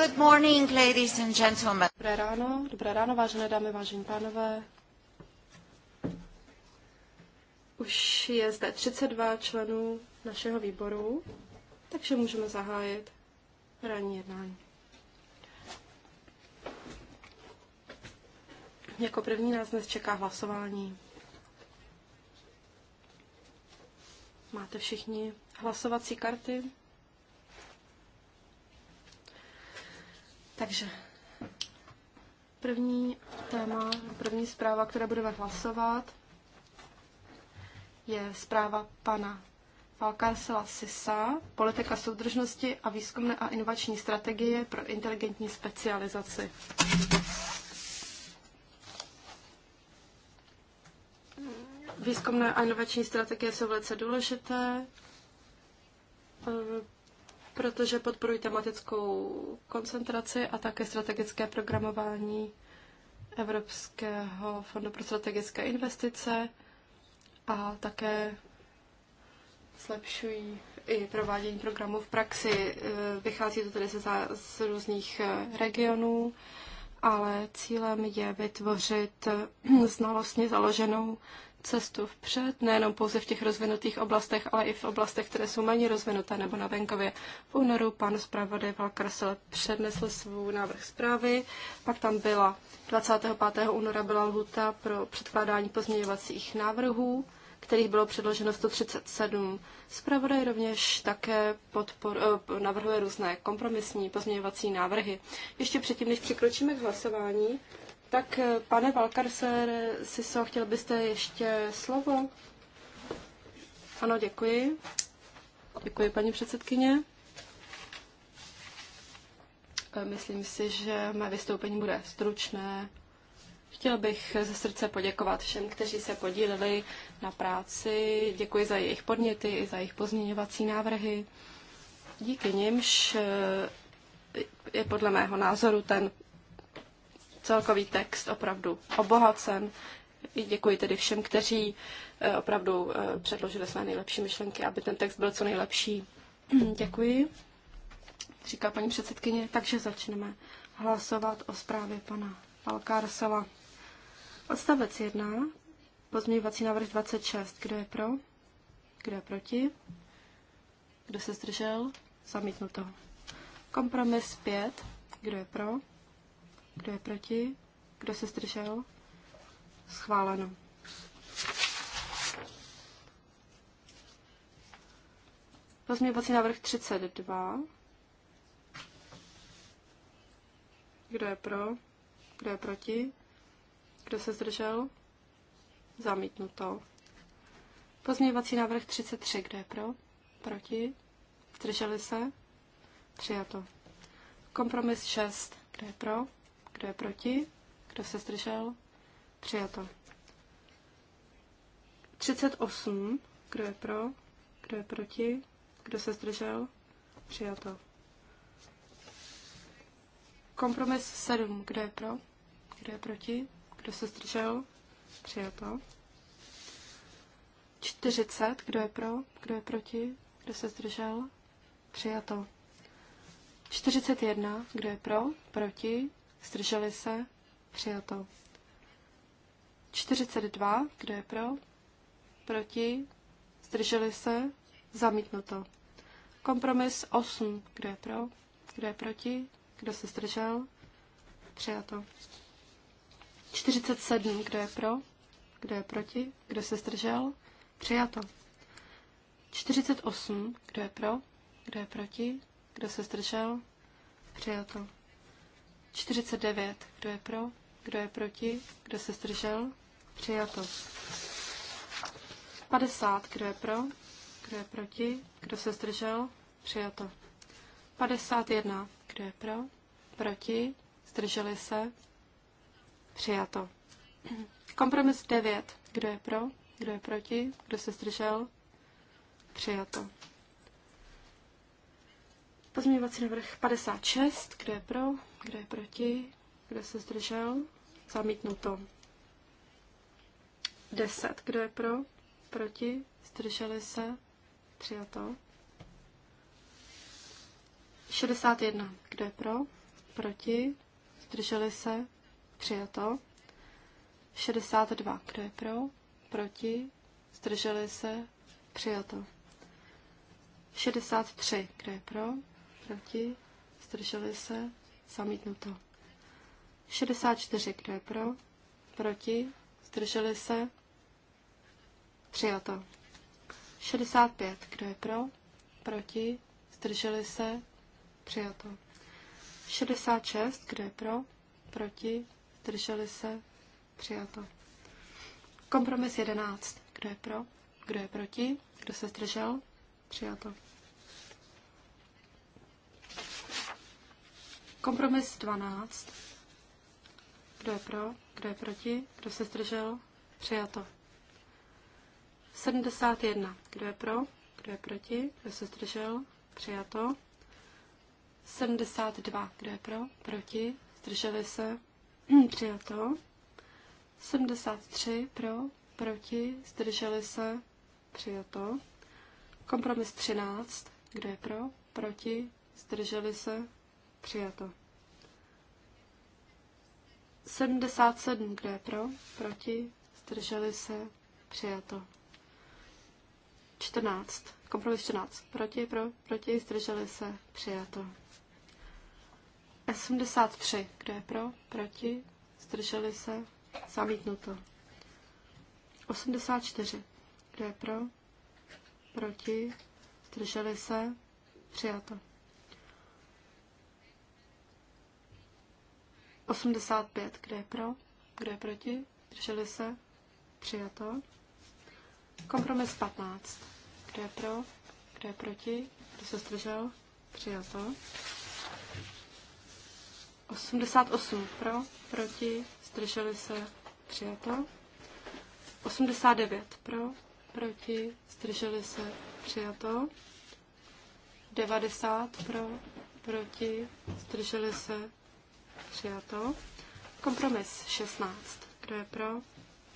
Good morning, ladies and gentlemen. Dobré ráno, dobré ráno, vážené dámy, vážení pánové. Už je zde 32 členů našeho výboru, takže můžeme zahájit ranní jednání. Jako první nás dnes čeká hlasování. Máte všichni hlasovací karty? Takže první téma, první zpráva, která budeme hlasovat, je zpráva pana Falkarsela Sisa, politika soudržnosti a výzkumné a inovační strategie pro inteligentní specializaci. Výzkumné a inovační strategie jsou velice důležité protože podporují tematickou koncentraci a také strategické programování Evropského fondu pro strategické investice a také zlepšují i provádění programů v praxi. E, vychází to tedy z různých e, regionů, ale cílem je vytvořit e, znalostně založenou cestu vpřed, nejenom pouze v těch rozvinutých oblastech, ale i v oblastech, které jsou méně rozvinuté nebo na venkově. V únoru pan zpravodaj Valkrasel přednesl svůj návrh zprávy, pak tam byla 25. února byla lhuta pro předkládání pozměňovacích návrhů, kterých bylo předloženo 137. Zpravodaj rovněž také podpor, eh, navrhuje různé kompromisní pozměňovací návrhy. Ještě předtím, než přikročíme k hlasování, tak, eh, pane Valkarser, Siso, chtěl byste ještě slovo? Ano, děkuji. Děkuji, paní předsedkyně. Eh, myslím si, že mé vystoupení bude stručné. Chtěl bych ze srdce poděkovat všem, kteří se podíleli na práci. Děkuji za jejich podněty i za jejich pozměňovací návrhy. Díky nimž eh, je podle mého názoru ten celkový text opravdu obohacen. Děkuji tedy všem, kteří eh, opravdu eh, předložili své nejlepší myšlenky, aby ten text byl co nejlepší. Děkuji, říká paní předsedkyně. Takže začneme hlasovat o zprávě pana Alkársela. Odstavec 1, pozměňovací návrh 26. Kdo je pro? Kdo je proti? Kdo se zdržel? Zamítnuto. Kompromis 5. Kdo je pro? Kdo je proti? Kdo se zdržel? Schváleno. Pozměňovací návrh 32. Kdo je pro? Kdo je proti? Kdo se zdržel? Zamítnuto. Pozměňovací návrh 33. Kdo je pro? Proti? Zdrželi se? Přijato. Kompromis 6. Kdo je pro? Kdo je proti? Kdo se zdržel? Přijato. 38. Kdo je pro? Kdo je proti? Kdo se zdržel? Přijato. Kompromis 7. Kdo je pro? Kdo je proti? Kdo se zdržel? Přijato. 40. Kdo je pro? Kdo je proti? Kdo se zdržel? Přijato. 41. Kdo je pro? Proti? Zdrželi se? Přijato. 42. Kdo je pro? Proti? Zdrželi se? Zamítnuto. Kompromis 8. Kdo je pro? Kdo je proti? Kdo se zdržel? Přijato. 47. Kdo je pro? Kdo je proti? Kdo se zdržel? Přijato. 48. Kdo je pro? Kdo je proti? Kdo se zdržel? Přijato. 49. Kdo je pro? Kdo je proti? Kdo se zdržel? Přijato. 50. Kdo je pro? Kdo je proti? Kdo se zdržel? Přijato. 51. Kdo je pro? Proti? Zdrželi se? Přijato. Kompromis 9. Kdo je pro? Kdo je proti? Kdo se zdržel? Přijato. Pozměňovací návrh 56. Kdo je pro? Kdo je proti? Kdo se zdržel? Zamítnuto. 10. Kdo je pro? Proti? Zdrželi se? Přijato. 61. Kdo je pro? Proti? Zdrželi se? Přijato. 62. Kdo je pro? Proti? Zdrželi se? Přijato. 63. Kdo je pro? Proti? Zdrželi se? Zamítnuto. 64, kdo je pro? Proti? Zdrželi se? Přijato. 65, kdo je pro? Proti? Zdrželi se? Přijato. 66, kdo je pro? Proti? Zdrželi se? Přijato. Kompromis 11, kdo je pro? Kdo je proti? Kdo se zdržel? Přijato. Kompromis 12. Kdo je pro? Kdo je proti? Kdo se zdržel? Přijato. 71. Kdo je pro? Kdo je proti? Kdo se zdržel? Přijato. 72. Kdo je pro? Proti? Zdrželi se? Přijato. 73. Pro? Proti? Zdrželi se? Přijato. Kompromis 13. Kdo je pro? Proti? Zdrželi se? Přijato. 77, kdo je pro? Proti? Zdrželi se? Přijato. 14. Kompromis 14. Proti, pro, proti, zdrželi se, přijato. 83. Kdo je pro, proti, zdrželi se, zamítnuto. 84. Kdo je pro, proti, zdrželi se, přijato. 85. Kdo je pro? Kdo je proti? Drželi se? Přijato. Kompromis 15. Kdo je pro? Kdo je proti? Kdo se zdržel? Přijato. 88 pro, proti, zdrželi se, přijato. 89 pro, proti, zdrželi se, přijato. 90 pro, proti, zdrželi se, Přijato. Kompromis 16. Kdo je pro?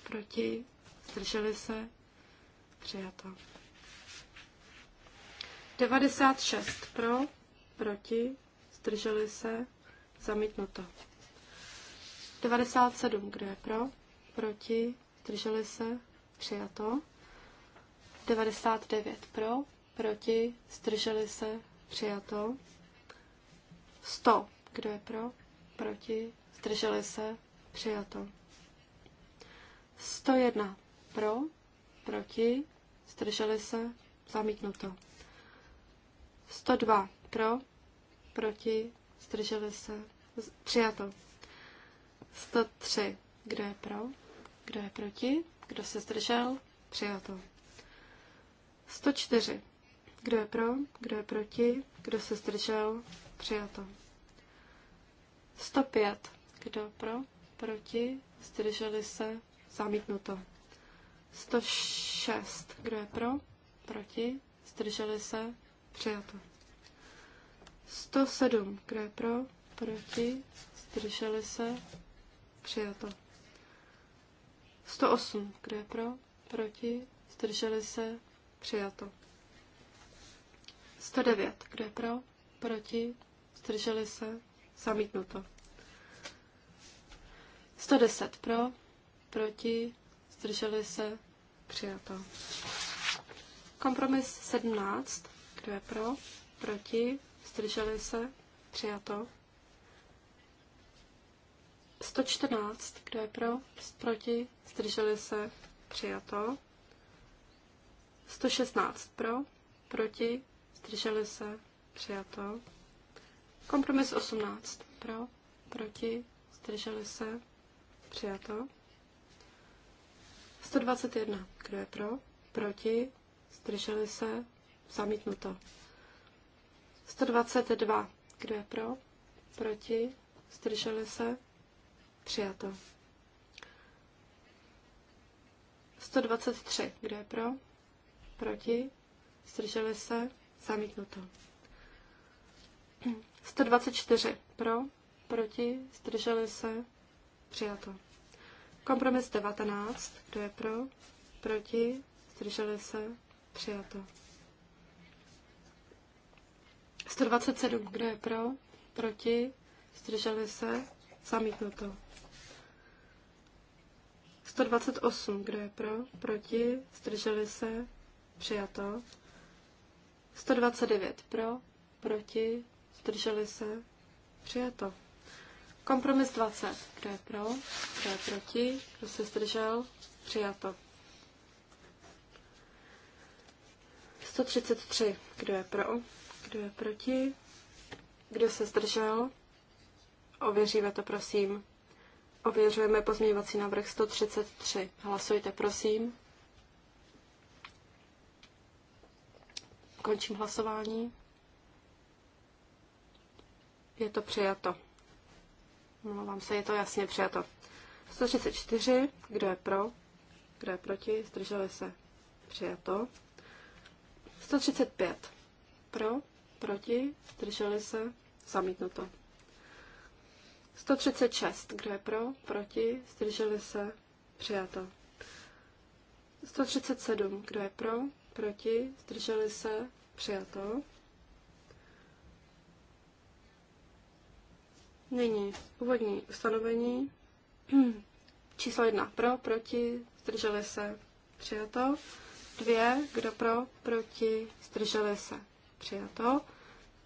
Proti? Zdrželi se? Přijato. 96 pro, proti, zdrželi se, zamítnuto. 97, kdo je pro, proti, zdrželi se, přijato. 99 pro, proti, zdrželi se, přijato. 100, kdo je pro, proti, zdrželi se, přijato. 101 pro, proti, zdrželi se, zamítnuto. 102 pro, proti, zdrželi se, přijato. 103, kdo je pro, kdo je proti, kdo se zdržel, přijato. 104, kdo je pro, kdo je proti, kdo se zdržel, přijato. 105. Kdo pro? Proti? Zdrželi se? Zamítnuto. 106. Kdo je pro? Proti? Zdrželi se? Přijato. 107. Kdo je pro? Proti? Zdrželi se? Přijato. 108. Kdo je pro? Proti? Zdrželi se? Přijato. 109. Kdo je pro? Proti? Zdrželi se? Zamítnuto. 110 pro, proti, zdrželi se, přijato. Kompromis 17, kdo je pro, proti, zdrželi se, přijato. 114, kdo je pro, proti, zdrželi se, přijato. 116 pro, proti, zdrželi se, přijato. Kompromis 18. Pro, proti, zdrželi se, přijato. 121. Kdo je pro, proti, zdrželi se, zamítnuto. 122. Kdo je pro, proti, zdrželi se, přijato. 123. Kdo je pro, proti, zdrželi se, zamítnuto. 124 pro, proti, zdrželi se, přijato. Kompromis 19, kdo je pro, proti, zdrželi se, přijato. 127, kdo je pro, proti, zdrželi se, zamítnuto. 128, kdo je pro, proti, zdrželi se, přijato. 129 pro, proti, Zdrželi se? Přijato. Kompromis 20. Kdo je pro? Kdo je proti? Kdo se zdržel? Přijato. 133. Kdo je pro? Kdo je proti? Kdo se zdržel? Ověříme to, prosím. Ověřujeme pozměňovací návrh 133. Hlasujte, prosím. Končím hlasování. Je to přijato. Mluvám se, je to jasně přijato. 134, kdo je pro, kdo je proti, zdrželi se, přijato. 135, pro, proti, zdrželi se, zamítnuto. 136, kdo je pro, proti, zdrželi se, přijato. 137, kdo je pro, proti, zdrželi se, přijato. Nyní úvodní ustanovení. Číslo jedna pro, proti, zdrželi se, přijato. Dvě, kdo pro, proti, zdrželi se, přijato.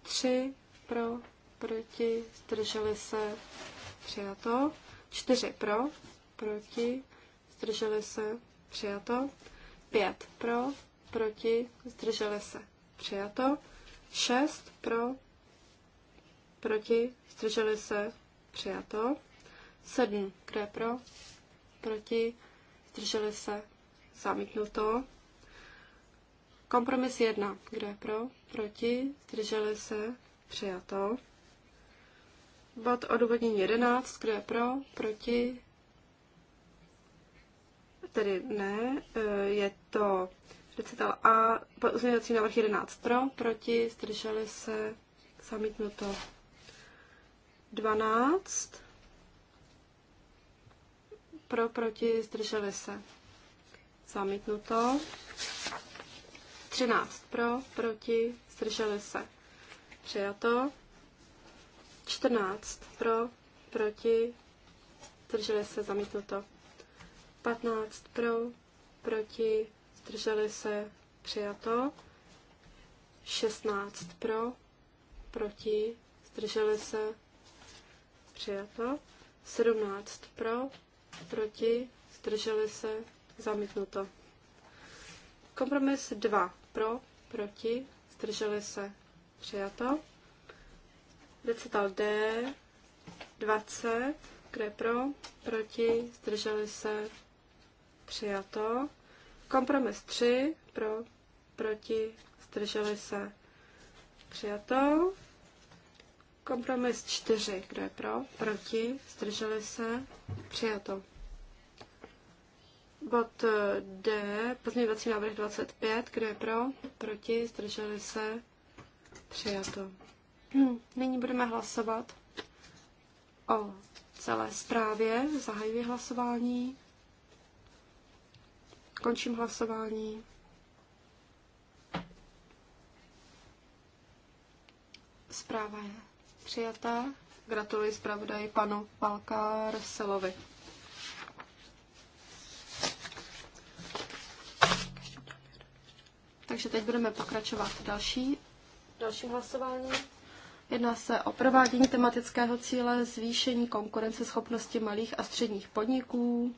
Tři, pro, proti, zdrželi se, přijato. Čtyři pro, proti, zdrželi se, přijato. Pět pro, proti, zdrželi se, přijato. Šest pro, proti, zdrželi se, přijato. 7, kdo je pro, proti, zdrželi se, zamítnuto. Kompromis 1, kdo je pro, proti, zdrželi se, přijato. Bod odůvodnění 11, kdo je pro, proti, tedy ne, e, je to recital A, pozměňovací návrh 11 pro, proti, zdrželi se, zamítnuto. 12. Pro, proti, zdrželi se. Zamítnuto. 13. Pro, proti, zdrželi se. Přijato. 14. Pro, proti, zdrželi se. Zamítnuto. 15. Pro, proti, zdrželi se. Přijato. 16. Pro, proti, zdrželi se přijato. 17 pro, proti, zdrželi se, zamítnuto. Kompromis 2 pro, proti, zdrželi se, přijato. Recital D, 20, kde pro, proti, zdrželi se, přijato. Kompromis 3 pro, proti, zdrželi se, přijato. Kompromis 4. Kdo je pro? Proti? Zdrželi se? Přijato. Bod eh, D. Pozměňovací návrh 25. Kdo je pro? Proti? Zdrželi se? Přijato. Nyní budeme hlasovat o celé zprávě. Zahajuji hlasování. Končím hlasování. Zpráva je Přijatá. Gratuluji zpravodaji panu Palkárselovi. Takže teď budeme pokračovat další, Další hlasování. Jedná se o provádění tematického cíle zvýšení konkurenceschopnosti malých a středních podniků.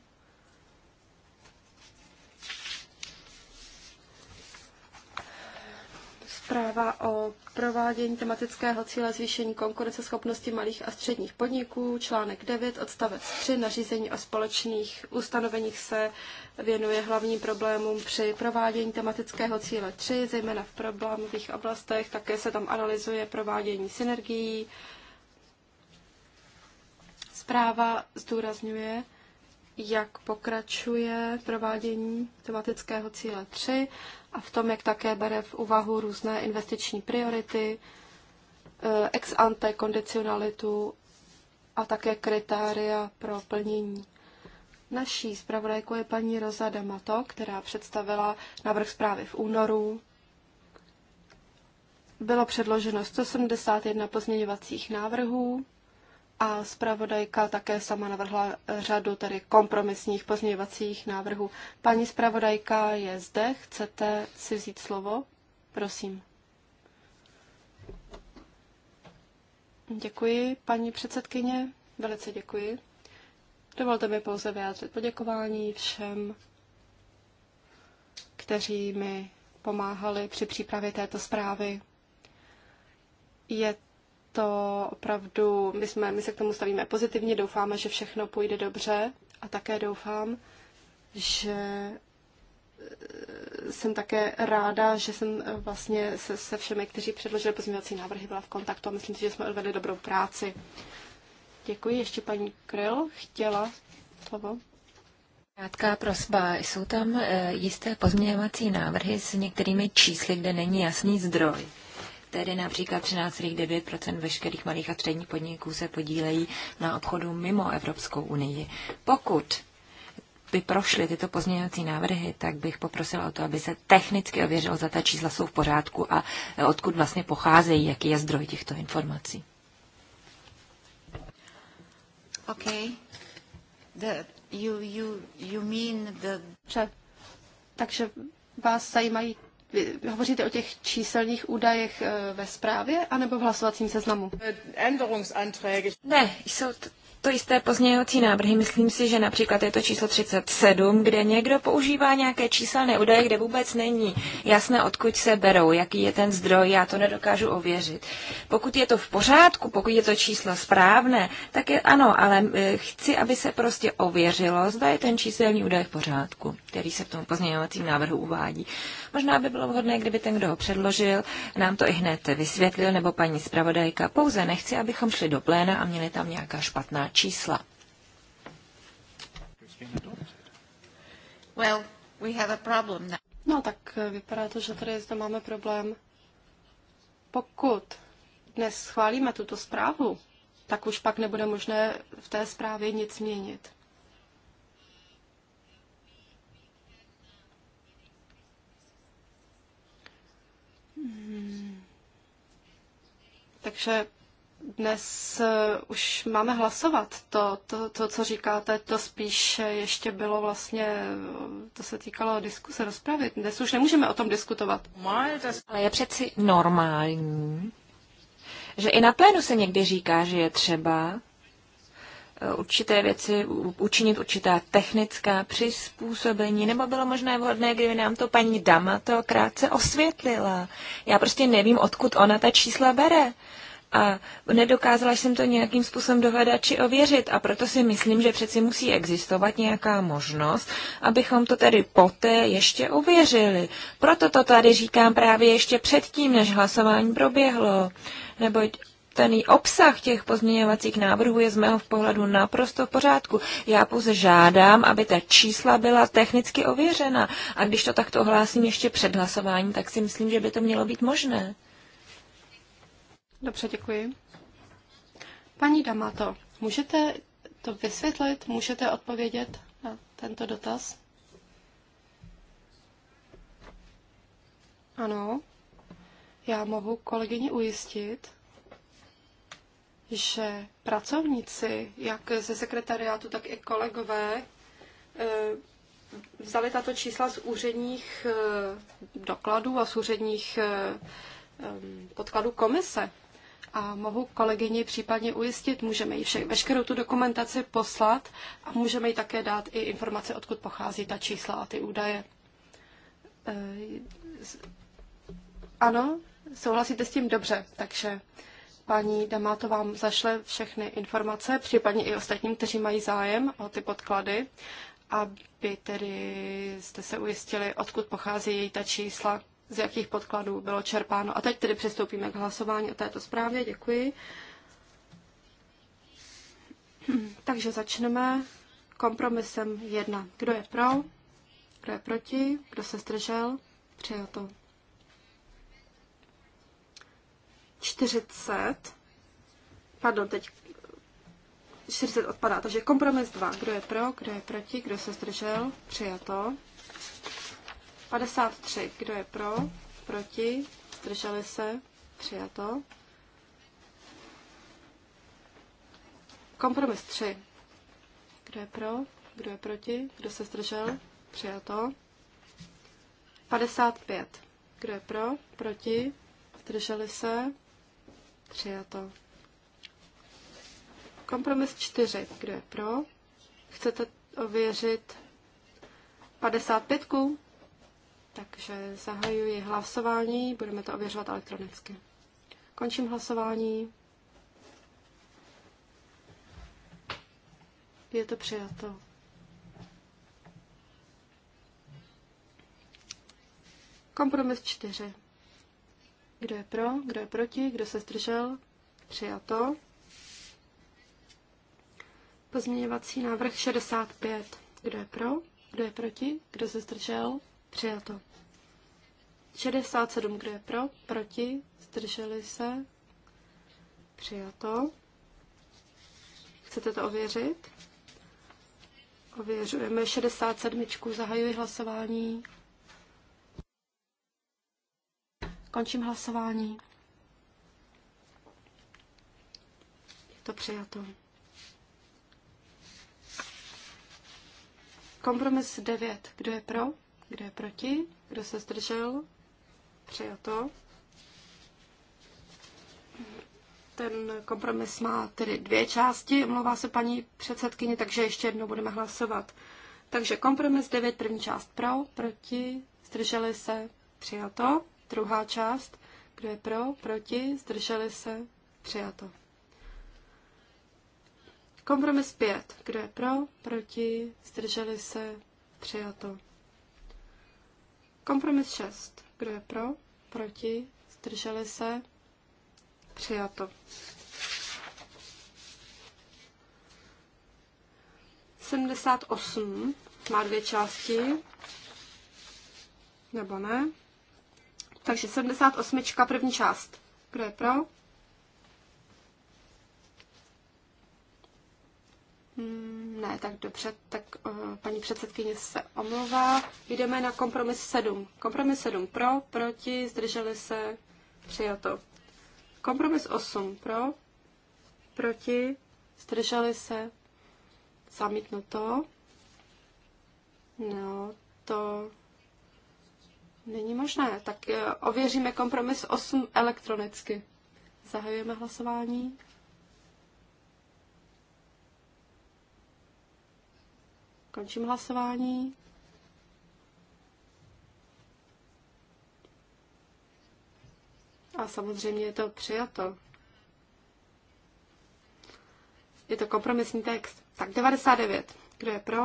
zpráva o provádění tematického cíle zvýšení konkurenceschopnosti malých a středních podniků, článek 9, odstavec 3, nařízení o společných ustanoveních se věnuje hlavním problémům při provádění tematického cíle 3, zejména v problémových oblastech, také se tam analyzuje provádění synergií. Zpráva zdůrazňuje, jak pokračuje provádění tematického cíle 3 a v tom, jak také bere v úvahu různé investiční priority, eh, ex ante kondicionalitu a také kritéria pro plnění. Naší zpravodajkou je paní Rosa Damato, která představila návrh zprávy v únoru. Bylo předloženo 171 pozměňovacích návrhů a zpravodajka také sama navrhla eh, řadu tedy kompromisních pozměňovacích návrhů. Paní zpravodajka je zde, chcete si vzít slovo? Prosím. Děkuji, paní předsedkyně, velice děkuji. Dovolte mi pouze vyjádřit poděkování všem, kteří mi pomáhali při přípravě této zprávy. Je to opravdu, my, jsme, my se k tomu stavíme pozitivně, doufáme, že všechno půjde dobře a také doufám, že eh, jsem také ráda, že jsem eh, vlastně se, se všemi, kteří předložili pozměňovací návrhy, byla v kontaktu a myslím si, že jsme odvedli dobrou práci. Děkuji. Ještě paní Kryl chtěla slovo. Krátká prosba. Jsou tam eh, jisté pozměňovací návrhy s některými čísly, kde není jasný zdroj. Tedy například 13,9 veškerých malých a středních podniků se podílejí na obchodu mimo Evropskou unii. Pokud by prošly tyto pozměňovací návrhy, tak bych poprosila o to, aby se technicky ověřilo, zda ta čísla jsou v pořádku a odkud vlastně pocházejí, jaký je zdroj těchto informací. Okay. The, you, you, you mean the... takže vás zajímají vy hovoříte o těch číselných údajech eh, ve zprávě anebo v hlasovacím seznamu? Ne, jsou t- to jisté pozměňovací návrhy. Myslím si, že například je to číslo 37, kde někdo používá nějaké číselné údaje, kde vůbec není jasné, odkud se berou, jaký je ten zdroj, já to nedokážu ověřit. Pokud je to v pořádku, pokud je to číslo správné, tak je ano, ale eh, chci, aby se prostě ověřilo, zda je ten číselný údaj v pořádku, který se v tom pozměňovacím návrhu uvádí. Možná by bylo vhodné, kdyby ten, kdo ho předložil, nám to i hned vysvětlil, nebo paní zpravodajka. Pouze nechci, abychom šli do pléna a měli tam nějaká špatná čísla. Well, we have a problem now. No tak vypadá to, že tady zde máme problém. Pokud dnes schválíme tuto zprávu, tak už pak nebude možné v té zprávě nic měnit. Hmm. Takže dnes eh, už máme hlasovat. To, to, to, co říkáte, to spíš ještě bylo vlastně, eh, to se týkalo diskuse, rozpravy. Dnes už nemůžeme o tom diskutovat. Ale je přeci normální, že i na plénu se někdy říká, že je třeba určité věci, učinit určitá technická přizpůsobení, nebo bylo možné vhodné, kdyby nám to paní Dama to krátce osvětlila. Já prostě nevím, odkud ona ta čísla bere. A nedokázala jsem to nějakým způsobem dohledat či ověřit. A proto si myslím, že přeci musí existovat nějaká možnost, abychom to tedy poté ještě ověřili. Proto to tady říkám právě ještě předtím, než hlasování proběhlo. Neboť ten obsah těch pozměňovacích návrhů je z mého v pohledu naprosto v pořádku. Já pouze žádám, aby ta čísla byla technicky ověřena. A když to takto hlásím ještě před hlasováním, tak si myslím, že by to mělo být možné. Dobře, děkuji. Paní Damato, můžete to vysvětlit, můžete odpovědět na tento dotaz? Ano, já mohu kolegyni ujistit, že pracovníci, jak ze sekretariátu, tak i kolegové, eh, vzali tato čísla z úředních eh, dokladů a z úředních eh, podkladů komise. A mohu kolegyni případně ujistit, můžeme jí vše, veškerou tu dokumentaci poslat a můžeme jí také dát i informace, odkud pochází ta čísla a ty údaje. Ano, souhlasíte s tím dobře, takže paní Damato vám zašle všechny informace, případně i ostatním, kteří mají zájem o ty podklady, aby tedy jste se ujistili, odkud pochází její ta čísla, z jakých podkladů bylo čerpáno. A teď tedy přistoupíme k hlasování o této zprávě. Děkuji. Takže začneme kompromisem 1. Kdo je pro? Kdo je proti? Kdo se zdržel? Přijato. 40, pardon, teď 40 odpadá, takže kompromis 2. Kdo je pro, kdo je proti, kdo se zdržel, přijato. 53. Kdo je pro, proti, zdrželi se, přijato. Kompromis 3. Kdo je pro, kdo je proti, kdo se zdržel, přijato. 55. Kdo je pro, proti, zdrželi se, Přijato. Kompromis 4. Kdo je pro? Chcete ověřit 55? Takže zahajuji hlasování, budeme to ověřovat elektronicky. Končím hlasování. Je to přijato. Kompromis 4. Kdo je pro? Kdo je proti? Kdo se zdržel? Přijato. Pozměňovací návrh 65. Kdo je pro? Kdo je proti? Kdo se zdržel? Přijato. 67. Kdo je pro? Proti? Zdrželi se? Přijato. Chcete to ověřit? Ověřujeme 67. Zahajuji hlasování. Končím hlasování. Je to přijato. Kompromis 9. Kdo je pro? Kdo je proti? Kdo se zdržel? Přijato. Ten kompromis má tedy dvě části, omlouvá se paní předsedkyně, takže ještě jednou budeme hlasovat. Takže kompromis 9, první část pro, proti, zdrželi se, přijato. Druhá část. Kdo je pro? Proti? Zdrželi se? Přijato. Kompromis 5. Kdo je pro? Proti? Zdrželi se? Přijato. Kompromis 6. Kdo je pro? Proti? Zdrželi se? Přijato. osm má dvě části, nebo ne? Takže 78. první část. Kdo je pro? Hmm, ne, tak dobře, tak uh, paní předsedkyně se omlouvá. Jdeme na kompromis 7. Kompromis 7 pro, proti, zdrželi se, přijato. Kompromis 8 pro, proti, zdrželi se, zamítnuto. No, to Není možné, tak eh, ověříme kompromis 8 elektronicky. Zahajujeme hlasování. Končím hlasování. A samozřejmě je to přijato. Je to kompromisní text. Tak 99. Kdo je pro?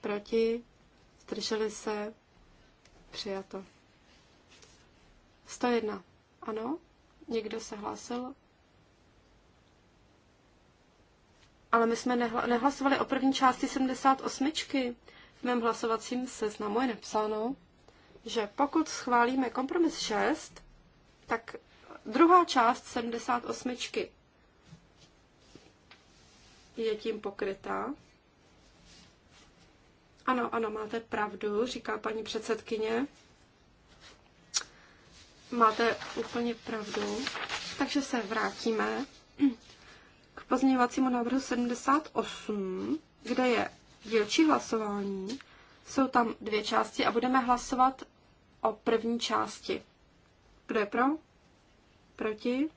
Proti? Zdrželi se? Přijato. 101. Ano, někdo se hlásil. Ale my jsme nehla- nehlasovali o první části 78. V mém hlasovacím seznamu je napsáno, že pokud schválíme kompromis 6, tak druhá část 78 je tím pokrytá. Ano, ano, máte pravdu, říká paní předsedkyně máte úplně pravdu. Takže se vrátíme k pozměňovacímu návrhu 78, kde je dílčí hlasování. Jsou tam dvě části a budeme hlasovat o první části. Kdo je pro? Proti?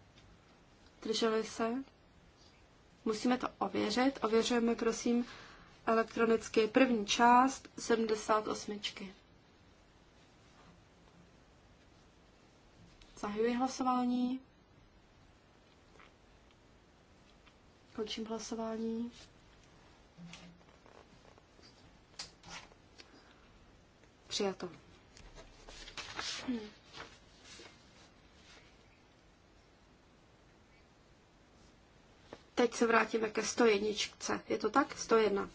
Drželi se? Musíme to ověřit. Ověřujeme, prosím, elektronicky první část 78. Zahajuji hlasování. Končím hlasování. Přijato. Hm. Teď se vrátíme ke 101. Je to tak? 101.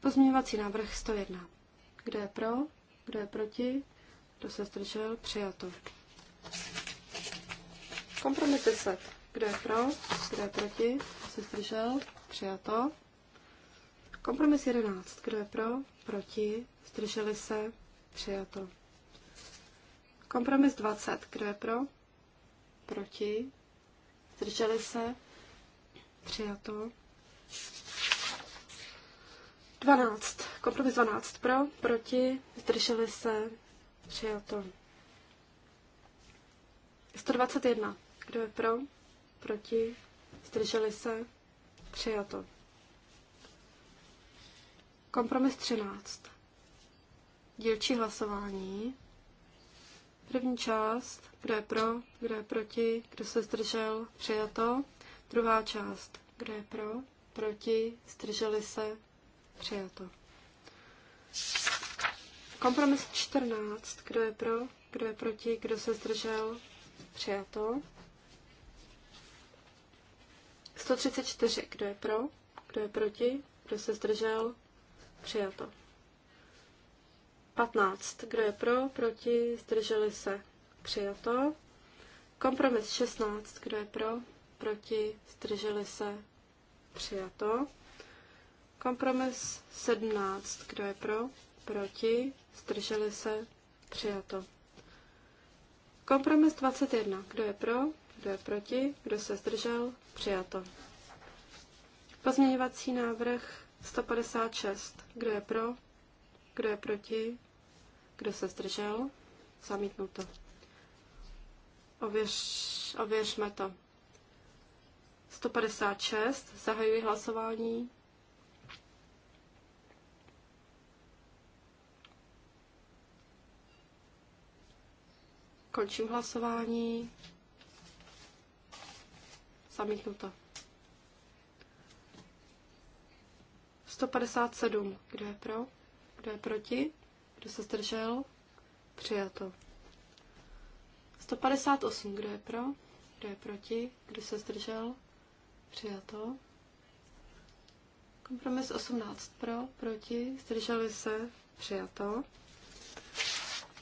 Pozměňovací návrh 101. Kdo je pro? Kdo je proti? Kdo se zdržel? Přijato. Kompromis se. Kdo je pro? Kdo je proti? Kdo se zdržel? Přijato. Kompromis 11. Kdo je pro? Proti? Zdrželi se? Přijato. Kompromis 20. Kdo je pro? Proti? Zdrželi se? Přijato. 12. Kompromis 12 pro, proti, zdrželi se, přijato. 121. Kdo je pro? Proti? Zdrželi se? Přijato. Kompromis 13. Dílčí hlasování. První část, kdo je pro, kdo je proti, kdo se zdržel, přijato. Druhá část, kdo je pro, proti, zdrželi se, přijato. Kompromis 14, kdo je pro, kdo je proti, kdo se zdržel, Přijato. 134. Kdo je pro? Kdo je proti? Kdo se zdržel? Přijato. 15. Kdo je pro? Proti? Zdrželi se? Přijato. Kompromis 16. Kdo je pro? Proti? Zdrželi se? Přijato. Kompromis 17. Kdo je pro? Proti? Zdrželi se? Přijato. Kompromis 21. Kdo je pro? Kdo je proti? Kdo se zdržel? Přijato. Pozměňovací návrh 156. Kdo je pro? Kdo je proti? Kdo se zdržel? Zamítnuto. Ověř, ověřme to. 156. Zahajuji hlasování. Končím hlasování. Zamítnuto. 157. Kdo je pro? Kdo je proti? Kdo se zdržel? Přijato. 158. Kdo je pro? Kdo je proti? Kdo se zdržel? Přijato. Kompromis 18 pro, proti, zdrželi se, přijato.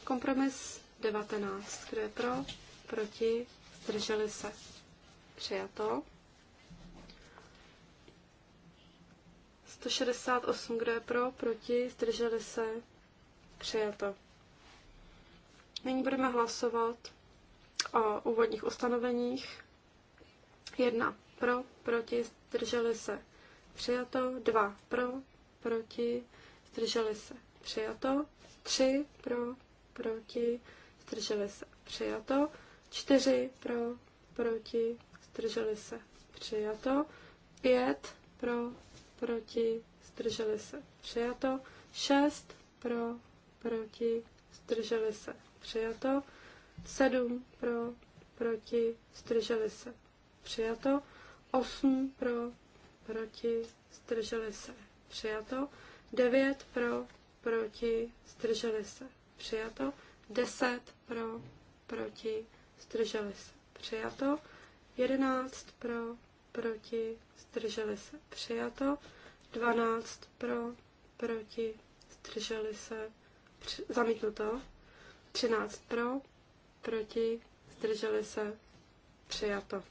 Kompromis 19. Kdo je pro? Proti? Zdrželi se. Přijato. 168. Kdo je pro? Proti? Zdrželi se. Přijato. Nyní budeme hlasovat o úvodních ustanoveních. 1. Pro, proti, zdrželi se. Přijato. 2. Pro, proti, zdrželi se. Přijato. 3. Pro, proti, zdrželi se, přijato. čtyři pro, proti, zdrželi se, přijato. pět pro, proti, zdrželi se, přijato. šest pro, proti, zdrželi se, přijato. sedm pro, proti, zdrželi se, přijato. osm pro, proti, zdrželi se, přijato. devět pro, proti, zdrželi se, přijato. 10 pro, proti, zdrželi se, přijato. 11 pro, proti, zdrželi se, přijato. 12 pro, proti, zdrželi se, při, zamítnuto. 13 pro, proti, zdrželi se, přijato.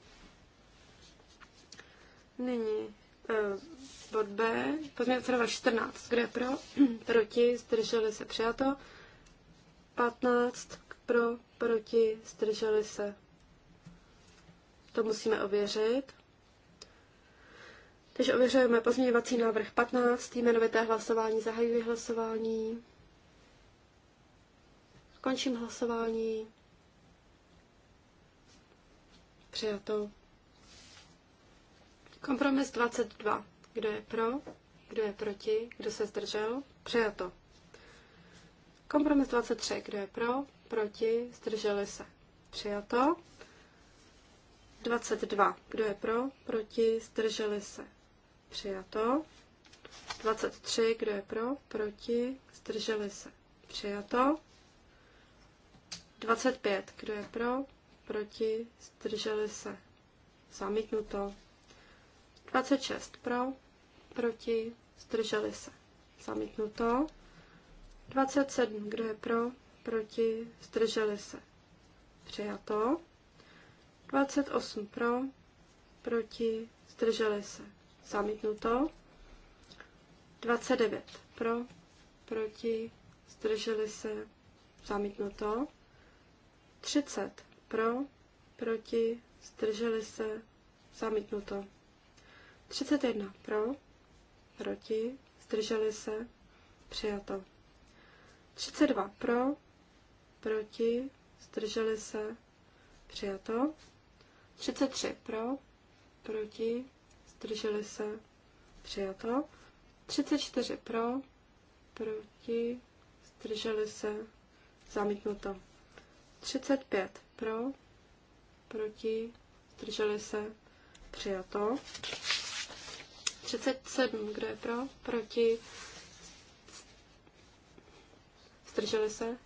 Nyní eh, bod B, pozměnice 14, kde pro, proti, zdrželi se, přijato. 15 pro, proti, zdrželi se. To musíme ověřit. Takže ověřujeme pozměňovací návrh 15, jmenovité hlasování, zahajuji hlasování. Končím hlasování. Přijato. Kompromis 22. Kdo je pro? Kdo je proti? Kdo se zdržel? Přijato. Kompromis 23, kdo je pro, proti, zdrželi se. Přijato. 22, kdo je pro, proti, zdrželi se. Přijato. 23, kdo je pro, proti, zdrželi se. Přijato. 25, kdo je pro, proti, zdrželi se. Zamítnuto. 26 pro, proti, zdrželi se. Zamítnuto. 27. Kdo je pro? Proti? Zdrželi se. Přijato. 28 pro, proti, zdrželi se. Zamítnuto. 29 pro, proti, zdrželi se. Zamítnuto. 30 pro, proti, zdrželi se. Zamítnuto. 31 pro, proti, zdrželi se. Přijato. 32 pro, proti, zdrželi se, přijato. 33 pro, proti, zdrželi se, přijato. 34 pro, proti, zdrželi se, zamítnuto. 35 pro, proti, zdrželi se, přijato. 37, kdo je pro, proti, zdrželi se.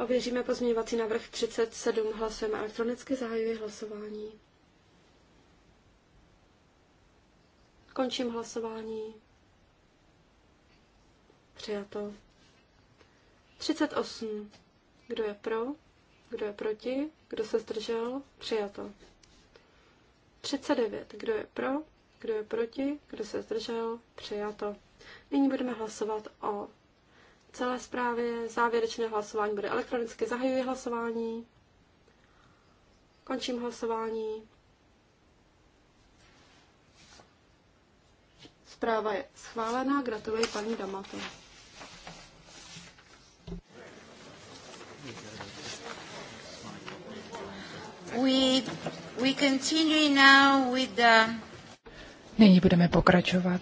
Ověříme pozměňovací návrh 37, hlasujeme elektronicky, zahajuji hlasování. Končím hlasování. Přijato. 38. Kdo je pro? Kdo je proti? Kdo se zdržel? Přijato. 39. Kdo je pro? Kdo je proti? Kdo se zdržel? Přijato. Nyní budeme hlasovat o celé zprávě. Závěrečné hlasování bude elektronicky. Zahajuji hlasování. Končím hlasování. Zpráva je schválená. Gratuluji paní Damato. We, we continue now with the... Nyní budeme pokračovat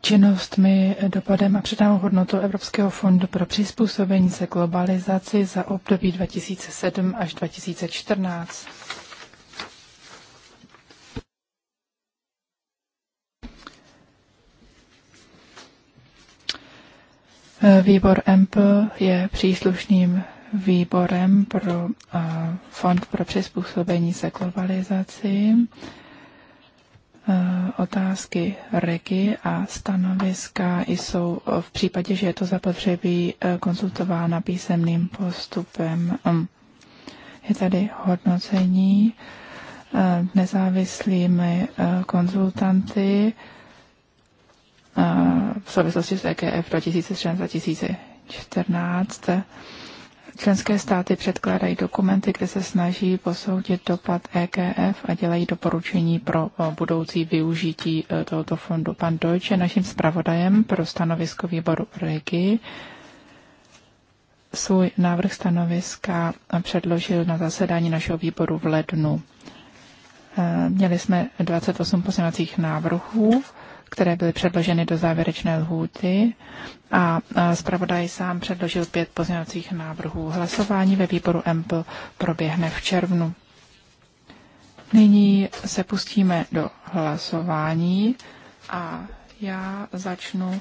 činnostmi, dopadem a přidanou hodnotou Evropského fondu pro přizpůsobení se globalizaci za období 2007 až 2014. Výbor MP je příslušným výborem pro eh, Fond pro přizpůsobení se globalizaci. Eh, otázky REGI a stanoviska jsou eh, v případě, že je to zapotřebí eh, konzultována písemným postupem. Mm. Je tady hodnocení nezávislými konzultanty v souvislosti s EKF 2013-2014 Členské státy předkládají dokumenty, kde se snaží posoudit dopad EKF a dělají doporučení pro eh, budoucí využití eh, tohoto fondu. Pan Deutsch je naším zpravodajem pro stanovisko výboru REGI. Svůj návrh stanoviska předložil na zasedání našeho výboru v lednu. Eh, měli jsme 28 poslaneckých návrhů které byly předloženy do závěrečné lhůty a zpravodaj sám předložil pět pozměňovacích návrhů. Hlasování ve výboru EMPL proběhne v červnu. Nyní se pustíme do hlasování a já začnu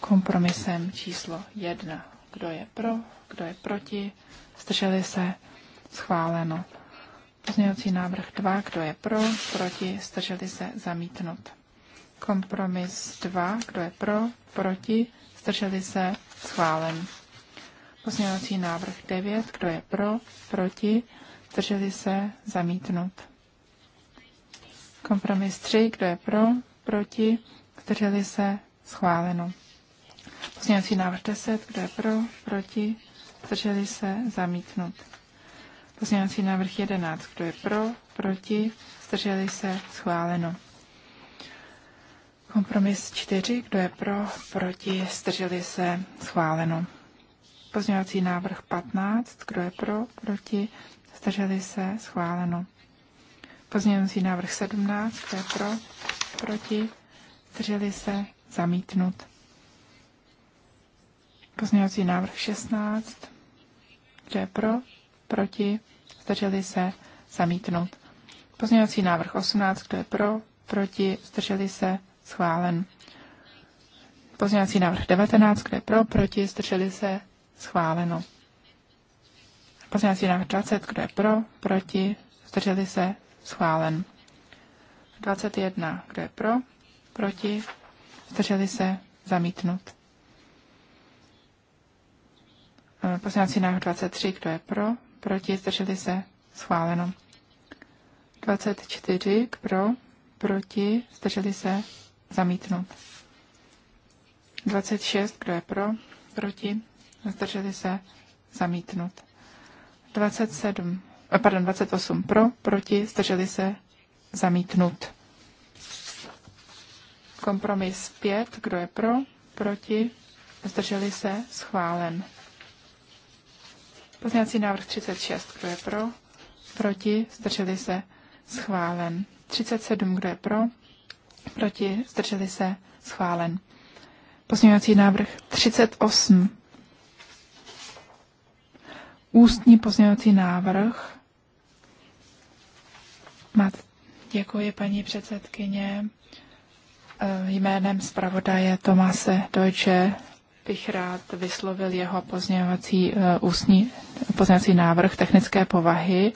kompromisem číslo jedna. Kdo je pro, kdo je proti, zdrželi se, schváleno. Pozměňovací návrh 2, kdo je pro, proti, zdrželi se, zamítnut. Kompromis 2. Kdo je pro? Proti? Zdrželi se? Schválen. Pozměňovací návrh 9. Kdo je pro? Proti? Zdrželi se? Zamítnut. Kompromis 3. Kdo je pro? Proti? Zdrželi se? Schváleno. Pozměňovací návrh 10. Kdo je pro? Proti? Zdrželi se? Zamítnut. Pozměňovací návrh 11. Kdo je pro? Proti? Zdrželi se? Schváleno. Kompromis 4. Kdo je pro? Proti? Strželi se? Schváleno. Pozměňovací návrh 15. Kdo je pro? Proti? Strželi se? Schváleno. Pozměňovací návrh 17. Kdo je pro? Proti? Strželi se? Zamítnut. Pozměňovací návrh 16. Kdo je pro? Proti? Strželi se? Zamítnut. Pozměňovací návrh 18. Kdo je pro? Proti? Strželi se? schválen. Pozměňovací návrh 19, kde pro, proti, zdrželi se, schváleno. Pozměňovací návrh 20, kde pro, proti, zdrželi se, schválen. 21, kde pro, proti, zdrželi se, zamítnut. Pozměňovací návrh 23, kdo je pro, proti, zdrželi se, schváleno. 24, pro, proti, zdrželi se, Zamítnut. 26, kdo je pro? Proti? Zdrželi se? Zamítnut. 27, eh, pardon, 28 pro, proti, zdrželi se, zamítnut. Kompromis 5, kdo je pro, proti, zdrželi se, schválen. Pozměňovací návrh 36, kdo je pro, proti, zdrželi se, schválen. 37, kdo je pro, proti, zdrželi se, schválen. Pozměňovací návrh 38. Ústní pozměňovací návrh. Mat, děkuji paní předsedkyně. E, jménem zpravodaje Tomase Deutsche bych rád vyslovil jeho pozměňovací e, ústní pozměňovací návrh technické povahy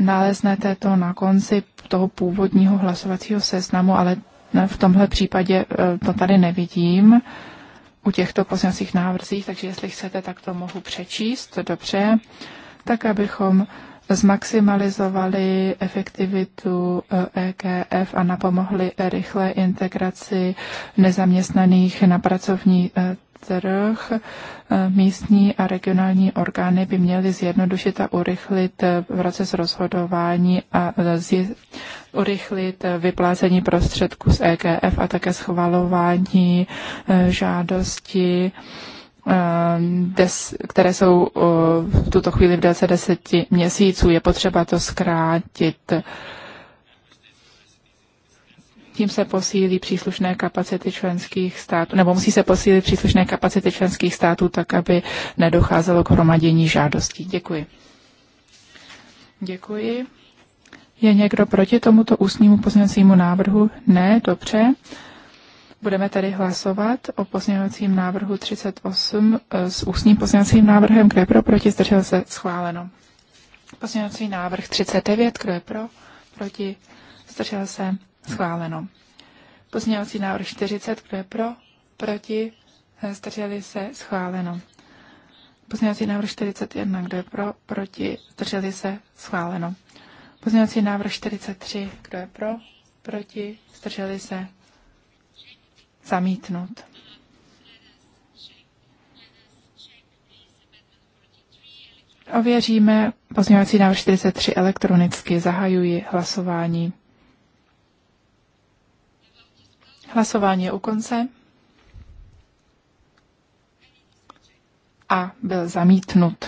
naleznete to na konci toho původního hlasovacího seznamu, ale v tomhle případě e, to tady nevidím u těchto pozměňovacích návrzích, takže jestli chcete, tak to mohu přečíst, dobře, tak abychom zmaximalizovali efektivitu EKF e a napomohli rychlé integraci nezaměstnaných na pracovní e, trh. Eh, místní a regionální orgány by měly zjednodušit a urychlit eh, proces rozhodování a eh, urychlit vyplácení prostředků z EGF a také schvalování žádosti des, které jsou v tuto chvíli v délce deseti měsíců. Je potřeba to zkrátit tím se posílí příslušné kapacity členských států, nebo musí se posílit příslušné kapacity členských států tak, aby nedocházelo k hromadění žádostí. Děkuji. Děkuji. Je někdo proti tomuto ústnímu pozměňovacímu návrhu? Ne, dobře. Budeme tedy hlasovat o pozměňovacím návrhu 38 eh, s ústním pozměňovacím návrhem, kdo je pro, proti, zdržel se, schváleno. Pozměňovací návrh 39, kdo je pro, proti, zdržel se, Schváleno. Pozměňovací návrh 40, kdo je pro? Proti? Zdrželi se? Schváleno. Pozměňovací návrh 41, kdo je pro? Proti? Zdrželi se? Schváleno. Pozměňovací návrh 43, kdo je pro? Proti? Zdrželi se? Zamítnut. Ověříme pozměňovací návrh 43 elektronicky. Zahajuji hlasování. Hlasování je u konce. A byl zamítnut.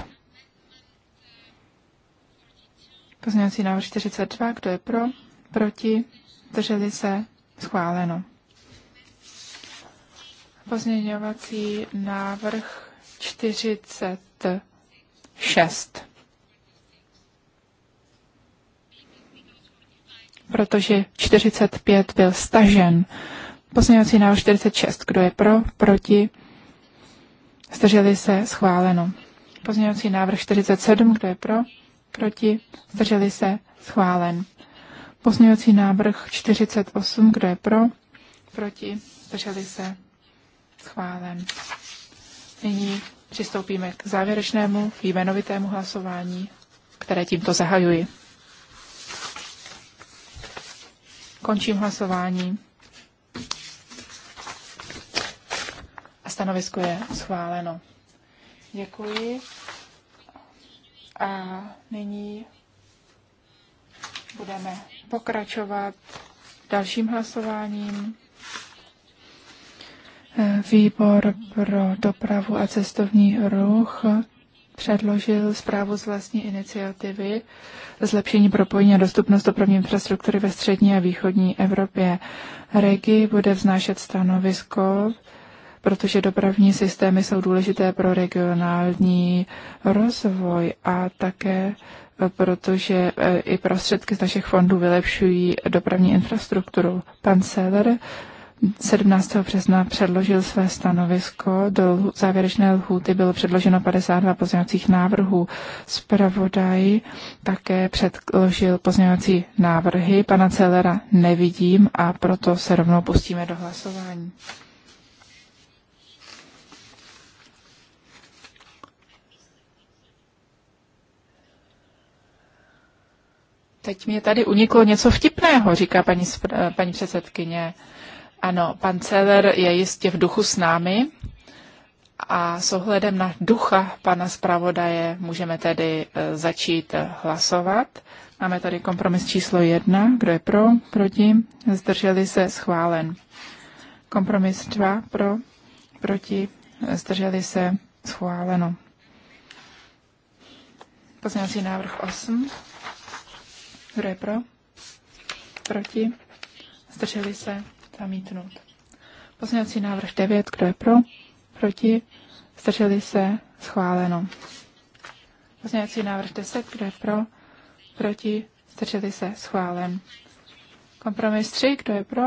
Pozměňovací návrh 42, kdo je pro, proti, drželi se, schváleno. Pozměňovací návrh 46. Protože 45 byl stažen. Pozměňovací návrh 46. Kdo je pro? Proti? Zdrželi se? Schváleno. Pozměňovací návrh 47. Kdo je pro? Proti? Zdrželi se? Schválen. Pozměňovací návrh 48. Kdo je pro? Proti? Zdrželi se? Schválen. Nyní přistoupíme k závěrečnému jmenovitému hlasování, které tímto zahajuji. Končím hlasování. stanovisko je schváleno. Děkuji. A nyní budeme pokračovat dalším hlasováním. Výbor pro dopravu a cestovní ruch předložil zprávu z vlastní iniciativy zlepšení propojení a dostupnost dopravní infrastruktury ve střední a východní Evropě. Regi bude vznášet stanovisko protože dopravní systémy jsou důležité pro regionální rozvoj a také eh, protože eh, i prostředky z našich fondů vylepšují dopravní infrastrukturu. Pan Seller 17. března předložil své stanovisko. Do závěrečné lhůty bylo předloženo 52 pozměňovacích návrhů. Spravodaj také předložil pozměňovací návrhy. Pana Celera nevidím a proto se rovnou pustíme do hlasování. Teď mě tady uniklo něco vtipného, říká paní, eh, paní předsedkyně. Ano, pan Celer je jistě v duchu s námi a s ohledem na ducha pana zpravodaje můžeme tedy eh, začít eh, hlasovat. Máme tady kompromis číslo jedna. Kdo je pro? Proti? Zdrželi se? Schválen. Kompromis dva. Pro? Proti? Zdrželi se? Schváleno. Pozměňovací návrh 8. Kdo je pro? Proti? Zdrželi se? Zamítnout. Pozměňovací návrh 9. Kdo je pro? Proti? Zdrželi se? Schváleno. Pozměňovací návrh 10. Kdo je pro? Proti? Zdrželi se? Schválen. Kompromis 3. Kdo je pro?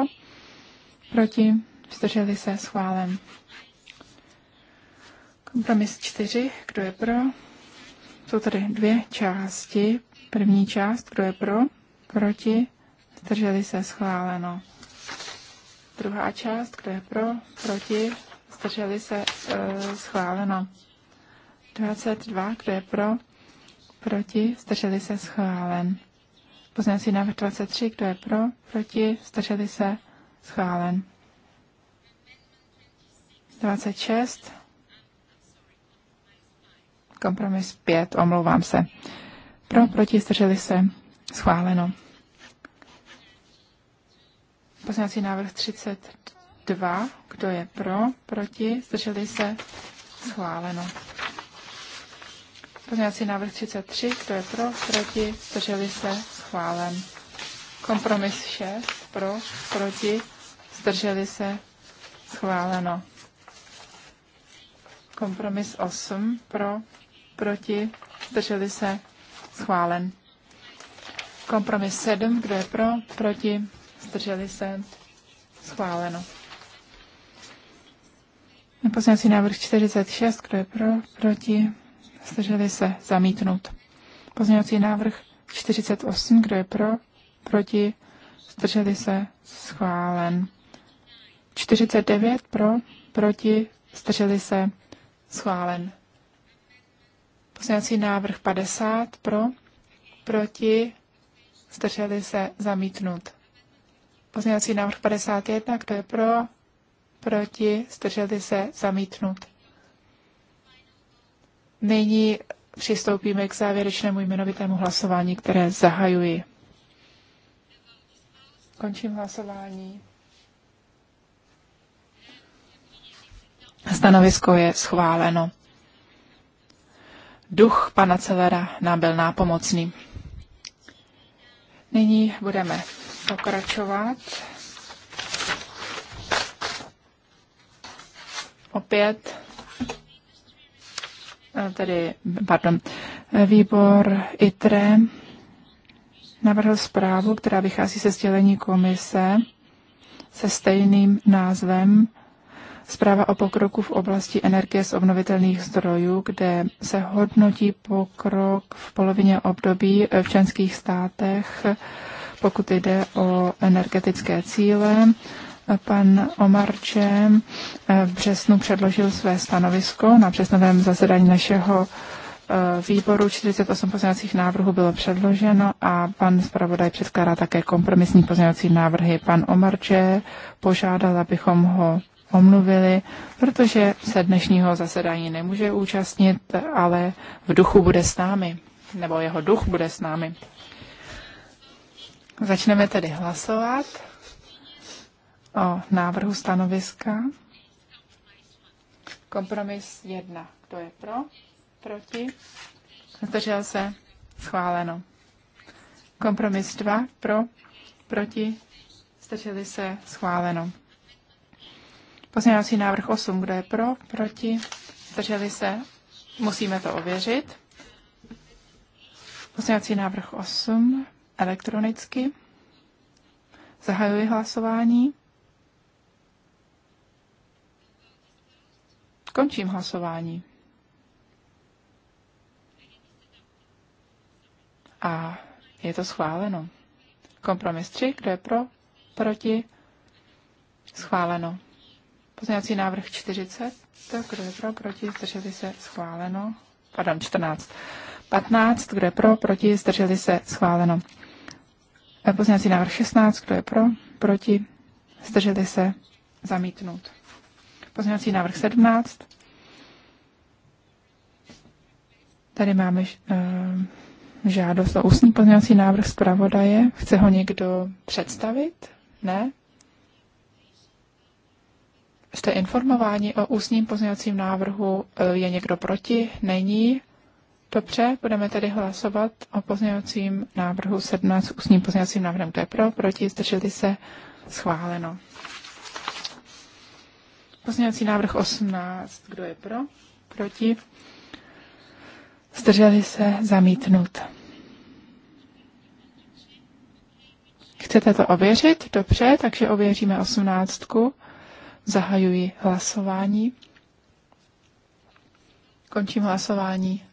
Proti? Zdrželi se? Schválen. Kompromis 4. Kdo je pro? Jsou tady dvě části. První část, kdo je pro, proti, zdrželi se schváleno. Druhá část, kdo je pro, proti, zdrželi se uh, schváleno. 22, kdo je pro, proti, zdrželi se schválen. Poznací návrh 23, kdo je pro, proti, zdrželi se schválen. 26, kompromis 5, omlouvám se. Pro, proti, zdrželi se. Schváleno. Poznací návrh 32. Kdo je pro, proti, zdrželi se. Schváleno. Pozměňovací návrh 33, kdo je pro, proti, zdrželi se, schválen. Kompromis 6, pro, proti, zdrželi se, schváleno. Kompromis 8, pro, proti, zdrželi se, schválen. Kompromis 7, kdo je pro, proti, zdrželi se, schváleno. Poslanecí návrh 46, kdo je pro, proti, zdrželi se, zamítnout. Pozměňovací návrh 48, kdo je pro, proti, zdrželi se, schválen. 49 pro, proti, zdrželi se, schválen. Pozměňovací návrh 50 pro, proti, zdrželi se zamítnut. Pozměňovací návrh 51, kdo je pro, proti, zdrželi se zamítnut. Nyní přistoupíme k závěrečnému jmenovitému hlasování, které zahajuji. Končím hlasování. Stanovisko je schváleno duch pana Celera nám byl nápomocný. Nyní budeme pokračovat. Opět eh, tedy, pardon, výbor ITRE navrhl zprávu, která vychází se sdělení komise se stejným názvem Zpráva o pokroku v oblasti energie z obnovitelných zdrojů, kde se hodnotí pokrok v polovině období v členských státech, pokud jde o energetické cíle. Pan Omarče v březnu předložil své stanovisko na březnovém zasedání našeho eh, výboru 48 pozměňovacích návrhů bylo předloženo a pan zpravodaj předkládá také kompromisní pozměňovací návrhy. Pan Omarče požádal, abychom ho omluvili, protože se dnešního zasedání nemůže účastnit, ale v duchu bude s námi, nebo jeho duch bude s námi. Začneme tedy hlasovat o návrhu stanoviska. Kompromis 1. Kdo je pro? Proti? Zdržel se? Schváleno. Kompromis 2. Pro? Proti? Zdrželi se? Schváleno. Pozměňovací návrh 8, kdo je pro, proti, zdrželi se, musíme to ověřit. Pozměňovací návrh 8, elektronicky. Zahajuji hlasování. Končím hlasování. A je to schváleno. Kompromis 3, kdo je pro, proti, schváleno. Pozměňovací návrh 40. Tak, kdo je pro, proti, zdrželi se, schváleno. Pardon, 14. 15, kdo je pro, proti, zdrželi se, schváleno. E, pozměňovací návrh 16, kdo je pro, proti, zdrželi se, zamítnut. Pozměňovací návrh 17. Tady máme uh, žádost o ústní pozměňovací návrh zpravodaje. Chce ho někdo představit? Ne? Jste informováni o ústním pozměňovacím návrhu? E, je někdo proti? Není? Dobře, budeme tedy hlasovat o pozměňovacím návrhu 17 ústním pozměňovacím návrhem. Kdo je pro? Proti? Zdrželi se? Schváleno. Pozměňovací návrh 18. Kdo je pro? Proti? Zdrželi se? Zamítnut. Chcete to ověřit? Dobře, takže ověříme osmnáctku. Zahajuji hlasování. Končím hlasování.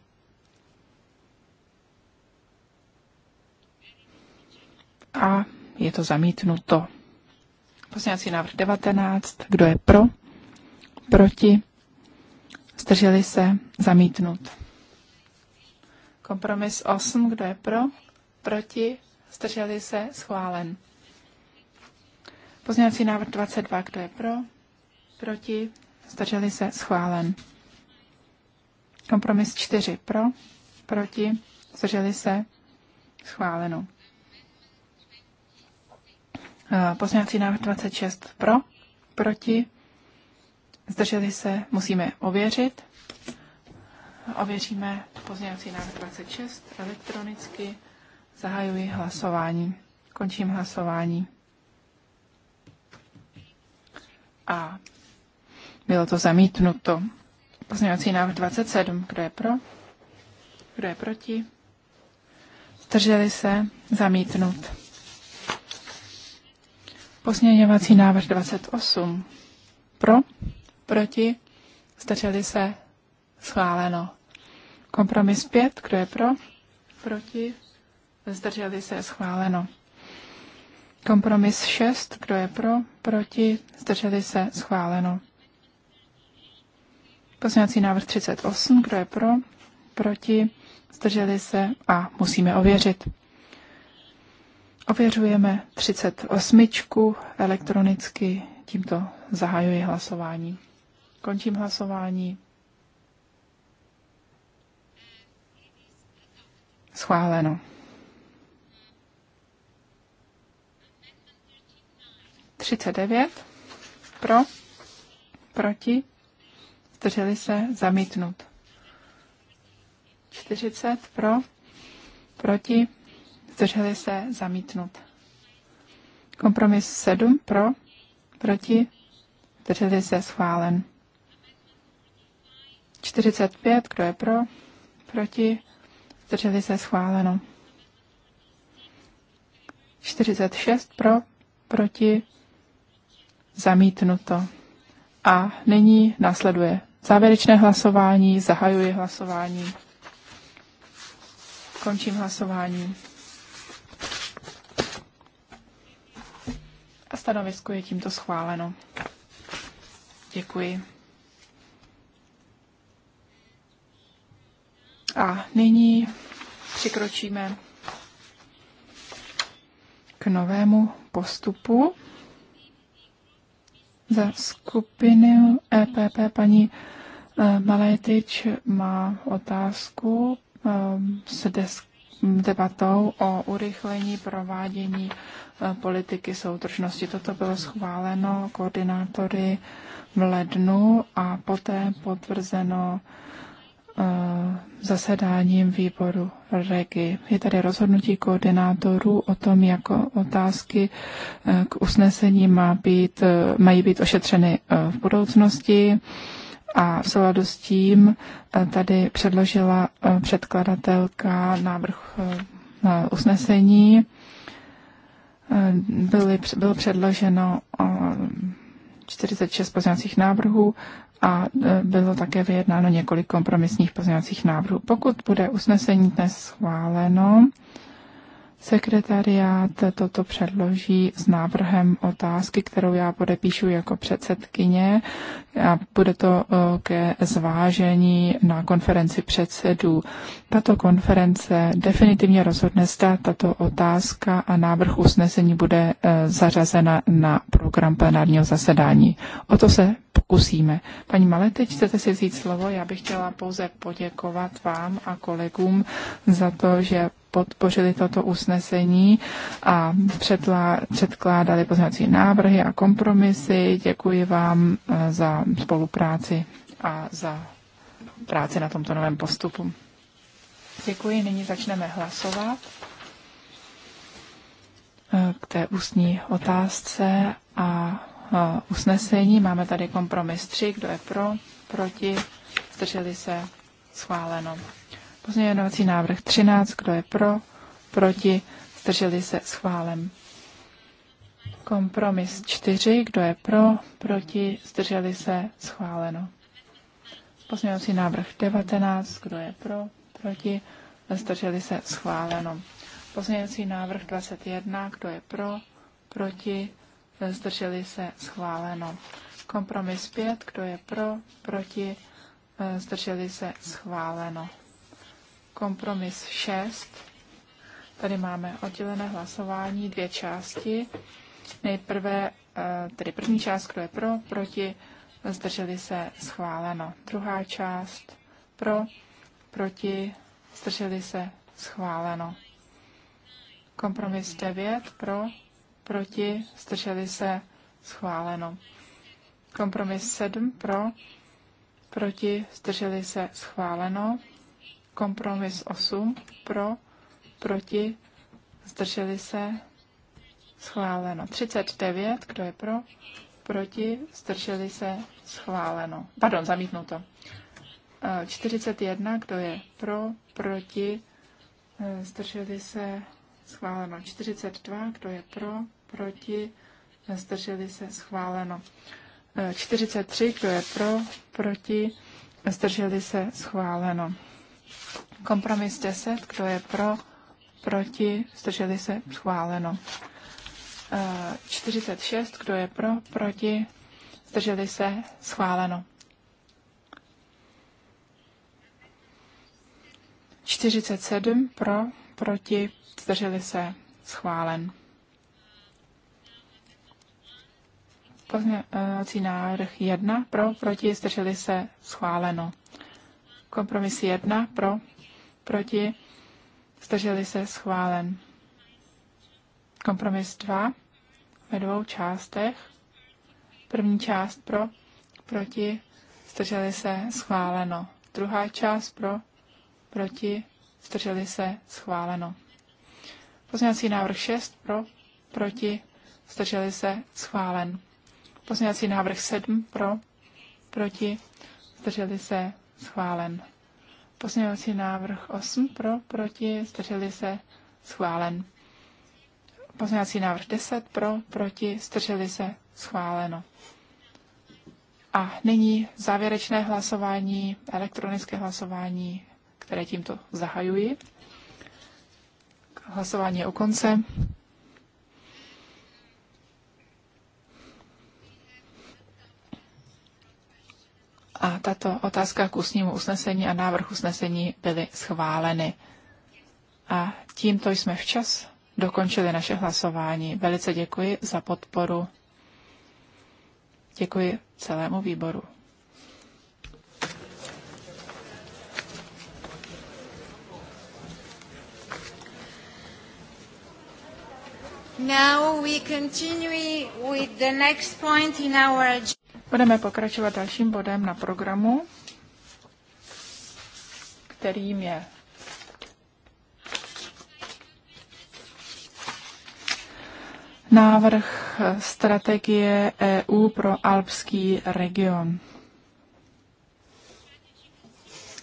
A je to zamítnuto. Poslanecí návrh 19. Kdo je pro? Proti? Zdrželi se? Zamítnut. Kompromis 8. Kdo je pro? Proti? Zdrželi se? Schválen. Poznávací návrh 22. Kdo je pro? proti, zdrželi se, schválen. Kompromis 4 pro, proti, zdrželi se, schváleno. Eh, pozměňovací návrh 26 pro, proti, zdrželi se, musíme ověřit. Ověříme pozměňovací návrh 26 elektronicky. Zahajuji hlasování. Končím hlasování. A bylo to zamítnuto. Pozměňovací návrh 27. Kdo je pro? Kdo je proti? Zdrželi se? Zamítnut. Pozměňovací návrh 28. Pro? Proti? Zdrželi se? Schváleno. Kompromis 5. Kdo je pro? Proti? Zdrželi se? Schváleno. Kompromis 6. Kdo je pro? Proti? Zdrželi se? Schváleno. Pozměňovací návrh 38, kdo je pro, proti, zdrželi se a musíme ověřit. Ověřujeme 38 elektronicky, tímto zahajuji hlasování. Končím hlasování. Schváleno. Třicet devět. Pro. Proti zdrželi se, zamítnut. 40 pro, proti, zdrželi se, zamítnut. Kompromis 7 pro, proti, zdrželi se, schválen. 45, kdo je pro, proti, zdrželi se, schváleno. 46 pro, proti, zamítnuto. A nyní následuje Závěrečné hlasování, zahajuji hlasování. Končím hlasování. A stanovisko je tímto schváleno. Děkuji. A nyní přikročíme k novému postupu. Za skupinu EPP paní eh, Malétič má otázku eh, s debatou o urychlení provádění eh, politiky soudržnosti. Toto bylo schváleno koordinátory v lednu a poté potvrzeno Eh, zasedáním výboru REGI. Je tady rozhodnutí koordinátorů o tom, jako otázky eh, k usnesení má být, eh, mají být ošetřeny v budoucnosti. A v souladu s tím tady předložila předkladatelka návrh na usnesení. Byly, bylo předloženo 46 pozměňovacích návrhů a e, bylo také vyjednáno několik kompromisních pozměňovacích návrhů. Pokud bude usnesení dnes schváleno, Sekretariát toto předloží s návrhem otázky, kterou já podepíšu jako předsedkyně a bude to eh, ke zvážení na konferenci předsedů. Tato konference definitivně rozhodne, zda tato otázka a návrh usnesení bude eh, zařazena na program plenárního zasedání. O to se pokusíme. Paní Malé, teď chcete si vzít slovo. Já bych chtěla pouze poděkovat vám a kolegům za to, že podpořili toto usnesení a předla, předkládali pozměňovací návrhy a kompromisy. Děkuji vám eh, za spolupráci a za práci na tomto novém postupu. Děkuji, nyní začneme hlasovat eh, k té ústní otázce a eh, usnesení. Máme tady kompromis 3, kdo je pro, proti, zdrželi se, schváleno. Pozměňovací návrh 13, kdo je pro, proti, zdrželi se schválem. Kompromis 4, kdo je pro, proti, zdrželi se schváleno. Pozměňovací návrh 19, kdo je pro, proti, zdrželi se schváleno. Pozměňovací návrh 21, kdo je pro, proti, zdrželi se schváleno. Kompromis 5, kdo je pro, proti, zdrželi se schváleno. Kompromis 6. Tady máme oddělené hlasování, dvě části. Nejprve, eh, tedy první část, kdo je pro, proti, zdrželi se, schváleno. Druhá část, pro, proti, zdrželi se, schváleno. Kompromis 9, pro, proti, zdrželi se, schváleno. Kompromis 7, pro, proti, zdrželi se, schváleno. Kompromis 8 pro, proti, zdrželi se, schváleno. 39, kdo je pro, proti, zdrželi se, schváleno. Pardon, zamítnuto. 41, eh, eh, eh, kdo je pro, proti, zdrželi se, schváleno. 42, kdo je pro, proti, zdrželi se, schváleno. 43, kdo je pro, proti, zdrželi se, schváleno. Kompromis 10, kdo je pro, proti, zdrželi se, schváleno. 46, eh, kdo je pro, proti, zdrželi se, schváleno. 47 pro, proti, zdrželi se, schválen. Pozměňovací návrh 1 pro, proti, zdrželi se, schváleno. Kompromis 1 pro, proti, zdrželi se schválen. Kompromis 2 ve dvou částech. První část pro, proti, zdrželi se schváleno. Druhá část pro, proti, zdrželi se schváleno. Pozměňovací návrh 6 pro, proti, zdrželi se schválen. Pozměňovací návrh 7 pro, proti, zdrželi se schválen. Pozměňovací návrh 8 pro, proti, zdrželi se, schválen. Pozměňovací návrh 10 pro, proti, zdrželi se, schváleno. A nyní závěrečné hlasování, elektronické hlasování, které tímto zahajuji. Hlasování je u konce. a tato otázka k ústnímu usnesení a návrh usnesení byly schváleny. A tímto jsme včas dokončili naše hlasování. Velice děkuji za podporu. Děkuji celému výboru. Now we continue with the next point in our agenda. Budeme pokračovat dalším bodem na programu, kterým je návrh strategie EU pro alpský region.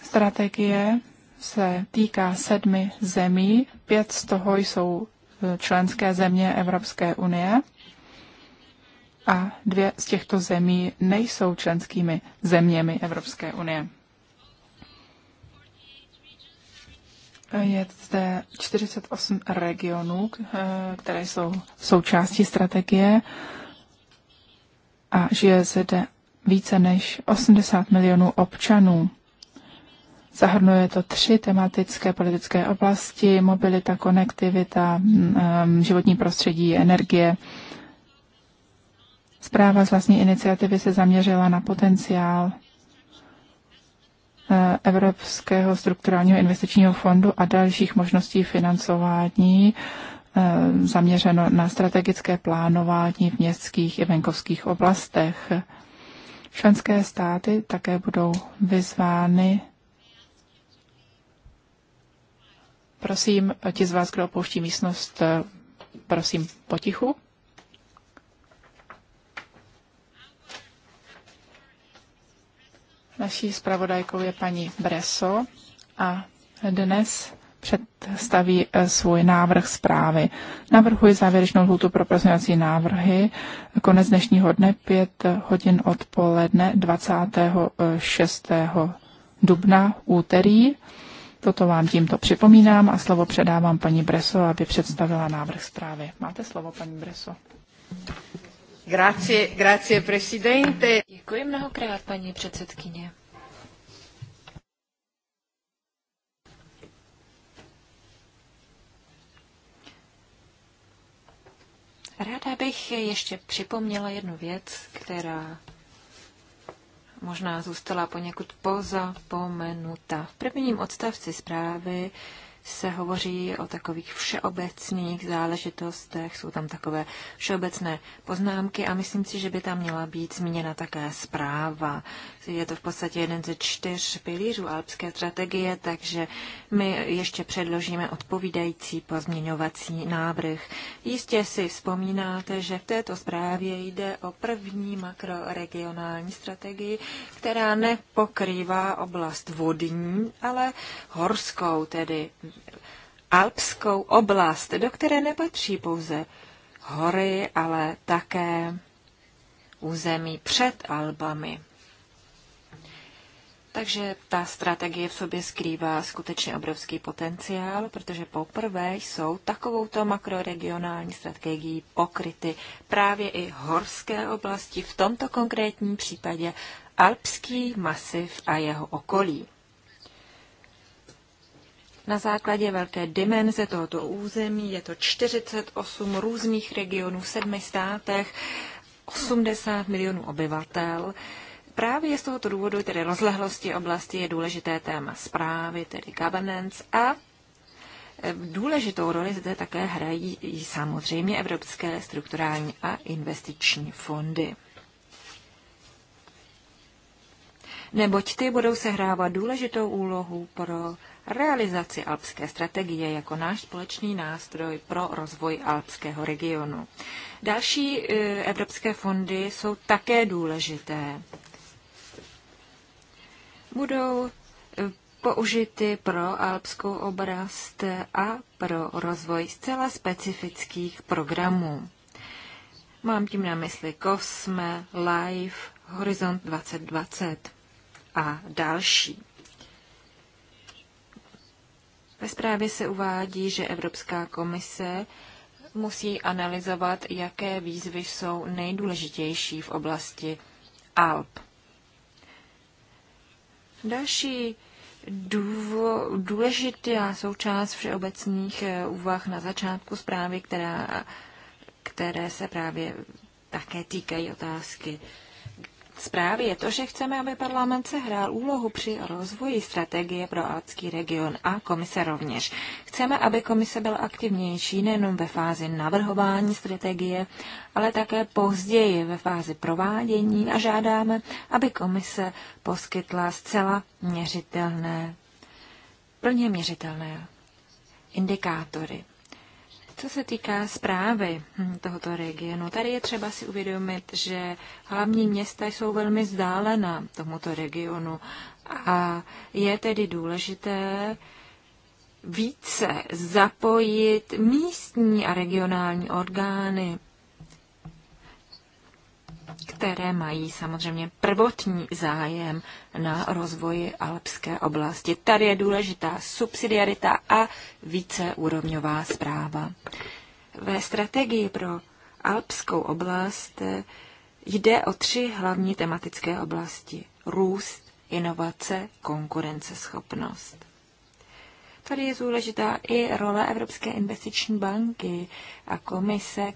Strategie se týká sedmi zemí, pět z toho jsou členské země Evropské unie a dvě z těchto zemí nejsou členskými zeměmi Evropské unie. Je zde 48 regionů, eh, které jsou součástí strategie a žije zde více než 80 milionů občanů. Zahrnuje to tři tematické politické oblasti, mobilita, konektivita, mm, eh, životní prostředí, energie Zpráva z vlastní iniciativy se zaměřila na potenciál eh, Evropského strukturálního investičního fondu a dalších možností financování eh, zaměřeno na strategické plánování v městských i venkovských oblastech. Členské státy také budou vyzvány. Prosím, ti z vás, kdo opouští místnost, eh, prosím potichu. Naší zpravodajkou je paní Breso a dnes představí eh, svůj návrh zprávy. Navrhuji závěrečnou lhutu pro pozměňovací návrhy. Konec dnešního dne 5 hodin odpoledne 26. dubna úterý. Toto vám tímto připomínám a slovo předávám paní Breso, aby představila návrh zprávy. Máte slovo, paní Breso. Grazie, grazie presidente. Děkuji mnohokrát, paní předsedkyně. Ráda bych ještě připomněla jednu věc, která možná zůstala poněkud pozapomenuta. V prvním odstavci zprávy se hovoří o takových všeobecných záležitostech, jsou tam takové všeobecné poznámky a myslím si, že by tam měla být zmíněna také zpráva. Je to v podstatě jeden ze čtyř pilířů alpské strategie, takže my ještě předložíme odpovídající pozměňovací návrh. Jistě si vzpomínáte, že v této zprávě jde o první makroregionální strategii, která nepokrývá oblast vodní, ale horskou, tedy alpskou oblast, do které nepatří pouze hory, ale také území před Albami. Takže ta strategie v sobě skrývá skutečně obrovský potenciál, protože poprvé jsou takovouto makroregionální strategií pokryty právě i horské oblasti, v tomto konkrétním případě alpský masiv a jeho okolí. Na základě velké dimenze tohoto území je to 48 různých regionů v sedmi státech, 80 milionů obyvatel. Právě z tohoto důvodu, tedy rozlehlosti oblasti, je důležité téma zprávy, tedy governance a e, Důležitou roli zde také hrají i samozřejmě evropské strukturální a investiční fondy. Neboť ty budou sehrávat důležitou úlohu pro realizaci alpské strategie jako náš společný nástroj pro rozvoj alpského regionu. Další e, evropské fondy jsou také důležité budou eh, použity pro alpskou oblast a pro rozvoj zcela specifických programů. Mám tím na mysli Kosme, Life, Horizont 2020 a další. Ve zprávě se uvádí, že Evropská komise musí analyzovat, jaké výzvy jsou nejdůležitější v oblasti Alp. Další důvo, důležitá součást všeobecných eh, úvah na začátku zprávy, která, které se právě také týkají otázky zprávy je to, že chceme, aby parlament sehrál úlohu při rozvoji strategie pro alpský region a komise rovněž. Chceme, aby komise byla aktivnější nejenom ve fázi navrhování strategie, ale také později ve fázi provádění a žádáme, aby komise poskytla zcela měřitelné, plně měřitelné indikátory. Co se týká zprávy hm, tohoto regionu, tady je třeba si uvědomit, že hlavní města jsou velmi vzdálená tomuto regionu a je tedy důležité více zapojit místní a regionální orgány které mají samozřejmě prvotní zájem na rozvoji alpské oblasti. Tady je důležitá subsidiarita a víceúrovňová zpráva. Ve strategii pro alpskou oblast jde o tři hlavní tematické oblasti. Růst, inovace, konkurenceschopnost. Tady je důležitá i role Evropské investiční banky a komise,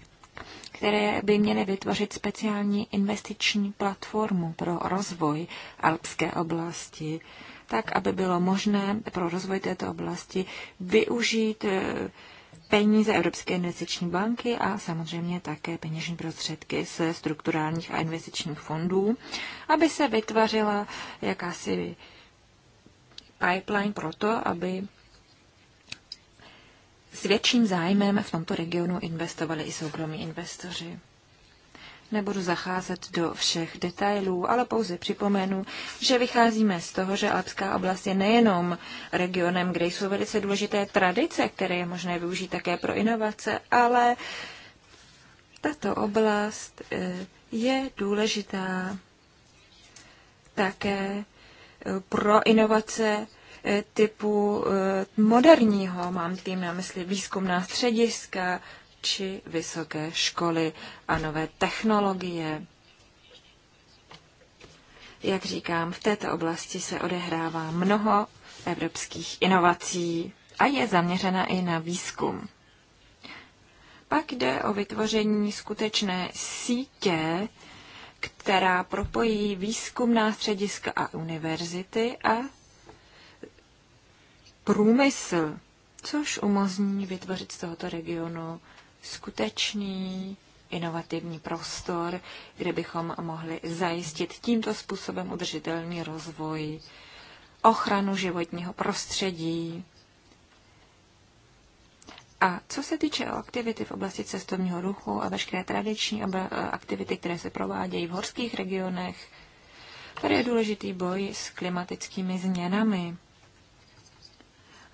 které by měly vytvořit speciální investiční platformu pro rozvoj alpské oblasti, tak, aby bylo možné pro rozvoj této oblasti využít eh, peníze Evropské investiční banky a samozřejmě také peněžní prostředky ze strukturálních a investičních fondů, aby se vytvořila jakási pipeline pro to, aby s větším zájmem v tomto regionu investovali i soukromí investoři. Nebudu zacházet do všech detailů, ale pouze připomenu, že vycházíme z toho, že Alpská oblast je nejenom regionem, kde jsou velice důležité tradice, které je možné využít také pro inovace, ale tato oblast eh, je důležitá také pro inovace typu eh, moderního, mám tím na mysli výzkumná střediska či vysoké školy a nové technologie. Jak říkám, v této oblasti se odehrává mnoho evropských inovací a je zaměřena i na výzkum. Pak jde o vytvoření skutečné sítě, která propojí výzkumná střediska a univerzity a průmysl, což umožní vytvořit z tohoto regionu skutečný inovativní prostor, kde bychom mohli zajistit tímto způsobem udržitelný rozvoj, ochranu životního prostředí. A co se týče aktivity v oblasti cestovního ruchu a veškeré tradiční aktivity, které se provádějí v horských regionech, tady je důležitý boj s klimatickými změnami.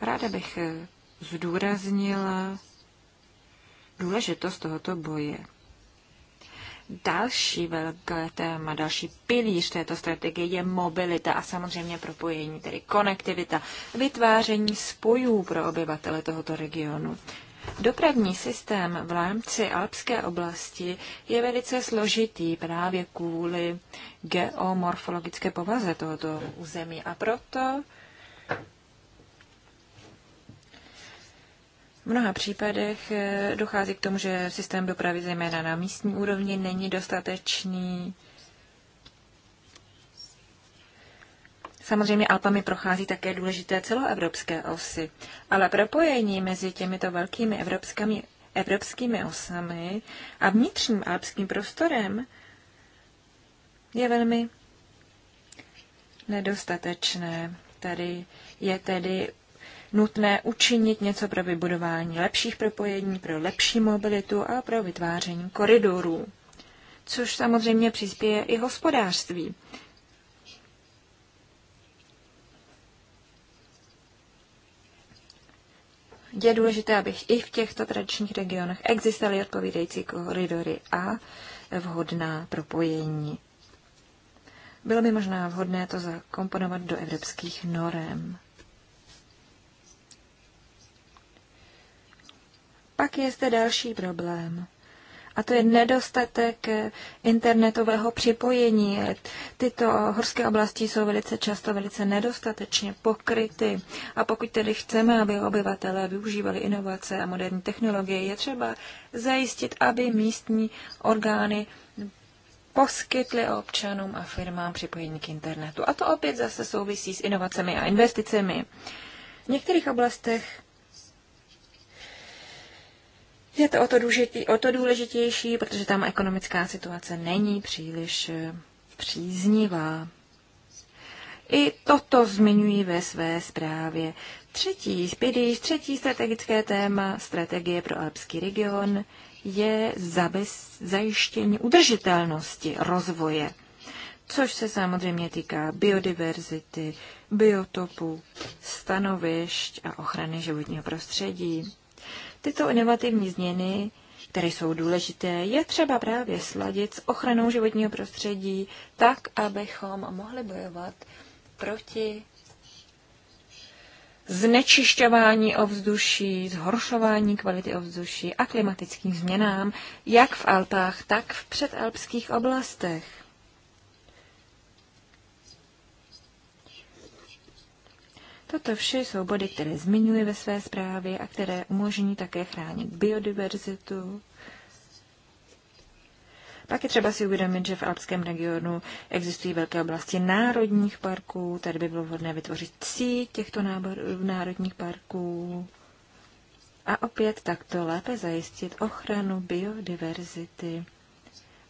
Ráda bych eh, zdůraznila důležitost tohoto boje. Další velké téma, další pilíř této strategie je mobilita a samozřejmě propojení, tedy konektivita, vytváření spojů pro obyvatele tohoto regionu. Dopravní systém v rámci alpské oblasti je velice složitý právě kvůli geomorfologické povaze tohoto území a proto V mnoha případech eh, dochází k tomu, že systém dopravy zejména na místní úrovni není dostatečný. Samozřejmě Alpami prochází také důležité celoevropské osy, ale propojení mezi těmito velkými evropskými, evropskými osami a vnitřním alpským prostorem je velmi nedostatečné. Tady je tedy nutné učinit něco pro vybudování lepších propojení, pro lepší mobilitu a pro vytváření koridorů, což samozřejmě přispěje i hospodářství. Je důležité, aby i v těchto tradičních regionech existovaly odpovídající koridory a vhodná propojení. Bylo by možná vhodné to zakomponovat do evropských norem. Pak je zde další problém. A to je nedostatek eh, internetového připojení. Tyto horské oblasti jsou velice často velice nedostatečně pokryty. A pokud tedy chceme, aby obyvatelé využívali inovace a moderní technologie, je třeba zajistit, aby místní orgány poskytli občanům a firmám připojení k internetu. A to opět zase souvisí s inovacemi a investicemi. V některých oblastech je to o to, důležitý, o to důležitější, protože tam ekonomická situace není příliš eh, příznivá. I toto zmiňují ve své zprávě. Třetí pilíř, třetí strategické téma strategie pro alpský region je zabez, zajištění udržitelnosti rozvoje, což se samozřejmě týká biodiverzity, biotopu, stanovišť a ochrany životního prostředí. Tyto inovativní změny, které jsou důležité, je třeba právě sladit s ochranou životního prostředí tak, abychom mohli bojovat proti znečišťování ovzduší, zhoršování kvality ovzduší a klimatickým změnám, jak v Alpách, tak v předalpských oblastech. Toto vše jsou body, které zmiňuji ve své zprávě a které umožní také chránit biodiverzitu. Pak je třeba si uvědomit, že v alpském regionu existují velké oblasti národních parků. Tady by bylo vhodné vytvořit síť těchto nábor, národních parků a opět takto lépe zajistit ochranu biodiverzity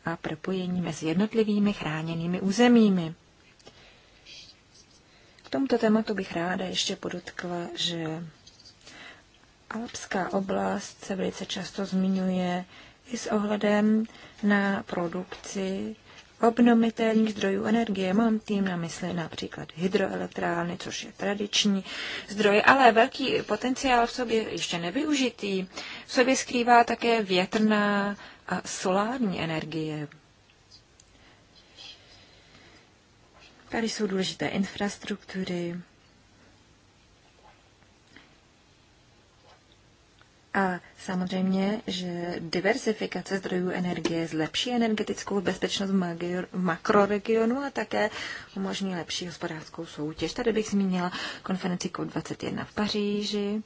a propojení mezi jednotlivými chráněnými územími tomuto tématu bych ráda ještě podotkla, že alpská oblast se velice často zmiňuje i s ohledem na produkci obnovitelných zdrojů energie. Mám tím na mysli například hydroelektrárny, což je tradiční zdroj, ale velký potenciál v sobě ještě nevyužitý. V sobě skrývá také větrná a solární energie. Tady jsou důležité infrastruktury. A samozřejmě, že diversifikace zdrojů energie zlepší energetickou bezpečnost v makroregionu a také umožní lepší hospodářskou soutěž. Tady bych zmínila konferenci COP21 v Paříži,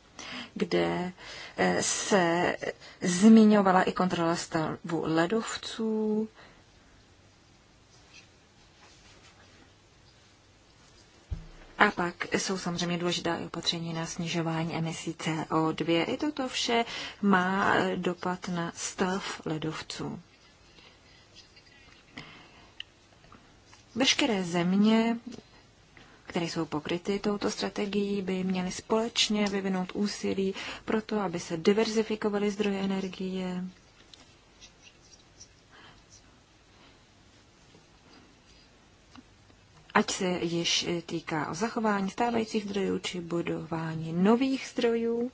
kde eh, se zmiňovala i kontrola stavu ledovců, A pak jsou samozřejmě důležitá opatření na snižování emisí CO2. I toto vše má eh, dopad na stav ledovců. Veškeré země, které jsou pokryty touto strategií, by měly společně vyvinout úsilí pro to, aby se diverzifikovaly zdroje energie, ať se již týká o zachování stávajících zdrojů či budování nových zdrojů.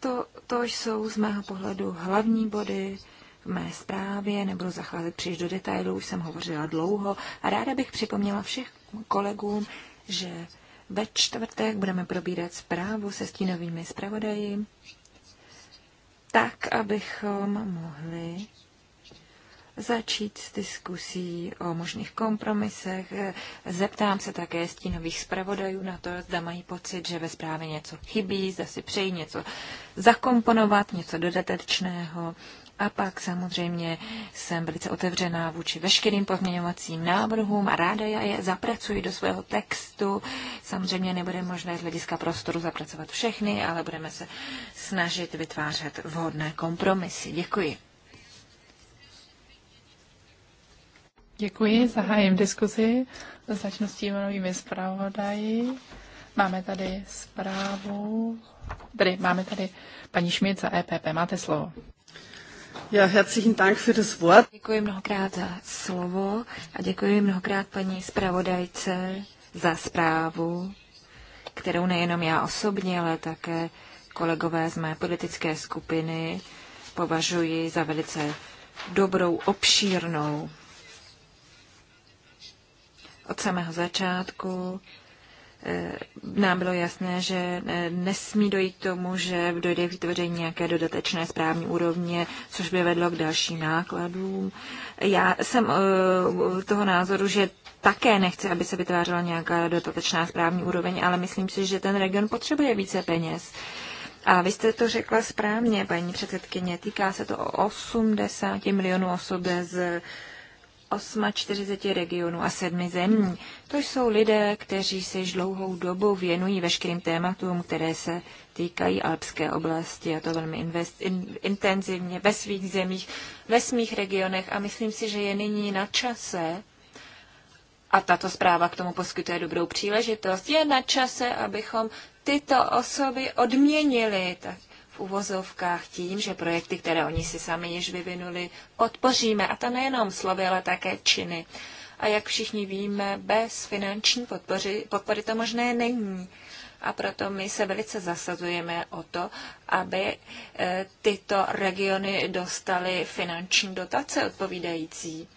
To, to jsou z mého pohledu hlavní body v mé zprávě, nebudu zacházet příliš do detailů, už jsem hovořila dlouho a ráda bych připomněla všech kolegům, že ve čtvrtek budeme probírat zprávu se stínovými zpravodaji, tak, abychom mohli začít s diskusí o možných kompromisech. Zeptám se také stínových zpravodajů na to, zda mají pocit, že ve zprávě něco chybí, zda si přejí něco zakomponovat, něco dodatečného. A pak samozřejmě jsem velice otevřená vůči veškerým pozměňovacím návrhům a ráda já je zapracuji do svého textu. Samozřejmě nebude možné z hlediska prostoru zapracovat všechny, ale budeme se snažit vytvářet vhodné kompromisy. Děkuji. Děkuji, zahájím diskuzi. Začnu s novými zpravodaji. Máme tady zprávu, Tady máme tady paní Šmit za EPP. Máte slovo. Ja, herzlichen Dank für das Wort. Děkuji mnohokrát za slovo a děkuji mnohokrát paní zpravodajce za zprávu, kterou nejenom já osobně, ale také kolegové z mé politické skupiny považuji za velice dobrou, obšírnou od samého začátku eh, nám bylo jasné, že eh, nesmí dojít k tomu, že dojde k vytvoření nějaké dodatečné správní úrovně, což by vedlo k dalším nákladům. Já jsem eh, toho názoru, že také nechci, aby se vytvářela nějaká dodatečná správní úroveň, ale myslím si, že ten region potřebuje více peněz. A vy jste to řekla správně, paní předsedkyně, týká se to o 80 milionů osob z 48 regionů a sedmi zemí. To jsou lidé, kteří se již dlouhou dobu věnují veškerým tématům, které se týkají alpské oblasti a to velmi invest, in, intenzivně ve svých zemích, ve svých regionech a myslím si, že je nyní na čase, a tato zpráva k tomu poskytuje dobrou příležitost, je na čase, abychom tyto osoby odměnili. Tak v uvozovkách tím, že projekty, které oni si sami již vyvinuli, podpoříme. A to nejenom slovy, ale také činy. A jak všichni víme, bez finanční podpory, podpory to možné není. A proto my se velice zasazujeme o to, aby e, tyto regiony dostaly finanční dotace odpovídající.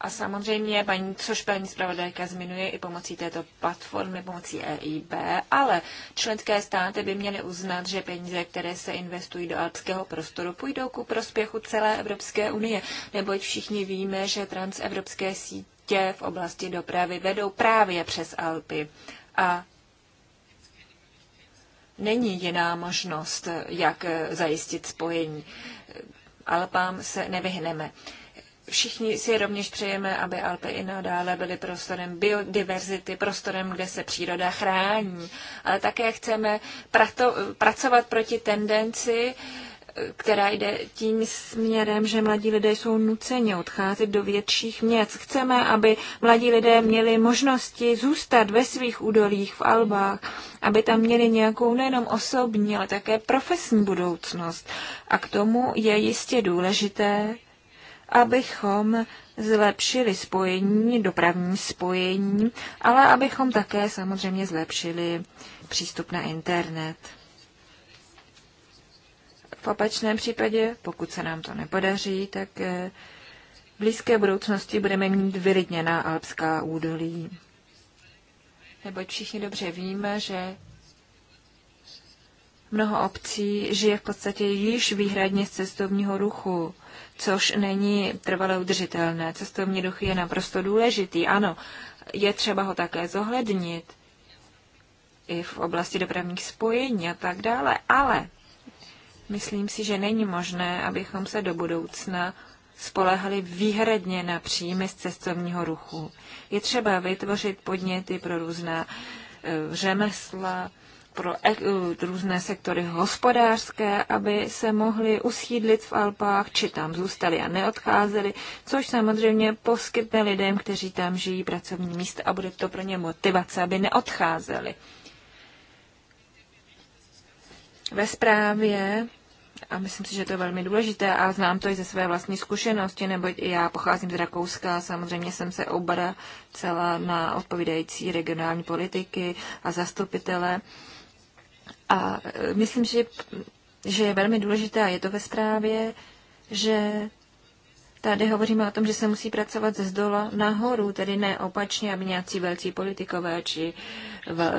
A samozřejmě, paní, což paní zpravodajka zmiňuje i pomocí této platformy, pomocí EIB, ale členské státy by měly uznat, že peníze, které se investují do alpského prostoru, půjdou ku prospěchu celé Evropské unie, neboť všichni víme, že transevropské sítě v oblasti dopravy vedou právě přes Alpy. A není jiná možnost, jak zajistit spojení. Alpám se nevyhneme. Všichni si rovněž přejeme, aby Alpy i nadále byly prostorem biodiverzity, prostorem, kde se příroda chrání. Ale také chceme prato, pracovat proti tendenci, která jde tím směrem, že mladí lidé jsou nuceni odcházet do větších měst. Chceme, aby mladí lidé měli možnosti zůstat ve svých údolích v Albách, aby tam měli nějakou nejenom osobní, ale také profesní budoucnost. A k tomu je jistě důležité abychom zlepšili spojení, dopravní spojení, ale abychom také samozřejmě zlepšili přístup na internet. V opačném případě, pokud se nám to nepodaří, tak eh, v blízké budoucnosti budeme mít vyrydněná alpská údolí. Neboť všichni dobře víme, že mnoho obcí žije v podstatě již výhradně z cestovního ruchu což není trvale udržitelné. Cestovní duch je naprosto důležitý. Ano, je třeba ho také zohlednit i v oblasti dopravních spojení a tak dále, ale myslím si, že není možné, abychom se do budoucna spolehali výhradně na příjmy z cestovního ruchu. Je třeba vytvořit podněty pro různá eh, řemesla, pro e- různé sektory hospodářské, aby se mohli usídlit v Alpách, či tam zůstali a neodcházeli, což samozřejmě poskytne lidem, kteří tam žijí pracovní místa a bude to pro ně motivace, aby neodcházeli. Ve zprávě a myslím si, že to je velmi důležité a znám to i ze své vlastní zkušenosti, neboť i já pocházím z Rakouska samozřejmě jsem se obracela celá na odpovídající regionální politiky a zastupitele. A e, myslím, že, že je velmi důležité, a je to ve zprávě, že tady hovoříme o tom, že se musí pracovat ze zdola nahoru, tedy ne opačně, aby nějací velcí politikové či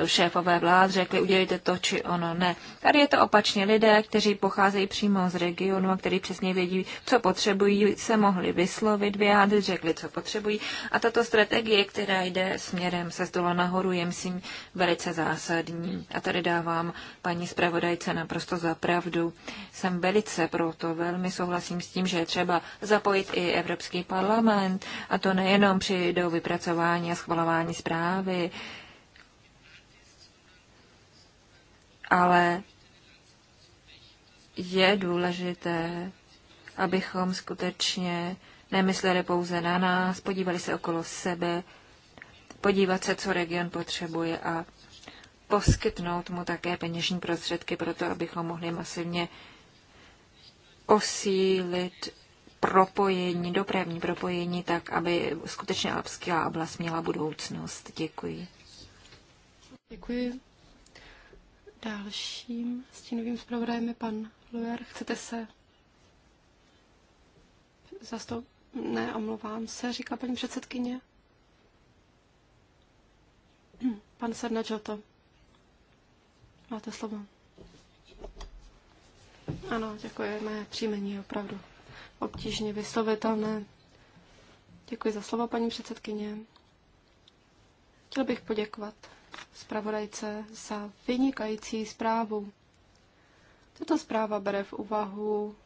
šéfové vlád řekli, udělejte to či ono ne. Tady je to opačně. Lidé, kteří pocházejí přímo z regionu a kteří přesně vědí, co potřebují, se mohli vyslovit, vyjádřit, řekli, co potřebují. A tato strategie, která jde směrem se dola nahoru, je, myslím, velice zásadní. A tady dávám paní zpravodajce naprosto za pravdu. Jsem velice proto, velmi souhlasím s tím, že je třeba zapojit i Evropský parlament, a to nejenom při do vypracování a schvalování zprávy, ale je důležité, abychom skutečně nemysleli pouze na nás, podívali se okolo sebe, podívat se, co region potřebuje a poskytnout mu také peněžní prostředky pro to, abychom mohli masivně posílit propojení, dopravní propojení, tak aby skutečně Alpská oblast měla budoucnost. Děkuji. Děkuji Dalším stínovým zpravodajem je pan Luer. Chcete se zastoupit? Ne, omlouvám se, říká paní předsedkyně. Pan Sernačoto, máte slovo. Ano, děkuji, mé příjmení je opravdu obtížně vyslovitelné. Děkuji za slovo, paní předsedkyně. Chtěl bych poděkovat zpravodajce za vynikající zprávu. Tato zpráva bere v úvahu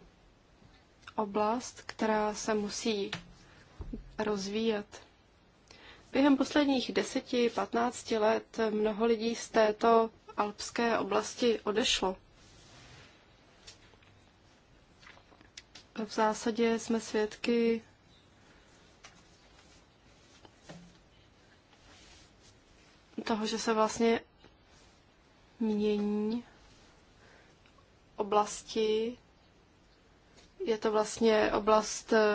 oblast, která se musí rozvíjet. Během posledních 10-15 let mnoho lidí z této alpské oblasti odešlo. V zásadě jsme svědky toho, že se vlastně mění oblasti. Je to vlastně oblast, eh,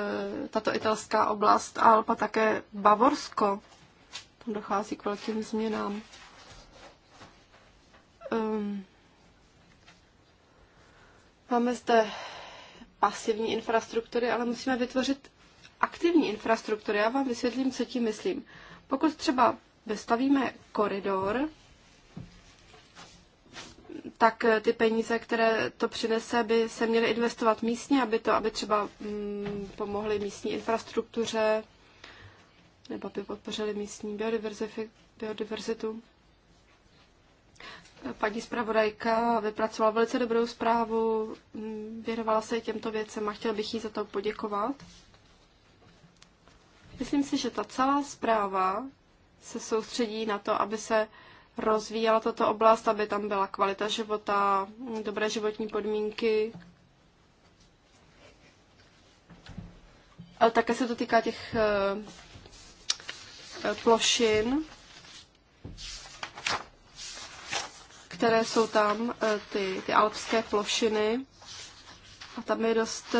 tato italská oblast, Alpa také Bavorsko. Tam dochází k velkým změnám. Um, máme zde pasivní infrastruktury, ale musíme vytvořit aktivní infrastruktury. Já vám vysvětlím, co tím myslím. Pokud třeba vystavíme koridor, tak ty peníze, které to přinese, by se měly investovat místně, aby to, aby třeba mm, pomohly místní infrastruktuře, nebo by podpořili místní biodiverzitu. Paní zpravodajka vypracovala velice dobrou zprávu, mm, věnovala se i těmto věcem a chtěl bych jí za to poděkovat. Myslím si, že ta celá zpráva se soustředí na to, aby se rozvíjela tato oblast, aby tam byla kvalita života, dobré životní podmínky. Ale také se to týká těch eh, eh, plošin, které jsou tam, eh, ty, ty alpské plošiny. A tam je dost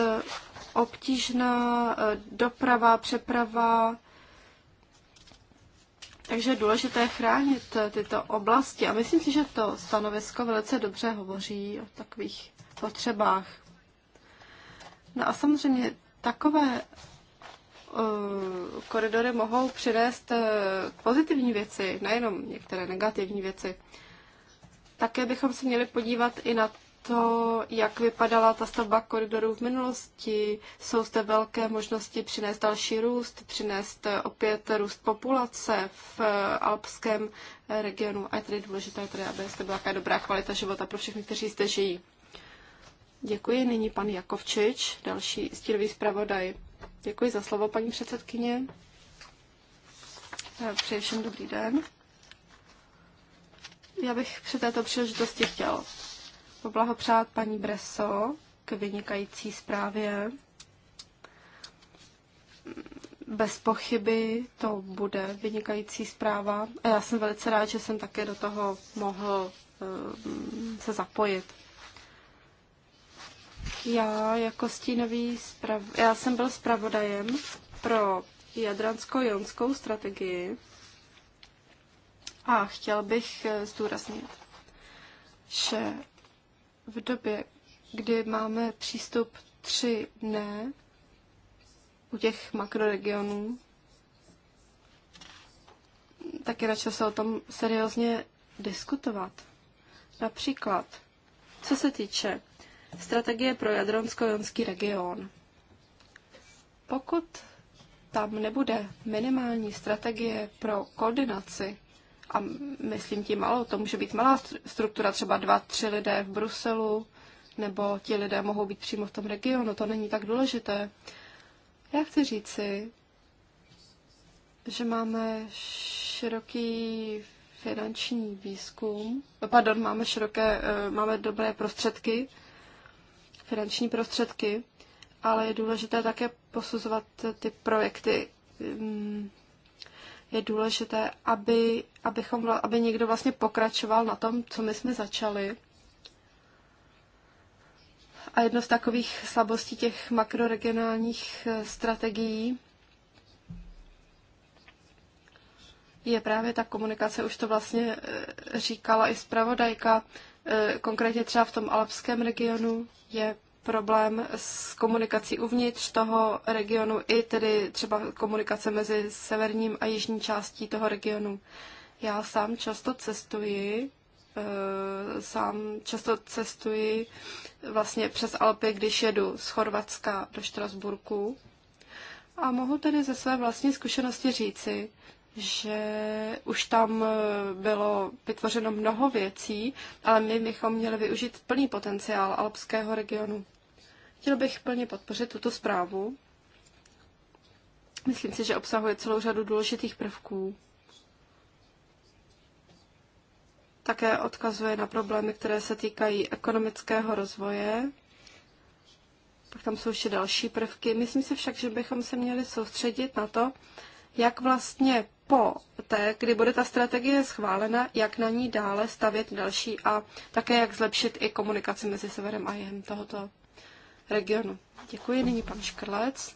obtížná doprava, přeprava, takže je důležité chránit eh, tyto oblasti a myslím si, že to stanovisko velice dobře hovoří o takových potřebách. No a samozřejmě takové eh, koridory mohou přinést eh, pozitivní věci, nejenom některé negativní věci. Také bychom se měli podívat i na to, jak vypadala ta stavba koridorů v minulosti. Jsou zde velké možnosti přinést další růst, přinést opět růst populace v eh, alpském eh, regionu. A je tedy důležité, tedy, aby zde byla taková dobrá kvalita života pro všechny, kteří zde žijí. Děkuji. Nyní pan Jakovčič, další stírový zpravodaj. Děkuji za slovo, paní předsedkyně. Eh, přeji všem dobrý den. Já bych při této příležitosti chtěl poblahopřát paní Breso k vynikající zprávě. Bez pochyby to bude vynikající zpráva. A já jsem velice rád, že jsem také do toho mohl ehm, se zapojit. Já jako stínový sprav... Já jsem byl zpravodajem pro jadransko-jonskou strategii a chtěl bych eh, zdůraznit, že v době, kdy máme přístup tři dne u těch makroregionů, tak je na čase o tom seriózně diskutovat. Například, co se týče strategie pro Jadronsko-Jonský region. Pokud tam nebude minimální strategie pro koordinaci a myslím tím malou, to může být malá struktura, třeba dva, tři lidé v Bruselu, nebo ti lidé mohou být přímo v tom regionu, to není tak důležité. Já chci říci, že máme široký finanční výzkum, pardon, máme široké, eh, máme dobré prostředky, finanční prostředky, ale je důležité také posuzovat ty projekty mm, je důležité, aby, abychom, aby někdo vlastně pokračoval na tom, co my jsme začali. A jedno z takových slabostí těch makroregionálních eh, strategií je právě ta komunikace, už to vlastně eh, říkala i zpravodajka, eh, konkrétně třeba v tom alpském regionu je problém s komunikací uvnitř toho regionu i tedy třeba komunikace mezi severním a jižní částí toho regionu. Já sám často cestuji, eh, sám často cestuji vlastně přes Alpy, když jedu z Chorvatska do Štrasburku. A mohu tedy ze své vlastní zkušenosti říci, že už tam eh, bylo vytvořeno mnoho věcí, ale my bychom měli využít plný potenciál alpského regionu. Chtěl bych plně podpořit tuto zprávu. Myslím si, že obsahuje celou řadu důležitých prvků. Také odkazuje na problémy, které se týkají ekonomického rozvoje. Pak tam jsou ještě další prvky. Myslím si však, že bychom se měli soustředit na to, jak vlastně po té, kdy bude ta strategie schválena, jak na ní dále stavět další a také jak zlepšit i komunikaci mezi severem a jihem tohoto regionu. Děkuji, nyní pan Škrlec.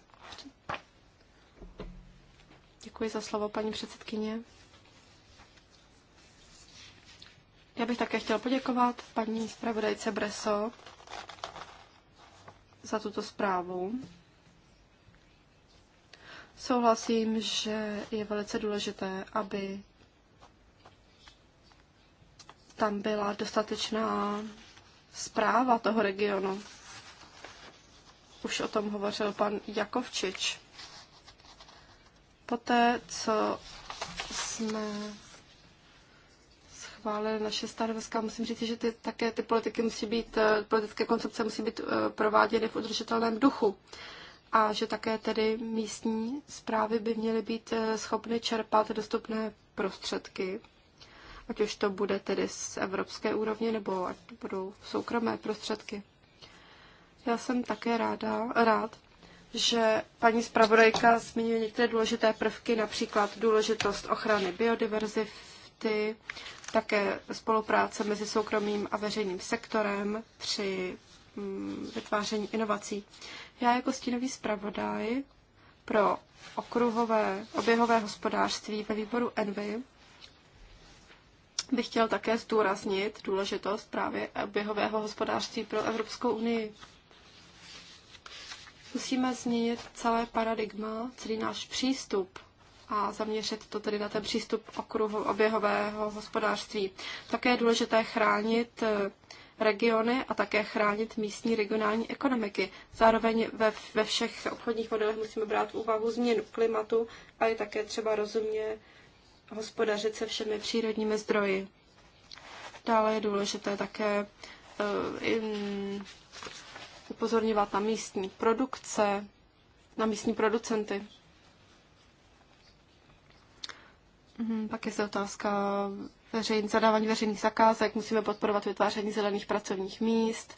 Děkuji za slovo, paní předsedkyně. Já bych také chtěl poděkovat paní zpravodajce Breso za tuto zprávu. Souhlasím, že je velice důležité, aby tam byla dostatečná zpráva toho regionu. Už o tom hovořil pan Jakovčič. Poté, co jsme schválili naše stanoviska, musím říct, že ty, také ty politiky musí být, eh, politické koncepce musí být eh, prováděny v udržitelném duchu a že také tedy místní zprávy by měly být eh, schopny čerpat dostupné prostředky, ať už to bude tedy z evropské úrovně nebo ať budou soukromé prostředky. Já jsem také ráda, rád, že paní zpravodajka zmiňuje některé důležité prvky, například důležitost ochrany biodiverzity, také spolupráce mezi soukromým a veřejným sektorem při mm, vytváření inovací. Já jako stínový zpravodaj pro okruhové oběhové hospodářství ve výboru Envy bych chtěl také zdůraznit důležitost právě oběhového hospodářství pro Evropskou unii. Musíme změnit celé paradigma, celý náš přístup a zaměřit to tedy na ten přístup okruhu oběhového hospodářství. Také je důležité chránit eh, regiony a také chránit místní regionální ekonomiky. Zároveň ve, ve všech obchodních modelech musíme brát v úvahu změnu klimatu a je také třeba rozumně hospodařit se všemi přírodními zdroji. Dále je důležité také uh, in, upozorňovat na místní produkce, na místní producenty. Mhm, pak je zde otázka veřejný, zadávání veřejných zakázek. Musíme podporovat vytváření zelených pracovních míst.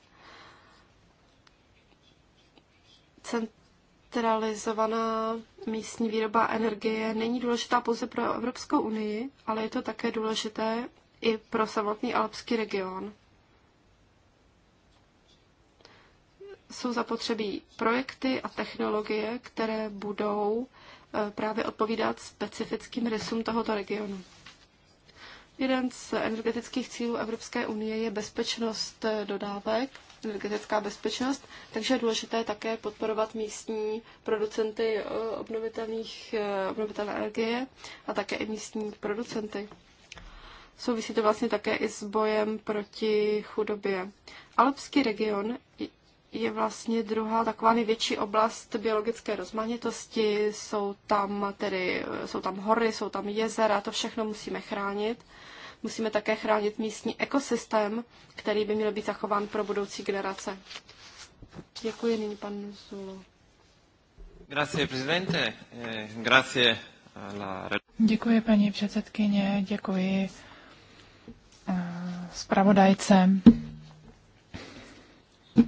Centralizovaná místní výroba energie není důležitá pouze pro Evropskou unii, ale je to také důležité i pro samotný alpský region. jsou zapotřebí projekty a technologie, které budou eh, právě odpovídat specifickým rysům tohoto regionu. Jeden z energetických cílů Evropské unie je bezpečnost eh, dodávek, energetická bezpečnost, takže je důležité také podporovat místní producenty eh, obnovitelných, obnovitelné energie a také i místní producenty. Souvisí to vlastně také i s bojem proti chudobě. Alpský region je vlastně druhá taková největší oblast biologické rozmanitosti. Jsou tam tedy, jsou tam hory, jsou tam jezera, to všechno musíme chránit. Musíme také chránit místní ekosystém, který by měl být zachován pro budoucí generace. Děkuji nyní pan Zulo. Grazie, prezidente. Eh, grazie. Děkuji, paní předsedkyně, děkuji eh, zpravodajce. Uh,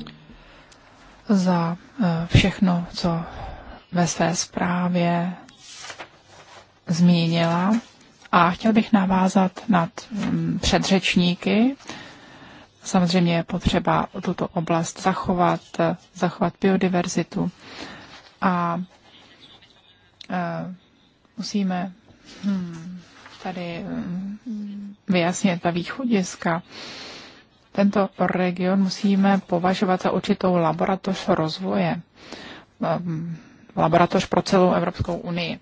za eh, všechno, co ve své zprávě zmínila. A chtěl bych navázat nad mm, předřečníky. Samozřejmě je potřeba tuto oblast zachovat, eh, zachovat biodiverzitu a eh, musíme hm, tady hm, vyjasnit ta východiska tento region musíme považovat za určitou laboratoř rozvoje, ehm, laboratoř pro celou Evropskou unii.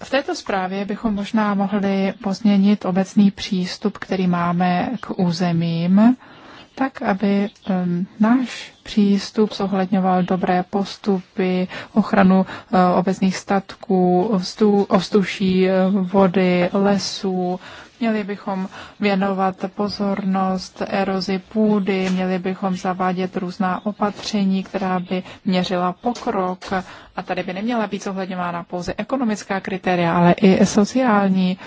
V této zprávě bychom možná mohli pozměnit obecný přístup, který máme k územím, tak, aby ehm, náš přístup zohledňoval dobré postupy, ochranu eh, obecných statků, ovzduší, eh, vody, lesů, Měli bychom věnovat pozornost erozi půdy, měli bychom zavádět různá opatření, která by měřila pokrok. A tady by neměla být zohledňována pouze ekonomická kritéria, ale i sociální.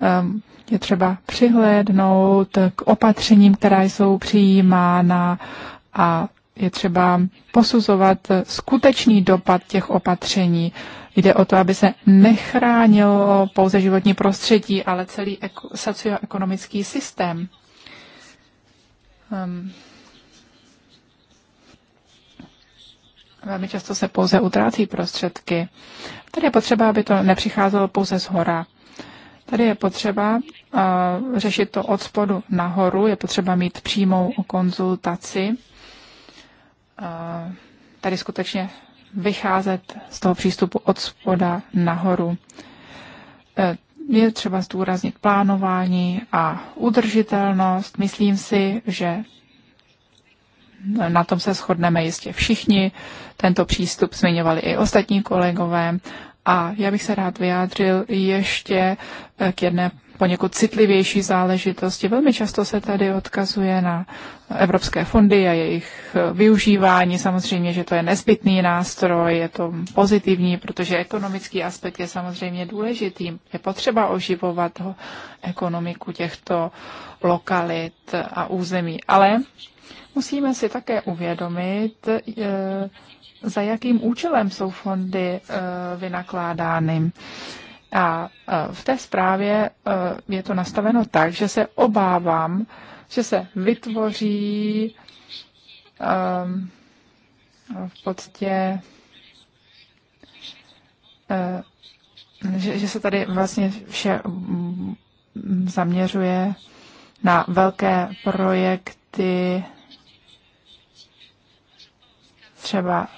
Ehm, je třeba přihlédnout k opatřením, která jsou přijímána a je třeba posuzovat skutečný dopad těch opatření. Jde o to, aby se nechránilo pouze životní prostředí, ale celý socioekonomický systém. Um, velmi často se pouze utrácí prostředky. Tady je potřeba, aby to nepřicházelo pouze z hora. Tady je potřeba uh, řešit to od spodu nahoru, je potřeba mít přímou konzultaci. Uh, tady skutečně vycházet z toho přístupu od spoda nahoru. E, je třeba zdůraznit plánování a udržitelnost. Myslím si, že na tom se shodneme jistě všichni. Tento přístup zmiňovali i ostatní kolegové. A já bych se rád vyjádřil ještě k jedné poněkud citlivější záležitosti. Velmi často se tady odkazuje na evropské fondy a jejich eh, využívání. Samozřejmě, že to je nezbytný nástroj, je to pozitivní, protože ekonomický aspekt je samozřejmě důležitý. Je potřeba oživovat ho, ekonomiku těchto lokalit a území. Ale musíme si také uvědomit, eh, za jakým účelem jsou fondy eh, vynakládány. A v té zprávě je to nastaveno tak, že se obávám, že se vytvoří v podstatě že, se tady vlastně vše zaměřuje na velké projekty, třeba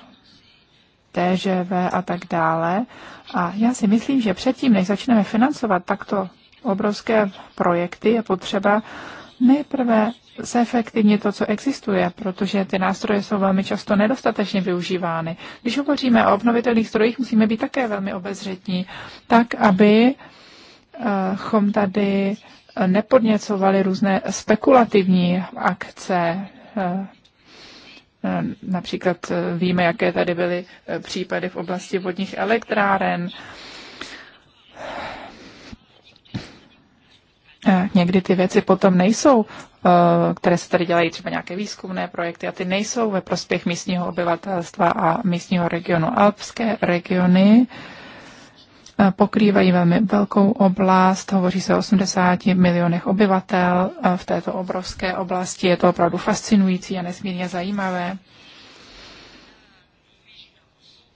TŽV a tak dále. A já si myslím, že předtím, než začneme financovat takto obrovské projekty, je potřeba nejprve zefektivně to, co existuje, protože ty nástroje jsou velmi často nedostatečně využívány. Když hovoříme o obnovitelných strojích, musíme být také velmi obezřetní, tak aby eh, chom tady eh, nepodněcovali různé spekulativní akce, eh, Eh, například eh, víme, jaké tady byly eh, případy v oblasti vodních elektráren. Někdy ty věci potom nejsou, které se tady dělají třeba nějaké výzkumné projekty a ty nejsou ve prospěch místního obyvatelstva a místního regionu. Alpské regiony pokrývají velmi velkou oblast, hovoří se o 80 milionech obyvatel e, v této obrovské oblasti. Je to opravdu fascinující a nesmírně zajímavé.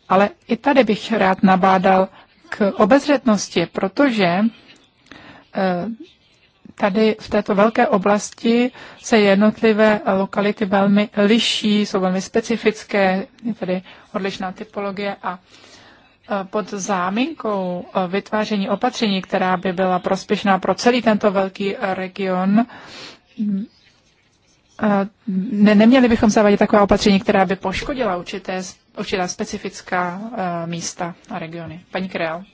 Ale i tady bych rád nabádal k obezřetnosti, protože e, tady v této velké oblasti se jednotlivé lokality velmi liší, jsou velmi specifické, je tady odlišná typologie a Eh, pod záminkou eh, vytváření opatření, která by byla prospěšná pro celý tento velký region, eh, ne, neměli bychom zavádět taková opatření, která by poškodila určité, určitá specifická místa a regiony. Paní Kreal.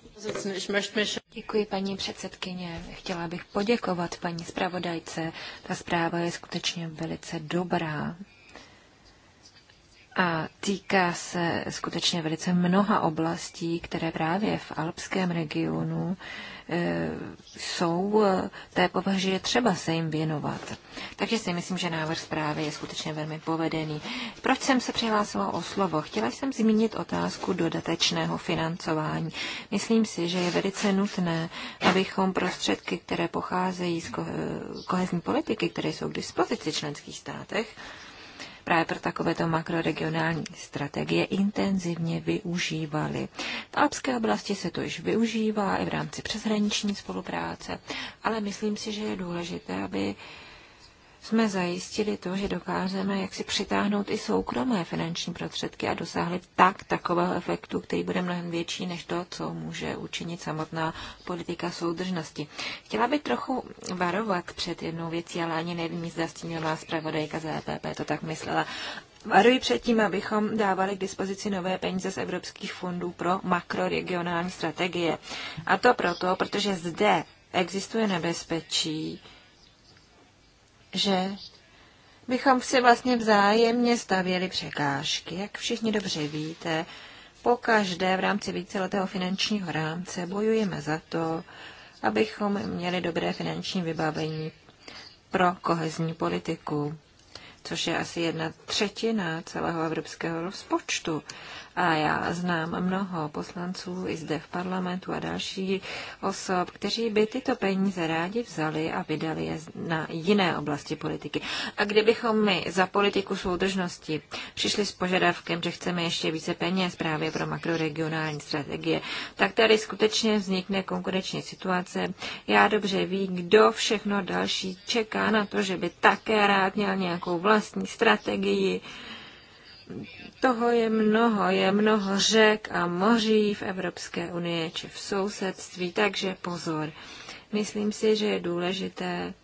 Děkuji, paní předsedkyně. Chtěla bych poděkovat paní zpravodajce. Ta zpráva je skutečně velice dobrá a týká se skutečně velice mnoha oblastí, které právě v alpském regionu e, jsou e, té povahy, že třeba se jim věnovat. Takže si myslím, že návrh zprávy je skutečně velmi povedený. Proč jsem se přihlásila o slovo? Chtěla jsem zmínit otázku dodatečného financování. Myslím si, že je velice nutné, abychom prostředky, které pocházejí z e, kohezní politiky, které jsou k dispozici v členských státech, právě pro takovéto makroregionální strategie intenzivně využívaly. V alpské oblasti se to již využívá i v rámci přeshraniční spolupráce, ale myslím si, že je důležité, aby jsme zajistili to, že dokážeme jak si přitáhnout i soukromé finanční prostředky a dosáhli tak takového efektu, který bude mnohem větší než to, co může učinit samotná politika soudržnosti. Chtěla bych trochu varovat před jednou věcí, ale ani nevím, zda má zpravodajka ZPP e to tak myslela. Varuji před tím, abychom dávali k dispozici nové peníze z evropských fondů pro makroregionální strategie. A to proto, protože zde existuje nebezpečí, že bychom si vlastně vzájemně stavěli překážky. Jak všichni dobře víte, po každé v rámci víceletého finančního rámce bojujeme za to, abychom měli dobré finanční vybavení pro kohezní politiku, což je asi jedna třetina celého evropského rozpočtu. A já znám mnoho poslanců i zde v parlamentu a další osob, kteří by tyto peníze rádi vzali a vydali je na jiné oblasti politiky. A kdybychom my za politiku soudržnosti přišli s požadavkem, že chceme ještě více peněz právě pro makroregionální strategie, tak tady skutečně vznikne konkurenční situace. Já dobře ví, kdo všechno další čeká na to, že by také rád měl nějakou vlastní strategii toho je mnoho, je mnoho řek a moří v Evropské unii či v sousedství, takže pozor. Myslím si, že je důležité,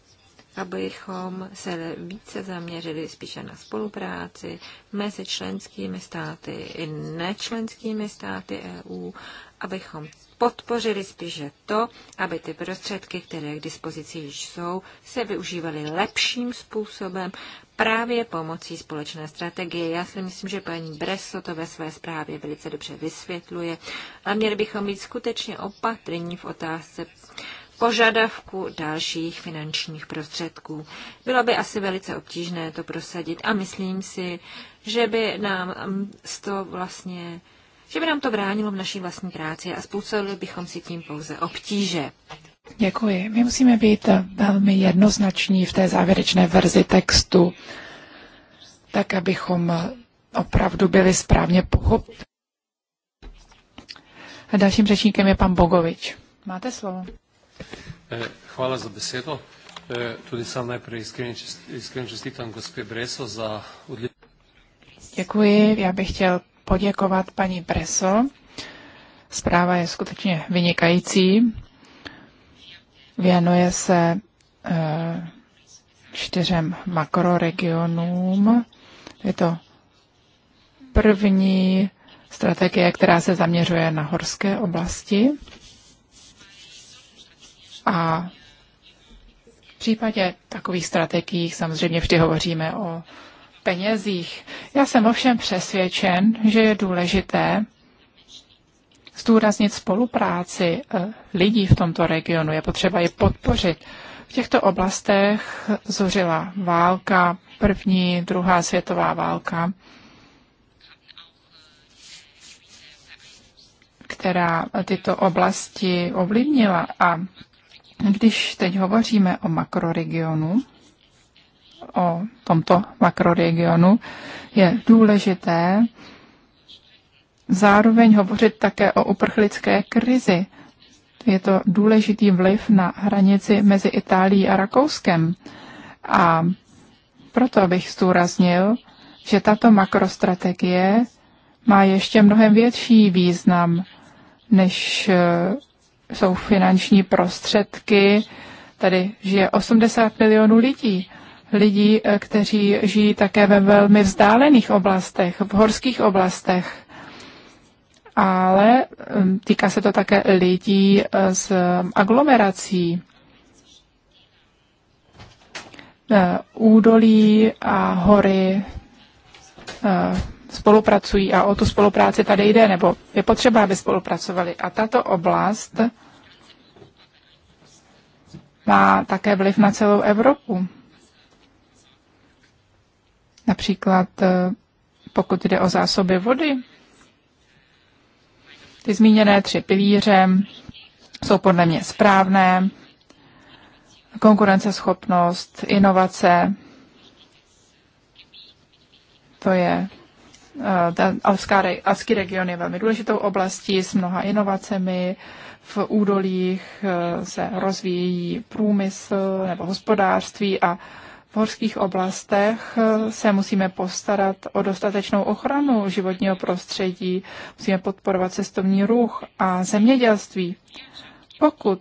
abychom se více zaměřili spíše na spolupráci mezi členskými státy i nečlenskými státy EU, abychom podpořili spíše to, aby ty prostředky, které k dispozici již jsou, se využívaly lepším způsobem, právě pomocí společné strategie. Já si myslím, že paní Breso to ve své zprávě velice dobře vysvětluje a měli bychom být skutečně opatrní v otázce požadavku dalších finančních prostředků. Bylo by asi velice obtížné to prosadit a myslím si, že by nám to vlastně že by nám to bránilo v naší vlastní práci a způsobili bychom si tím pouze obtíže. Děkuji. My musíme být velmi jednoznační v té závěrečné verzi textu, tak abychom opravdu byli správně pochopeni. Dalším řečníkem je pan Bogovič. Máte slovo. Eh, hvala za besedo. Eh, tudi nejprve, najprej iskreno čestitam gospě Breso za odličnost. Děkuji. Já bych chtěl poděkovat paní Breso. Zpráva je skutečně vynikající Věnuje se eh, čtyřem makroregionům. Je to první strategie, která se zaměřuje na horské oblasti. A v případě takových strategií samozřejmě vždy hovoříme o penězích. Já jsem ovšem přesvědčen, že je důležité, zdůraznit spolupráci eh, lidí v tomto regionu, je potřeba je podpořit. V těchto oblastech zuřila válka, první, druhá světová válka, která tyto oblasti ovlivnila. A když teď hovoříme o makroregionu, o tomto makroregionu, je důležité, zároveň hovořit také o uprchlické krizi. Je to důležitý vliv na hranici mezi Itálií a Rakouskem. A proto bych zdůraznil, že tato makrostrategie má ještě mnohem větší význam, než e, jsou finanční prostředky. Tady žije 80 milionů lidí. Lidí, e, kteří žijí také ve velmi vzdálených oblastech, v horských oblastech ale týká se to také lidí z eh, aglomerací, eh, údolí a hory eh, spolupracují a o tu spolupráci tady jde, nebo je potřeba, aby spolupracovali. A tato oblast má také vliv na celou Evropu. Například pokud jde o zásoby vody, ty zmíněné tři pilíře jsou podle mě správné. Konkurenceschopnost, inovace, to je eh, ten alská, alský region je velmi důležitou oblastí s mnoha inovacemi. V údolích eh, se rozvíjí průmysl nebo hospodářství a v horských oblastech eh, se musíme postarat o dostatečnou ochranu životního prostředí, musíme podporovat cestovní ruch a zemědělství. Pokud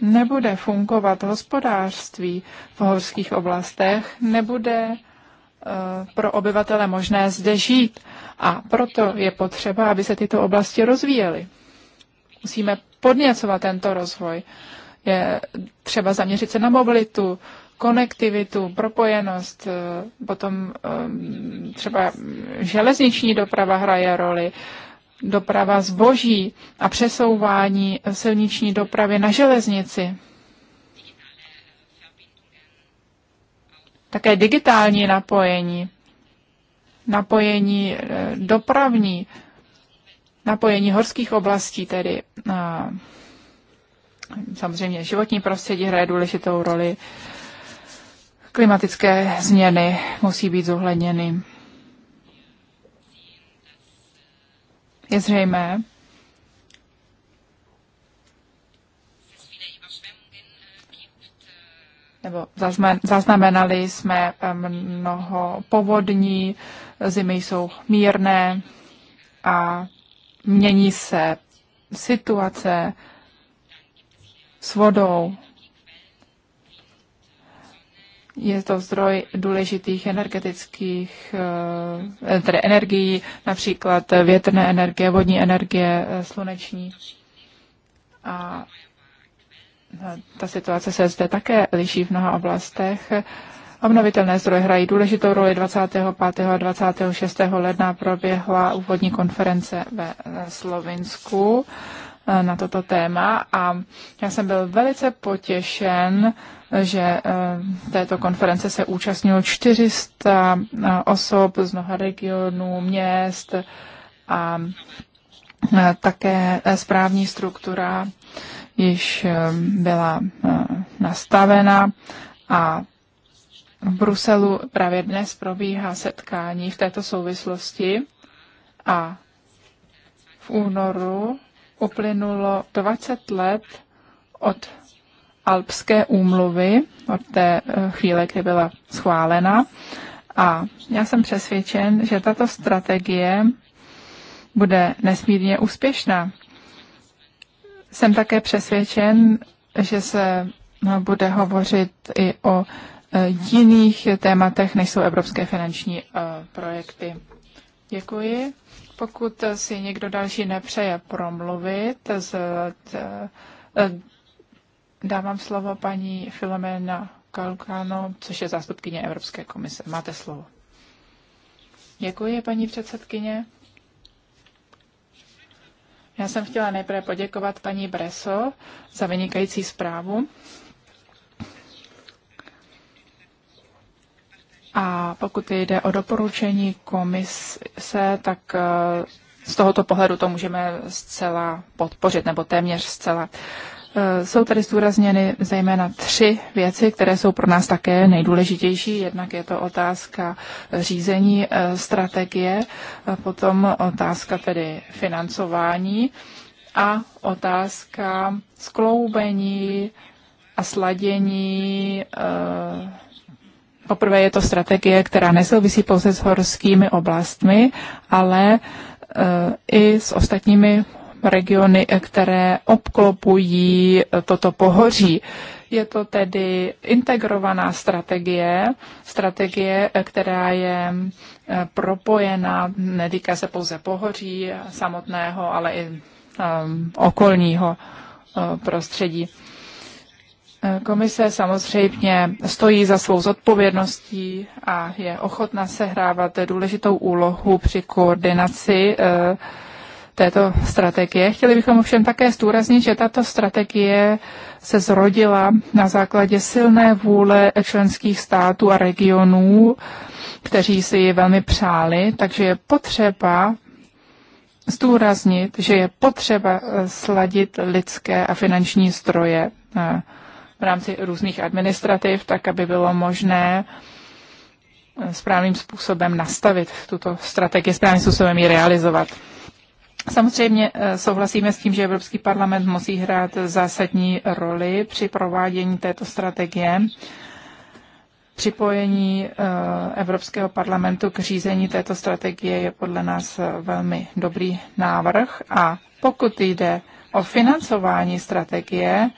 nebude fungovat hospodářství v horských oblastech, nebude eh, pro obyvatele možné zde žít a proto je potřeba, aby se tyto oblasti rozvíjely. Musíme podněcovat tento rozvoj. Je třeba zaměřit se na mobilitu, konektivitu, propojenost, eh, potom eh, třeba železniční doprava hraje roli, doprava zboží a přesouvání silniční dopravy na železnici. Také digitální napojení, napojení eh, dopravní, napojení horských oblastí, tedy samozřejmě životní prostředí hraje důležitou roli. Klimatické změny musí být zohledněny. Je zřejmé, nebo zaznamenali jsme eh, mnoho povodní, zimy jsou mírné a mění se situace s vodou, je to zdroj důležitých energetických, eh, tedy energií, například větrné energie, vodní energie, eh, sluneční. A ta situace se zde také liší v mnoha oblastech. Obnovitelné zdroje hrají důležitou roli. 25. a 26. ledna proběhla úvodní konference ve eh, Slovinsku na toto téma a já jsem byl velice potěšen že eh, této konference se účastnilo 400 eh, osob z mnoha regionů, měst a eh, také správní struktura již byla nastavena a v Bruselu právě dnes probíhá setkání v této souvislosti a v únoru uplynulo 20 let od Alpské úmluvy od té eh, chvíle, kdy byla schválena. A já jsem přesvědčen, že tato strategie bude nesmírně úspěšná. Jsem také přesvědčen, že se eh, bude hovořit i o eh, jiných tématech, než jsou evropské finanční projekty. Děkuji. Pokud si někdo další nepřeje promluvit z Dávám slovo paní Filomena Kalkano, což je zástupkyně Evropské komise. Máte slovo. Děkuji, paní předsedkyně. Já jsem chtěla nejprve poděkovat paní Breso za vynikající zprávu. A pokud jde o doporučení komise, tak eh, z tohoto pohledu to můžeme zcela podpořit, nebo téměř zcela. Eh, jsou tady zdůrazněny zejména tři věci, které jsou pro nás také nejdůležitější. Jednak je to otázka řízení eh, strategie, potom otázka tedy financování a otázka skloubení a sladění eh, Poprvé je to strategie, která nesouvisí pouze s horskými oblastmi, ale i s ostatními regiony, které obklopují toto pohoří. Je to tedy integrovaná strategie, strategie, která je eh, propojená, netýká se pouze pohoří samotného, ale i um, okolního um, prostředí. Komise samozřejmě stojí za svou zodpovědností a je ochotna sehrávat důležitou úlohu při koordinaci uh, této strategie. Chtěli bychom ovšem také zdůraznit, že tato strategie se zrodila na základě silné vůle členských států a regionů, kteří si ji velmi přáli, takže je potřeba zdůraznit, že je potřeba eh, sladit lidské a finanční stroje eh, v rámci různých administrativ, tak aby bylo možné eh, správným způsobem nastavit tuto strategii, správným způsobem ji realizovat. Samozřejmě eh, souhlasíme s tím, že Evropský parlament musí hrát zásadní roli při provádění této strategie. Připojení eh, Evropského parlamentu k řízení této strategie je podle nás eh, velmi dobrý návrh a pokud jde o financování strategie,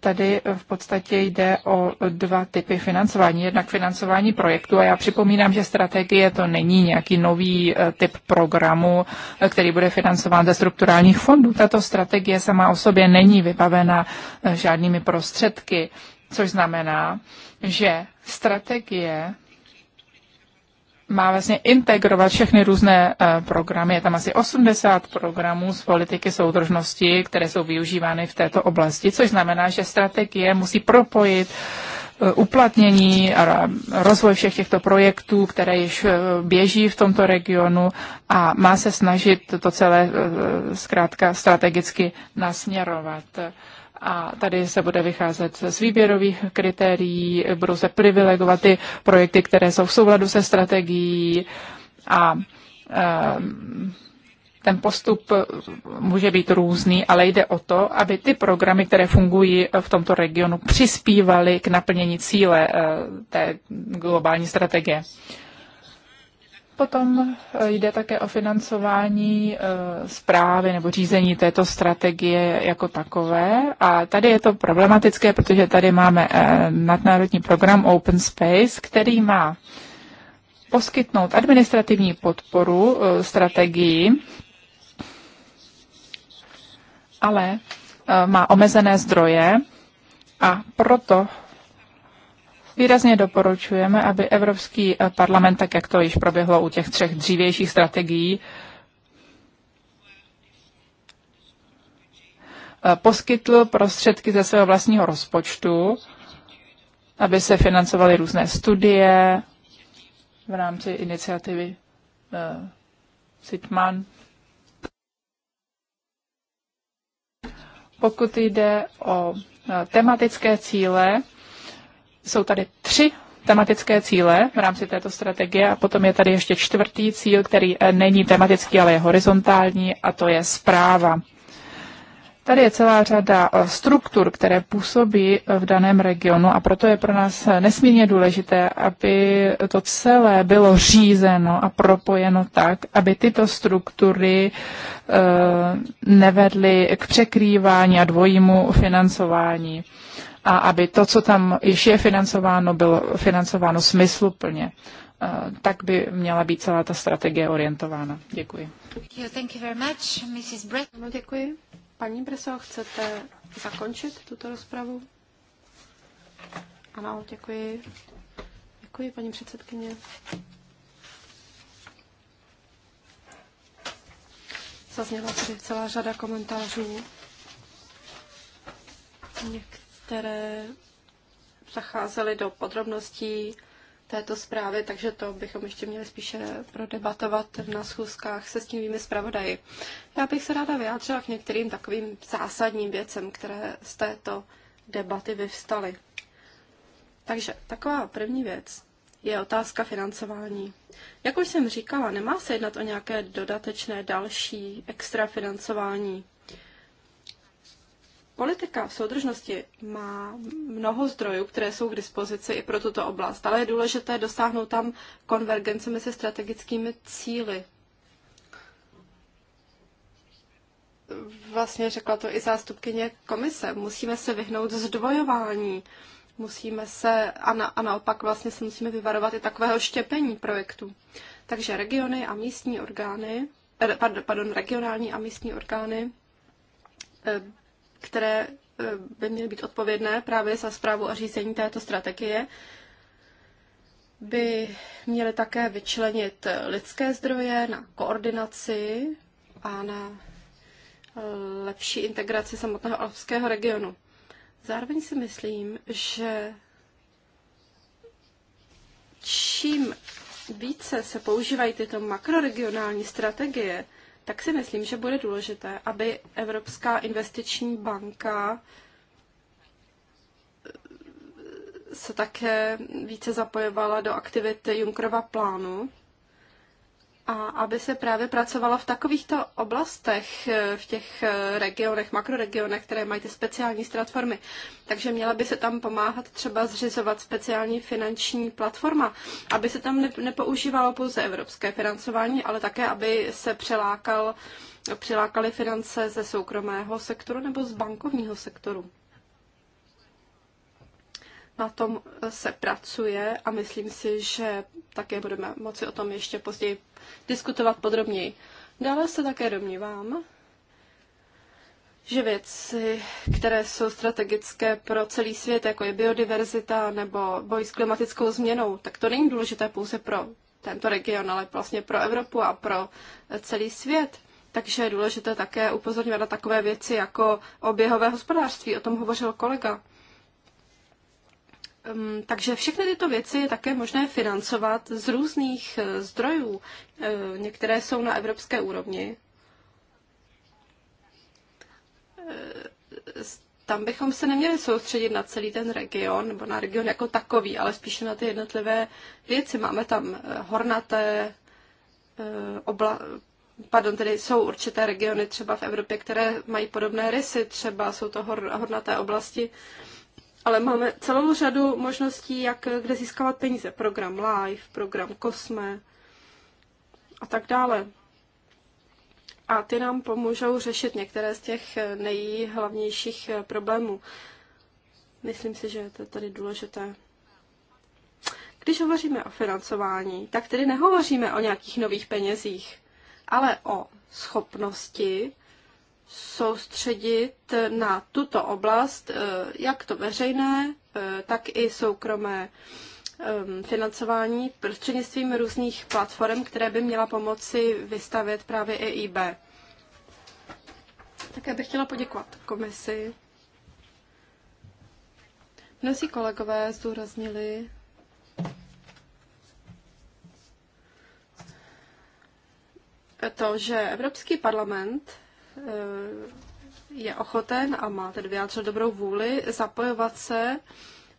Tady v podstatě jde o dva typy financování. Jednak financování projektu a já připomínám, že strategie to není nějaký nový eh, typ programu, eh, který bude financován ze strukturálních fondů. Tato strategie sama o sobě není vybavena eh, žádnými prostředky, což znamená, že strategie má vlastně integrovat všechny různé eh, programy. Je tam asi 80 programů z politiky soudržnosti, které jsou využívány v této oblasti, což znamená, že strategie musí propojit eh, uplatnění a rozvoj všech těchto projektů, které již eh, běží v tomto regionu a má se snažit to celé zkrátka strategicky nasměrovat a tady se bude vycházet z výběrových kritérií, budou se privilegovat ty projekty, které jsou v souladu se strategií a ehm, ten postup může být různý, ale jde o to, aby ty programy, které fungují v tomto regionu, přispívaly k naplnění cíle eh, té globální strategie. Potom eh, jde také o financování eh, zprávy nebo řízení této strategie jako takové. A tady je to problematické, protože tady máme eh, nadnárodní program Open Space, který má poskytnout administrativní podporu strategii, ale má omezené zdroje a proto Výrazně doporučujeme, aby Evropský eh, parlament, tak jak to již proběhlo u těch třech dřívějších strategií, eh, poskytl prostředky ze svého vlastního rozpočtu, aby se financovaly různé studie v rámci iniciativy uh, eh, Sitman. Pokud jde o tematické cíle, jsou tady tři tematické cíle v rámci této strategie a potom je tady ještě čtvrtý cíl, který eh, není tematický, ale je horizontální a to je zpráva. Tady je celá řada eh, struktur, které působí eh, v daném regionu a proto je pro nás nesmírně důležité, aby to celé bylo řízeno a propojeno tak, aby tyto struktury nevedly k překrývání a dvojímu financování a aby to, co tam již je financováno, bylo financováno smysluplně. Eh, tak by měla být celá ta strategie orientována. Děkuji. Thank you, very much, Mrs. No, děkuji. Paní Breso, chcete zakončit tuto rozpravu? Ano, děkuji. Děkuji, paní předsedkyně. Zazněla tady celá řada komentářů. Některé které zacházely do podrobností této zprávy, takže to bychom ještě měli spíše prodebatovat na schůzkách se tím zpravodaji. Já bych se ráda vyjádřila k některým takovým zásadním věcem, které z této debaty vyvstaly. Takže taková první věc je otázka financování. Jak už jsem říkala, nemá se jednat o nějaké dodatečné další extra financování. Politika v soudržnosti má mnoho zdrojů, které jsou k dispozici i pro tuto oblast, ale je důležité dosáhnout tam konvergence mezi strategickými cíly. Vlastně řekla to i zástupkyně komise. Musíme se vyhnout zdvojování, musíme se a, na, a naopak vlastně se musíme vyvarovat i takového štěpení projektu. Takže regiony a místní orgány, eh, pardon, regionální a místní orgány eh, které eh, by měly být odpovědné právě za zprávu a řízení této strategie, by měly také vyčlenit lidské zdroje na koordinaci a na eh, lepší integraci samotného alpského regionu. Zároveň si myslím, že čím více se používají tyto makroregionální strategie, tak si myslím, že bude důležité, aby Evropská investiční banka se také více zapojovala do aktivity Junkrova plánu, a aby se právě pracovalo v takovýchto oblastech, eh, v těch eh, regionech, makroregionech, které mají ty speciální platformy. Takže měla by se tam pomáhat třeba zřizovat speciální finanční platforma, aby se tam nepoužívalo pouze evropské financování, ale také, aby se přilákal, přilákaly finance ze soukromého sektoru nebo z bankovního sektoru. Na tom eh, se pracuje a myslím si, že také budeme moci o tom ještě později diskutovat podrobněji. Dále se také domnívám, že věci, které jsou strategické pro celý svět, jako je biodiverzita nebo boj s klimatickou změnou, tak to není důležité pouze pro tento region, ale vlastně pro Evropu a pro eh, celý svět. Takže je důležité také upozorňovat na takové věci jako oběhové hospodářství, o tom hovořil kolega. Ehm, takže všechny tyto věci je také možné financovat z různých eh, zdrojů. Eh, některé jsou na evropské úrovni. Eh, tam bychom se neměli soustředit na celý ten region, nebo na region jako takový, ale spíše na ty jednotlivé věci. Máme tam hornaté obla, pardon, tedy jsou určité regiony třeba v Evropě, které mají podobné rysy, třeba jsou to hor, hornaté oblasti. Um, ale máme celou řadu možností, jak kde získávat peníze. Program Live, program Kosme a tak dále. A ty nám pomůžou řešit některé z těch nejhlavnějších problémů. Myslím si, že to je tady důležité. Když hovoříme o financování, tak tedy nehovoříme o nějakých nových penězích, ale o schopnosti soustředit na tuto oblast, eh, jak to veřejné, eh, tak i soukromé ehm, financování prostřednictvím různých platform, které by měla pomoci vystavět právě EIB. Také bych chtěla poděkovat komisi. Mnozí kolegové zdůraznili, to, že Evropský parlament Eh, je ochoten a má tedy vyjádřil dobrou vůli zapojovat se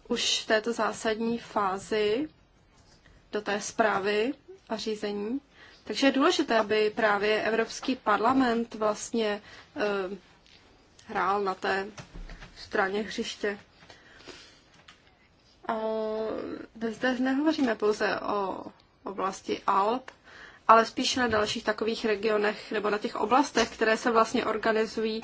už v této zásadní fázi do té zprávy a řízení. Takže je důležité, aby právě Evropský parlament vlastně eh, hrál na té straně hřiště. A eh, zde nehovoříme pouze o oblasti Alp, ale spíše na dalších takových regionech nebo na těch oblastech, které se vlastně organizují,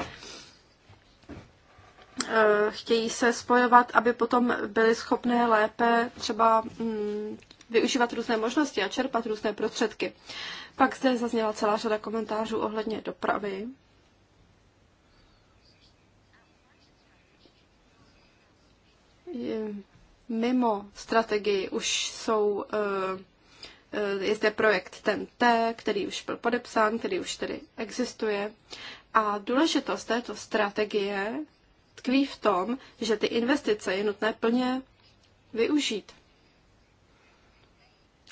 eh, chtějí se spojovat, aby potom byly schopné lépe třeba mm, využívat různé možnosti a čerpat různé prostředky. Pak zde zazněla celá řada komentářů ohledně dopravy. Mimo strategii už jsou eh, Eh, je zde projekt TEN-T, který už byl podepsán, který už tedy existuje. A důležitost této strategie tkví v tom, že ty investice je nutné plně využít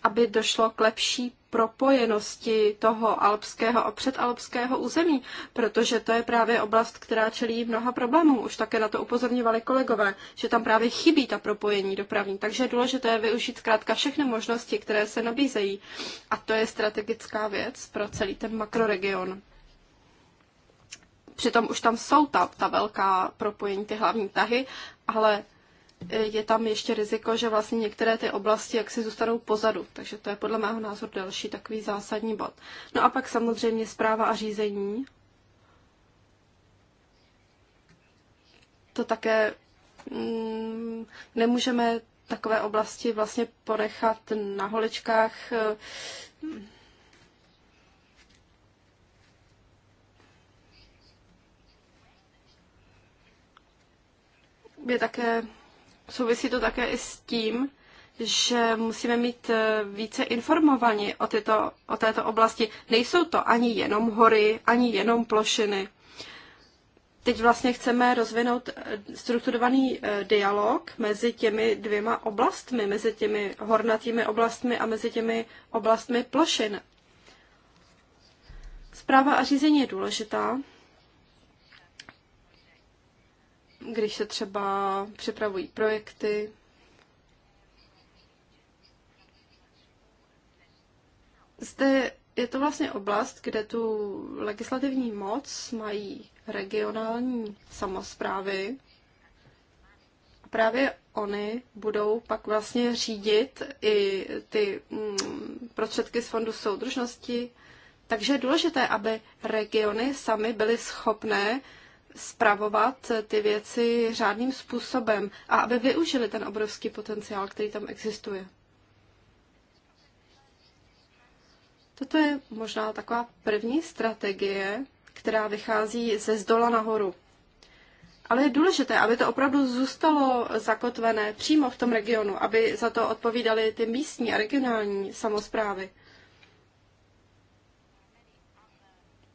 aby došlo k lepší propojenosti toho alpského a předalpského území, protože to je právě oblast, která čelí mnoha problémům. Už také na to upozorňovali kolegové, že tam právě chybí ta propojení dopravní. Takže je důležité využít zkrátka všechny možnosti, které se nabízejí. A to je strategická věc pro celý ten makroregion. Přitom už tam jsou ta, ta velká propojení, ty hlavní tahy, ale je tam ještě riziko, že vlastně některé ty oblasti jaksi zůstanou pozadu. Takže to je podle mého názoru další takový zásadní bod. No a pak samozřejmě zpráva a řízení. To také mm, nemůžeme takové oblasti vlastně ponechat na holičkách. Je také Souvisí to také i s tím, že musíme mít eh, více informovaní o, tyto, o této oblasti. Nejsou to ani jenom hory, ani jenom plošiny. Teď vlastně chceme rozvinout eh, strukturovaný eh, dialog mezi těmi dvěma oblastmi, mezi těmi hornatými oblastmi a mezi těmi oblastmi plošin. Zpráva a řízení je důležitá, když se třeba připravují projekty. Zde je to vlastně oblast, kde tu legislativní moc mají regionální samozprávy. právě oni budou pak vlastně řídit i ty mm, prostředky z Fondu soudržnosti. Takže je důležité, aby regiony sami byly schopné spravovat ty věci řádným způsobem a aby využili ten obrovský potenciál, který tam existuje. Toto je možná taková první strategie, která vychází ze zdola nahoru. Ale je důležité, aby to opravdu zůstalo zakotvené přímo v tom regionu, aby za to odpovídaly ty místní a regionální samozprávy.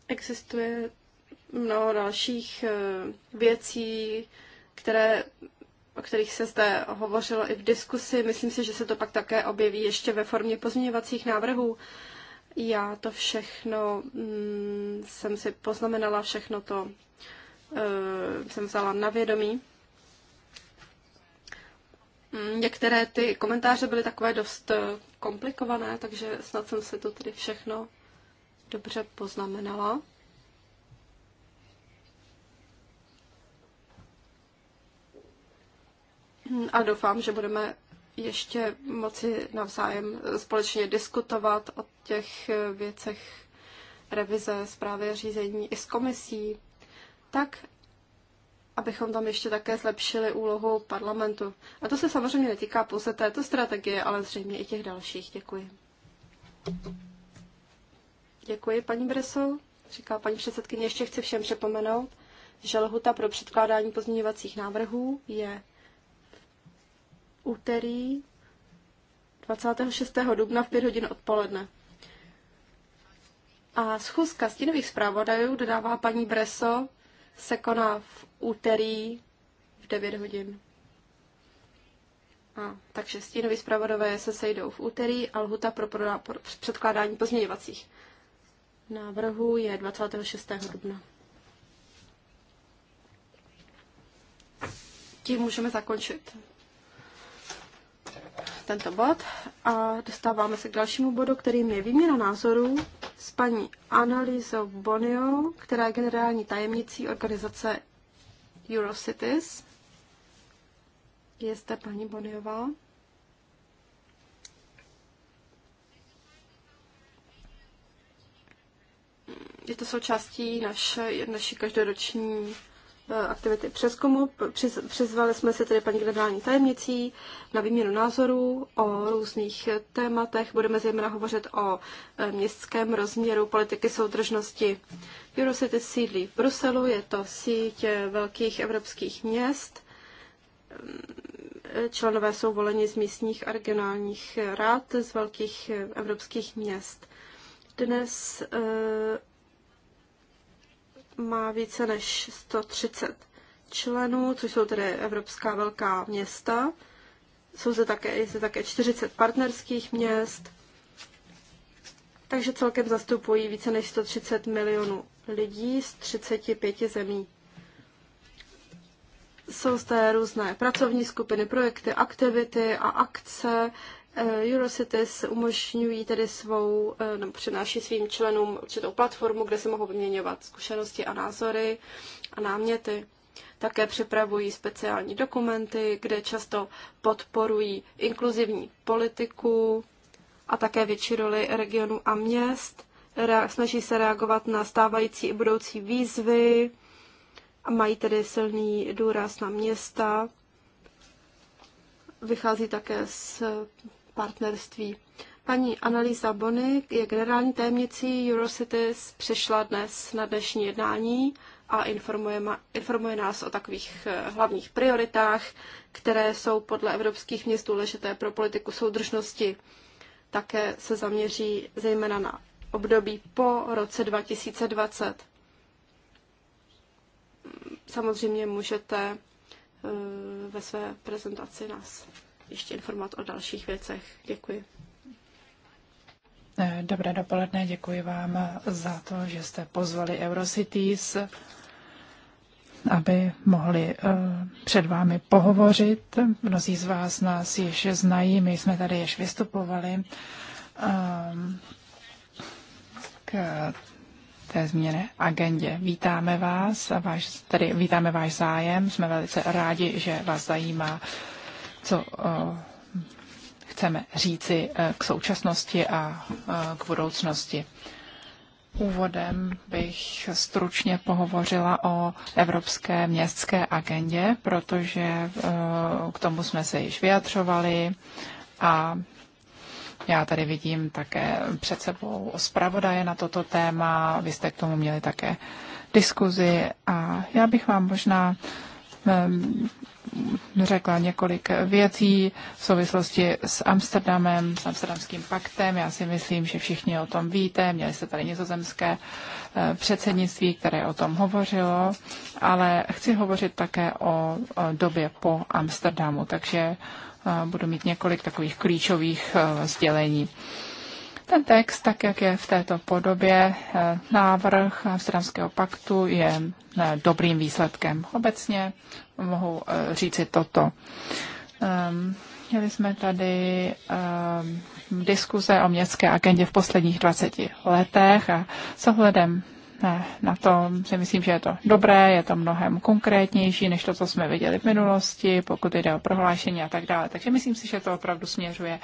Existuje mnoho dalších eh, věcí, které, o kterých se zde hovořilo i v diskusi. Myslím si, že se to pak také objeví ještě ve formě pozměňovacích návrhů. Já to všechno mm, jsem si poznamenala, všechno to uh, jsem vzala na vědomí. Mm, některé ty komentáře byly takové dost eh, komplikované, takže snad jsem se to tedy všechno dobře poznamenala. a doufám, že budeme ještě moci navzájem společně diskutovat o těch eh, věcech revize, zprávy a řízení i s komisí, tak abychom tam ještě také zlepšili úlohu parlamentu. A to se samozřejmě netýká pouze této strategie, ale zřejmě i těch dalších. Děkuji. Děkuji, paní Breso. Říká paní předsedkyně, ještě chci všem připomenout, že lhuta pro předkládání pozměňovacích návrhů je úterý 26. dubna v 5 hodin odpoledne. A schůzka stínových zpravodajů dodává paní Breso se koná v úterý v 9 hodin. A, takže stínoví zpravodové se sejdou v úterý a lhuta pro, pro předkládání pozměňovacích návrhů je 26. dubna. Tím můžeme zakončit tento bod a dostáváme se k dalšímu bodu, kterým je výměna názorů s paní Analýzou Bonio, která je generální tajemnicí organizace Eurocities. Je paní Boniová. Je to součástí naše, naší každoroční Eh, aktivity přeskumu. Přizvali jsme se tedy paní generální tajemnicí na výměnu názorů o různých tématech. Budeme zejména hovořit o eh, městském rozměru politiky soudržnosti. Eurocity sídlí v Bruselu, je to síť eh, velkých evropských měst. Členové jsou voleni z místních a regionálních rád z velkých evropských měst. Dnes má více než 130 členů, což jsou tedy evropská velká města. Jsou zde také, zde také 40 partnerských měst, takže celkem zastupují více než 130 milionů lidí z 35 zemí. Jsou zde různé pracovní skupiny, projekty, aktivity a akce, Eh, Eurocities umožňují tedy svou, eh, nebo přináší svým členům určitou platformu, kde se mohou vyměňovat zkušenosti a názory a náměty. Také připravují speciální dokumenty, kde často podporují inkluzivní politiku a také větší roli regionu a měst. Snaží se reagovat na stávající i budoucí výzvy a mají tedy silný důraz na města. Vychází také z partnerství. Paní Analýza Bony je generální tajemnicí Eurocities, přišla dnes na dnešní jednání a informuje, ma, informuje nás o takových eh, hlavních prioritách, které jsou podle evropských měst důležité pro politiku soudržnosti. Také se zaměří zejména na období po roce 2020. Samozřejmě můžete eh, ve své prezentaci nás ještě informovat o dalších věcech. Děkuji. Eh, dobré dopoledne, děkuji vám za to, že jste pozvali Eurocities, aby mohli eh, před vámi pohovořit. Mnozí z vás nás již znají, my jsme tady již vystupovali eh, k té změně agendě. Vítáme vás, váš, tedy vítáme váš zájem, jsme velice rádi, že vás zajímá co eh, chceme říci eh, k současnosti a eh, k budoucnosti. Úvodem bych stručně pohovořila o Evropské městské agendě, protože k tomu jsme se již vyjadřovali a já tady vidím také před sebou zpravodaje na toto téma. Vy jste k tomu měli také diskuzi a já bych vám možná Ehm, řekla několik věcí v souvislosti s Amsterdamem, s Amsterdamským paktem. Já si myslím, že všichni o tom víte. Měli jste tady nizozemské eh, předsednictví, které o tom hovořilo, ale chci hovořit také o době po Amsterdamu, takže eh, budu mít několik takových klíčových eh, sdělení. Ten text, tak jak je v této podobě, eh, návrh Amsterdamského paktu je eh, dobrým výsledkem. Obecně mohu eh, říci toto. Ehm, měli jsme tady ehm, diskuze o městské agendě v posledních 20 letech a s ohledem na to si myslím, že je to dobré, je to mnohem konkrétnější než to, co jsme viděli v minulosti, pokud jde o prohlášení a tak dále. Takže myslím si, že to opravdu směřuje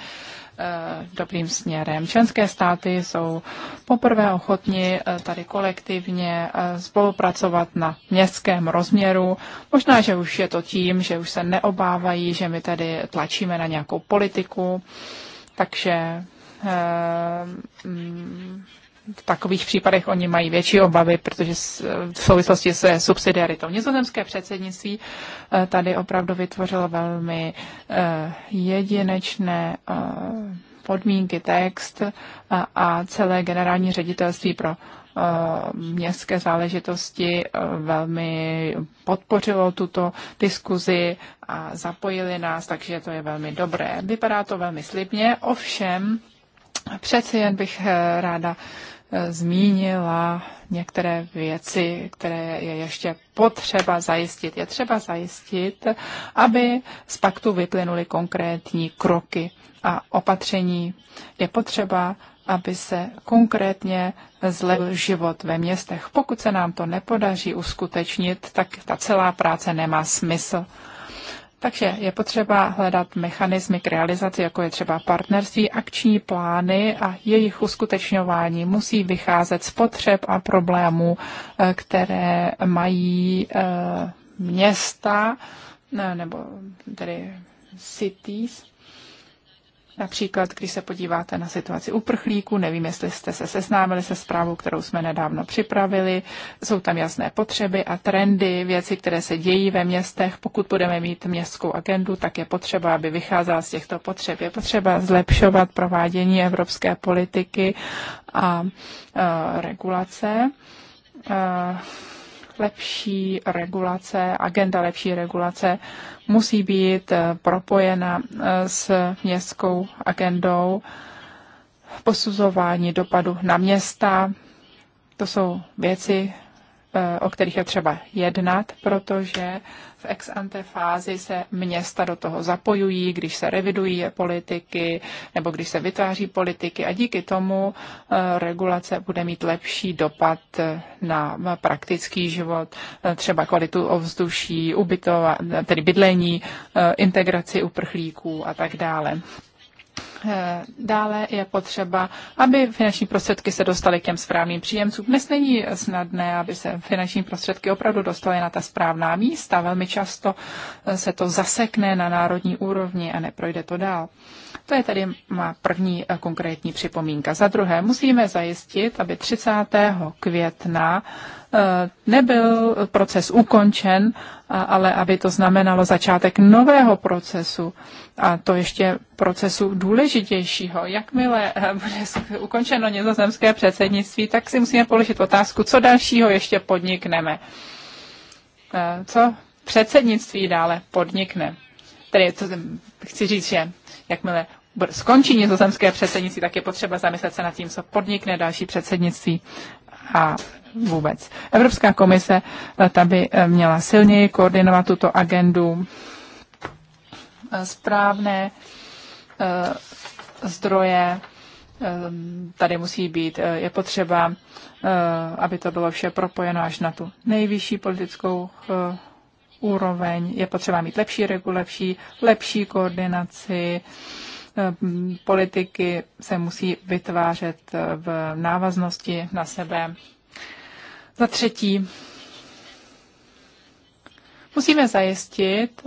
Eh, dobrým směrem. Členské státy jsou poprvé ochotni eh, tady kolektivně eh, spolupracovat na městském rozměru. Možná, že už je to tím, že už se neobávají, že my tady tlačíme na nějakou politiku, takže mm, v takových případech oni mají větší obavy, protože v souvislosti se subsidiaritou. Nizozemské předsednictví eh, tady opravdu vytvořilo velmi eh, jedinečné eh, podmínky, text a, celé generální ředitelství pro městské záležitosti velmi podpořilo tuto diskuzi a zapojili nás, takže to je velmi dobré. Vypadá to velmi slibně, ovšem Přeci jen bych ráda Eh, zmínila některé věci, které je ještě potřeba zajistit. Je třeba zajistit, aby z paktu vyplynuly konkrétní kroky a opatření. Je potřeba, aby se konkrétně zlepšil život ve městech. Pokud se nám to nepodaří uskutečnit, tak ta celá práce nemá smysl. Takže je potřeba hledat mechanismy k realizaci, jako je třeba partnerství, akční plány a jejich uskutečňování musí vycházet z potřeb a problémů, eh, které mají eh, města nebo tedy cities Například, když se podíváte na situaci uprchlíků, nevím, jestli jste se seznámili se zprávou, kterou jsme nedávno připravili, jsou tam jasné potřeby a trendy, věci, které se dějí ve městech. Pokud budeme mít městskou agendu, tak je potřeba, aby vycházela z těchto potřeb. Je potřeba zlepšovat provádění evropské politiky a, a e, regulace. A, e, lepší regulace, agenda lepší regulace musí být eh, propojena eh, s městskou agendou posuzování dopadu na města. To jsou věci, Eh, o kterých je třeba jednat, protože v ex ante fázi se města do toho zapojují, když se revidují politiky nebo když se vytváří politiky a díky tomu eh, regulace bude mít lepší dopad eh, na praktický život, třeba kvalitu ovzduší, ubytova, tedy bydlení, integraci uprchlíků a tak dále. Eh, dále je potřeba, aby finanční prostředky se dostaly k těm správným příjemcům. Dnes není snadné, aby se finanční prostředky opravdu dostaly na ta správná místa. Velmi často eh, se to zasekne na národní úrovni a neprojde to dál. To je tedy má první eh, konkrétní připomínka. Za druhé, musíme zajistit, aby 30. května eh, nebyl proces ukončen, ale aby to znamenalo začátek nového procesu a to ještě procesu důležitějšího. Jakmile eh, bude ukončeno nizozemské předsednictví, tak si musíme položit otázku, co dalšího ještě podnikneme. Co předsednictví dále podnikne. Tedy to, chci říct, že jakmile skončí nizozemské předsednictví, tak je potřeba zamyslet se nad tím, co podnikne další předsednictví a vůbec. Evropská komise eh, ta by eh, měla silněji koordinovat tuto agendu eh, správné zdroje tady musí být, je potřeba, aby to bylo vše propojeno až na tu nejvyšší politickou úroveň, je potřeba mít lepší regulační, lepší koordinaci, Eh, politiky se musí vytvářet eh, v návaznosti na sebe. Za třetí, musíme zajistit,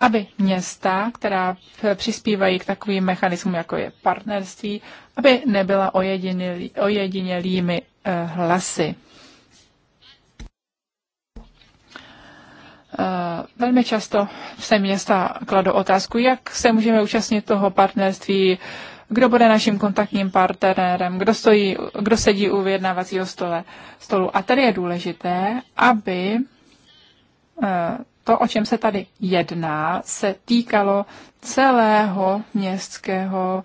aby města, která eh, přispívají k takovým mechanismům, jako je partnerství, aby nebyla ojedinělými hlasy. Eh, velmi často se města kladou otázku, jak se můžeme účastnit toho partnerství, kdo bude naším kontaktním partnerem, kdo, stojí, kdo sedí u vyjednávacího stole, stolu. A tady je důležité, aby eh, to, o čem se tady jedná, se týkalo celého městského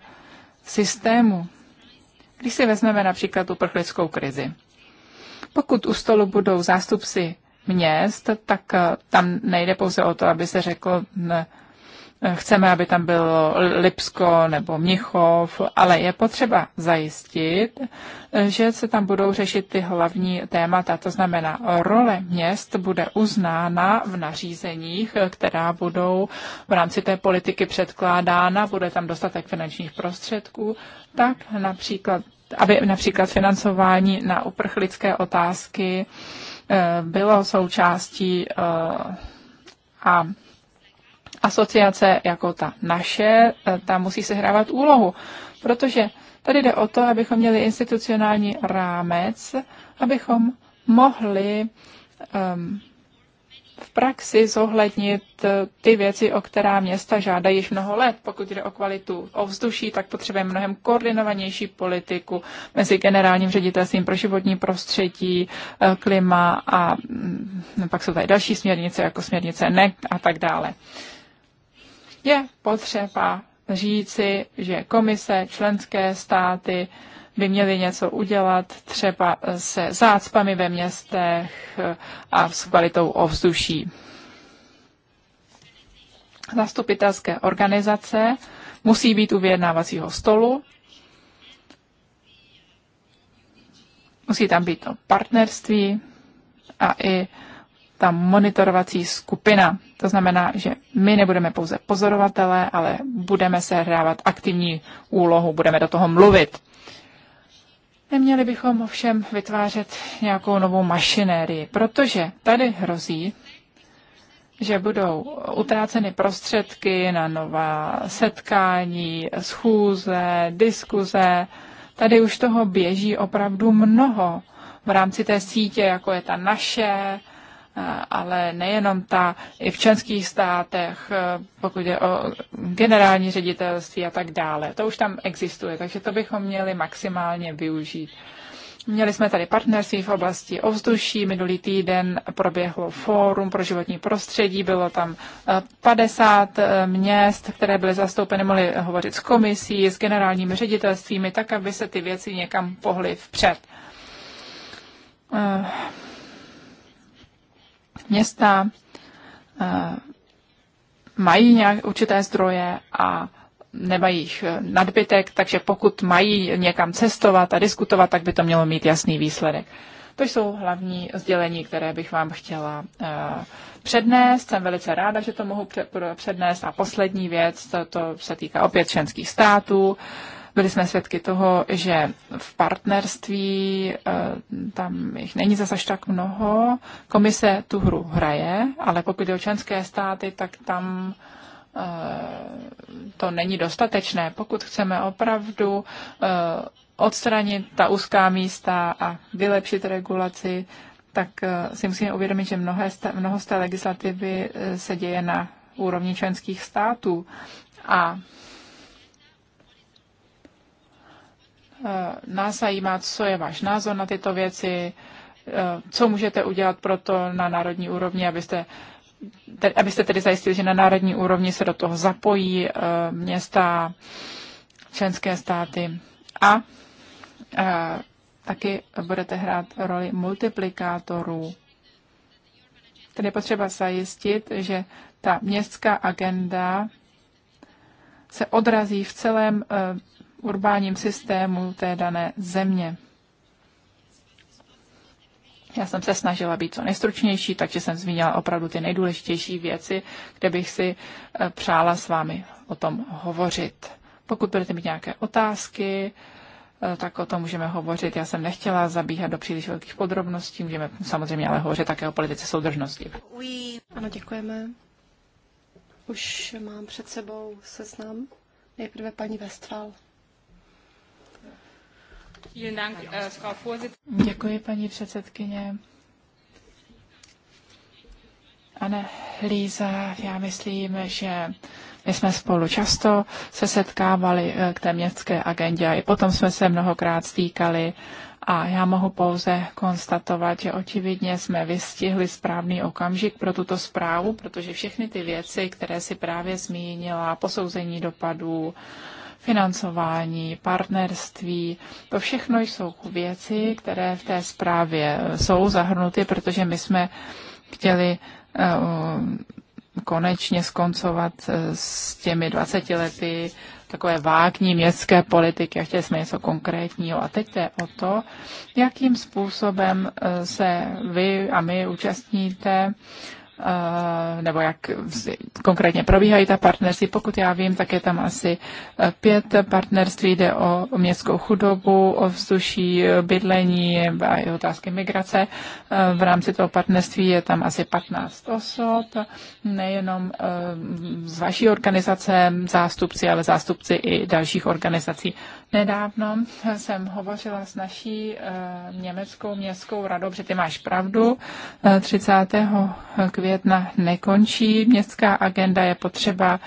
systému. Když si vezmeme například tu prchlickou krizi, pokud u stolu budou zástupci měst, tak eh, tam nejde pouze o to, aby se řeklo, ne, eh, chceme, aby tam bylo Lipsko nebo Mnichov, ale je potřeba zajistit, eh, že se tam budou řešit ty hlavní témata. To znamená, role měst bude uznána v nařízeních, která budou v rámci té politiky předkládána, bude tam dostatek finančních prostředků, tak například aby například financování na uprchlické otázky Eh, bylo součástí eh, a asociace jako ta naše, eh, ta musí hrávat úlohu, protože tady jde o to, abychom měli institucionální rámec, abychom mohli um, v praxi zohlednit eh, ty věci, o která města žádají již mnoho let. Pokud jde o kvalitu ovzduší, tak potřebujeme mnohem koordinovanější politiku mezi generálním ředitelstvím pro životní prostředí, eh, klima a mm, pak jsou tady další směrnice, jako směrnice NEC a tak dále. Je potřeba říci, že komise, členské státy, by měli něco udělat třeba eh, se zácpami ve městech eh, a s kvalitou ovzduší. Zastupitelské organizace musí být u vyjednávacího stolu, musí tam být to partnerství a i ta monitorovací skupina. To znamená, že my nebudeme pouze pozorovatelé, ale budeme se hrávat aktivní úlohu, budeme do toho mluvit. Neměli bychom ovšem vytvářet nějakou novou mašinérii, protože tady hrozí, že budou utráceny prostředky na nová setkání, schůze, diskuze. Tady už toho běží opravdu mnoho v rámci té sítě, jako je ta naše, Eh, ale nejenom ta i v členských státech, eh, pokud je o generální ředitelství a tak dále. To už tam existuje, takže to bychom měli maximálně využít. Měli jsme tady partnerství v oblasti ovzduší. Minulý týden proběhlo fórum pro životní prostředí. Bylo tam 50 eh, měst, které byly zastoupeny, mohly hovořit s komisí, s generálními ředitelstvími, tak, aby se ty věci někam pohly vpřed města eh, mají nějak určité zdroje a nemají jich eh, nadbytek, takže pokud mají někam cestovat a diskutovat, tak by to mělo mít jasný výsledek. To jsou hlavní sdělení, které bych vám chtěla eh, přednést. Jsem velice ráda, že to mohu přednést. A poslední věc, to, to se týká opět členských států. Byli jsme svědky toho, že v partnerství eh, tam jich není zase až tak mnoho. Komise tu hru hraje, ale pokud je o členské státy, tak tam eh, to není dostatečné. Pokud chceme opravdu eh, odstranit ta úzká místa a vylepšit regulaci, tak si musíme uvědomit, že mnohé, mnoho z té legislativy se děje na úrovni členských států. A Eh, nás zajímá, co je váš názor na tyto věci, eh, co můžete udělat pro to na národní úrovni, abyste abyste tedy zajistili, že na národní úrovni se do toho zapojí eh, města, členské státy a taky budete hrát roli multiplikátorů. Tedy je potřeba zajistit, že ta městská agenda se odrazí v celém urbáním systému té dané země. Já jsem se snažila být co nejstručnější, takže jsem zmínila opravdu ty nejdůležitější věci, kde bych si eh, přála s vámi o tom hovořit. Pokud budete mít nějaké otázky, eh, tak o tom můžeme hovořit. Já jsem nechtěla zabíhat do příliš velkých podrobností, můžeme samozřejmě ale hovořit také o politice soudržnosti. Ano, děkujeme. Už mám před sebou seznam. Nejprve paní Westfal. Äh, Děkuji, paní předsedkyně. Pane Líza, já myslím, že my jsme spolu často se setkávali eh, k té městské agendě a i potom jsme se mnohokrát stýkali a já mohu pouze konstatovat, že očividně jsme vystihli správný okamžik pro tuto zprávu, protože všechny ty věci, které si právě zmínila, posouzení dopadů, financování, partnerství. To všechno jsou věci, které v té zprávě eh, jsou zahrnuty, protože my jsme chtěli eh, konečně skoncovat eh, s těmi 20 lety takové vágní městské politiky a chtěli jsme něco konkrétního. A teď je o to, jakým způsobem se vy a my účastníte Eh, nebo jak konkrétně probíhají ta partnerství. Pokud já vím, tak je tam asi eh, pět partnerství. Jde o městskou chudobu, o vzduší, bydlení a i otázky migrace. Eh, v rámci toho partnerství je tam asi 15 osob, nejenom z vaší organizace zástupci, ale zástupci i dalších organizací. Nedávno jsem hovořila s naší eh, německou městskou radou, že ty máš pravdu, 30. Eh, května nekončí městská agenda, je potřeba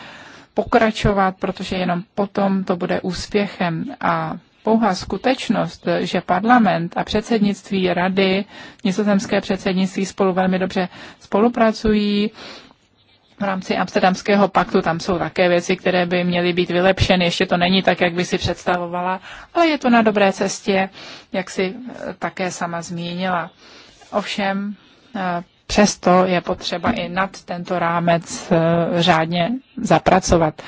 pokračovat, protože jenom potom to bude úspěchem. A pouhá skutečnost, že parlament a předsednictví rady, nizozemské předsednictví spolu velmi dobře spolupracují, v rámci Amsterdamského paktu tam jsou také věci, které by měly být vylepšeny. Ještě to není tak, jak by si představovala, ale je to na dobré cestě, jak si eh, také sama zmínila. Ovšem, eh, přesto je potřeba i nad tento rámec eh, řádně zapracovat.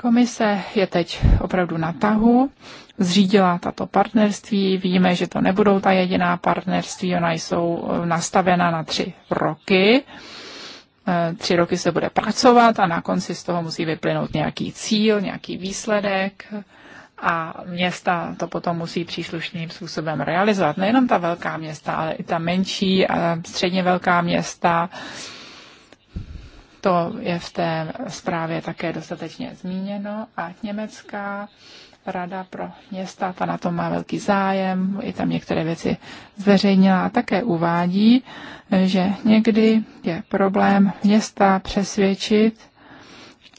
Komise je teď opravdu na tahu, zřídila tato partnerství, víme, že to nebudou ta jediná partnerství, ona jsou nastavena na tři roky. Eh, tři roky se bude pracovat a na konci z toho musí vyplynout nějaký cíl, nějaký výsledek a města to potom musí příslušným způsobem realizovat. Nejenom ta velká města, ale i ta menší a středně velká města. To je v té zprávě také dostatečně zmíněno. A německá Rada pro města, ta na tom má velký zájem, i tam některé věci zveřejnila a také uvádí, že někdy je problém města přesvědčit,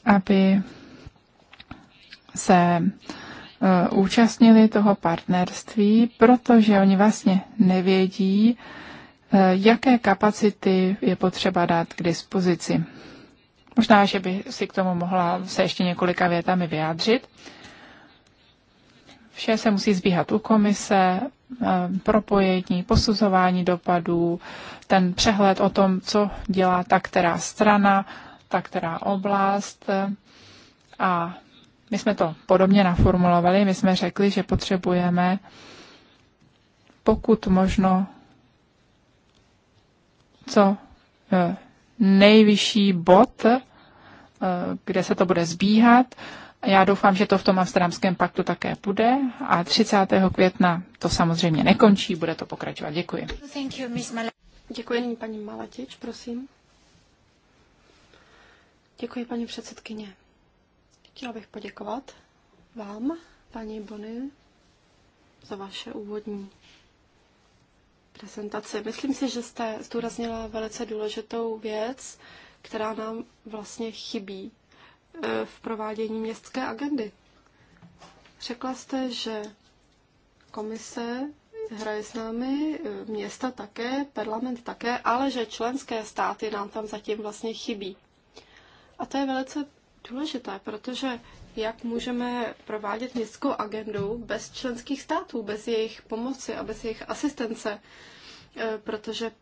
aby se eh, účastnili toho partnerství, protože oni vlastně nevědí, eh, jaké kapacity je potřeba dát k dispozici. Možná, že by si k tomu mohla se ještě několika větami vyjádřit. Vše se musí zbíhat u komise, eh, propojení, posuzování dopadů, ten přehled o tom, co dělá ta která strana, ta která oblast. A my jsme to podobně naformulovali, my jsme řekli, že potřebujeme pokud možno co eh, nejvyšší bod, eh, kde se to bude zbíhat, já doufám, že to v tom Amsterdamském paktu také bude a 30. května to samozřejmě nekončí, bude to pokračovat. Děkuji. Děkuji, nyní paní Malatič, prosím. Děkuji, paní předsedkyně. Chtěla bych poděkovat vám, paní Bony, za vaše úvodní prezentaci. Myslím si, že jste zdůraznila velice důležitou věc, která nám vlastně chybí Eh, v provádění městské agendy. Řekla jste, že komise hraje s námi, eh, města také, parlament také, ale že členské státy nám tam zatím vlastně chybí. A to je velice důležité, protože jak můžeme provádět městskou agendu bez členských států, bez jejich pomoci a bez jejich asistence, eh, protože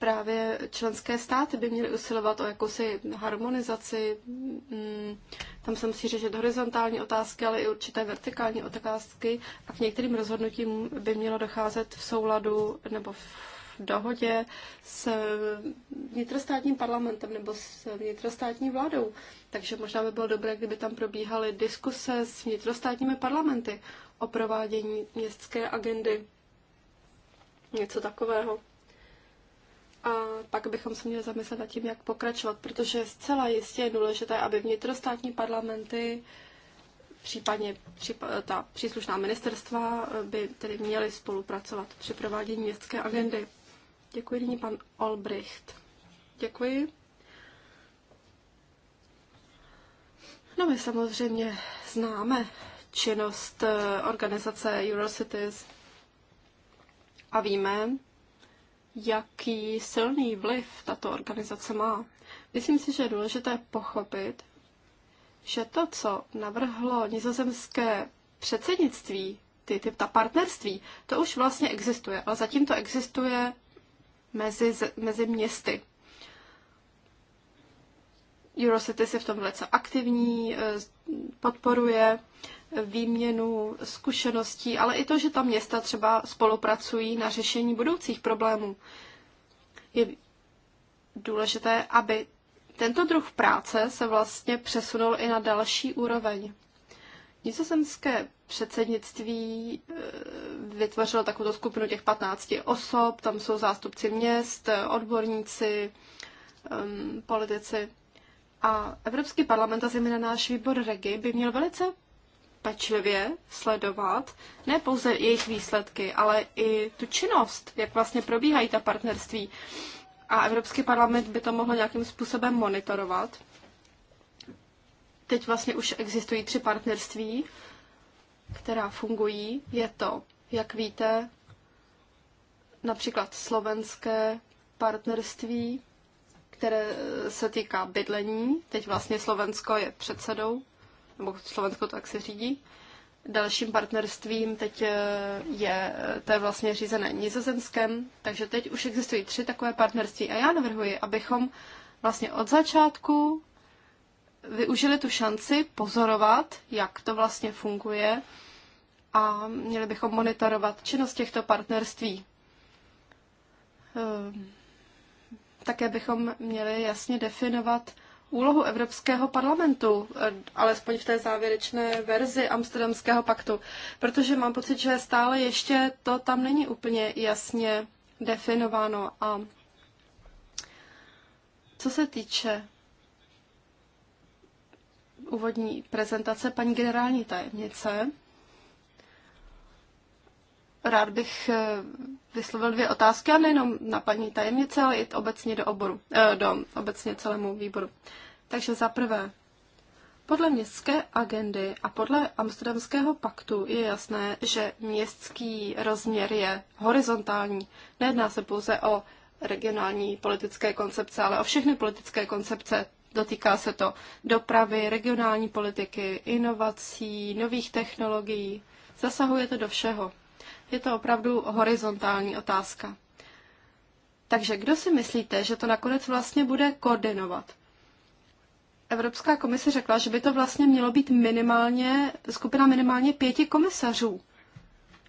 právě členské státy by měly usilovat o jakousi harmonizaci. Mm, tam se musí řešit horizontální otázky, ale i určité vertikální otázky a k některým rozhodnutím by mělo docházet v souladu nebo v dohodě s vnitrostátním parlamentem nebo s vnitrostátní vládou. Takže možná by bylo dobré, kdyby tam probíhaly diskuse s vnitrostátními parlamenty o provádění městské agendy. Něco takového. A pak bychom se měli zamyslet nad tím, jak pokračovat, protože zcela jistě je důležité, aby vnitrostátní parlamenty, případně ta příslušná ministerstva, by tedy měly spolupracovat při provádění městské agendy. Děkuji nyní pan Olbricht. Děkuji. No my samozřejmě známe činnost eh, organizace Eurocities a víme, jaký silný vliv tato organizace má. Myslím si, že je důležité pochopit, že to, co navrhlo nizozemské předsednictví, ty, ty, ta partnerství, to už vlastně existuje, ale zatím to existuje mezi, mezi městy. Eurocity se v tom velice aktivní, eh, podporuje výměnu zkušeností, ale i to, že ta města třeba spolupracují na řešení budoucích problémů. Je důležité, aby tento druh práce se vlastně přesunul i na další úroveň. Nizozemské předsednictví eh, vytvořilo takovou skupinu těch 15 osob, tam jsou zástupci měst, odborníci, ehm, politici. A Evropský parlament a zejména náš výbor Regi by měl velice pečlivě sledovat ne pouze jejich výsledky, ale i tu činnost, jak vlastně probíhají ta partnerství. A Evropský parlament by to mohl nějakým způsobem monitorovat. Teď vlastně už existují tři partnerství, která fungují. Je to, jak víte, například slovenské partnerství, které se týká bydlení. Teď vlastně Slovensko je předsedou nebo Slovensko to tak se řídí. Dalším partnerstvím teď eh, je, eh, to je vlastně řízené Nizozemskem, takže teď už existují tři takové partnerství a já navrhuji, abychom vlastně od začátku využili tu šanci pozorovat, jak to vlastně funguje a měli bychom monitorovat činnost těchto partnerství. Ehm, také bychom měli jasně definovat, úlohu Evropského parlamentu, eh, alespoň v té závěrečné verzi Amsterdamského paktu, protože mám pocit, že stále ještě to tam není úplně jasně definováno. A co se týče úvodní prezentace paní generální tajemnice, rád bych eh, vyslovil dvě otázky, a nejenom na paní tajemnice, ale i obecně do oboru, eh, do obecně celému výboru. Takže za prvé, podle městské agendy a podle Amsterdamského paktu je jasné, že městský rozměr je horizontální. Nejedná se pouze o regionální politické koncepce, ale o všechny politické koncepce. Dotýká se to dopravy, regionální politiky, inovací, nových technologií. Zasahuje to do všeho. Je to opravdu horizontální otázka. Takže kdo si myslíte, že to nakonec vlastně bude koordinovat? Evropská komise řekla, že by to vlastně mělo být minimálně, skupina minimálně pěti komisařů.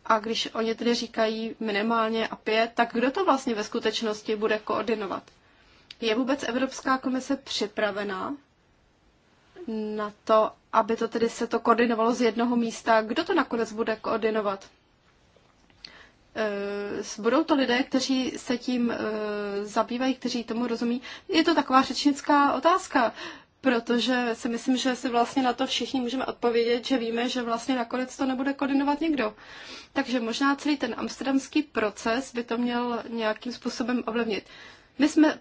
A když oni tedy říkají minimálně a pět, tak kdo to vlastně ve skutečnosti bude koordinovat? Je vůbec Evropská komise připravená na to, aby to tedy se to koordinovalo z jednoho místa? Kdo to nakonec bude koordinovat? Eh, budou to lidé, kteří se tím eh, zabývají, kteří tomu rozumí. Je to taková řečnická otázka, protože si myslím, že si vlastně na to všichni můžeme odpovědět, že víme, že vlastně nakonec to nebude koordinovat někdo. Takže možná celý ten amsterdamský proces by to měl nějakým způsobem ovlivnit. My jsme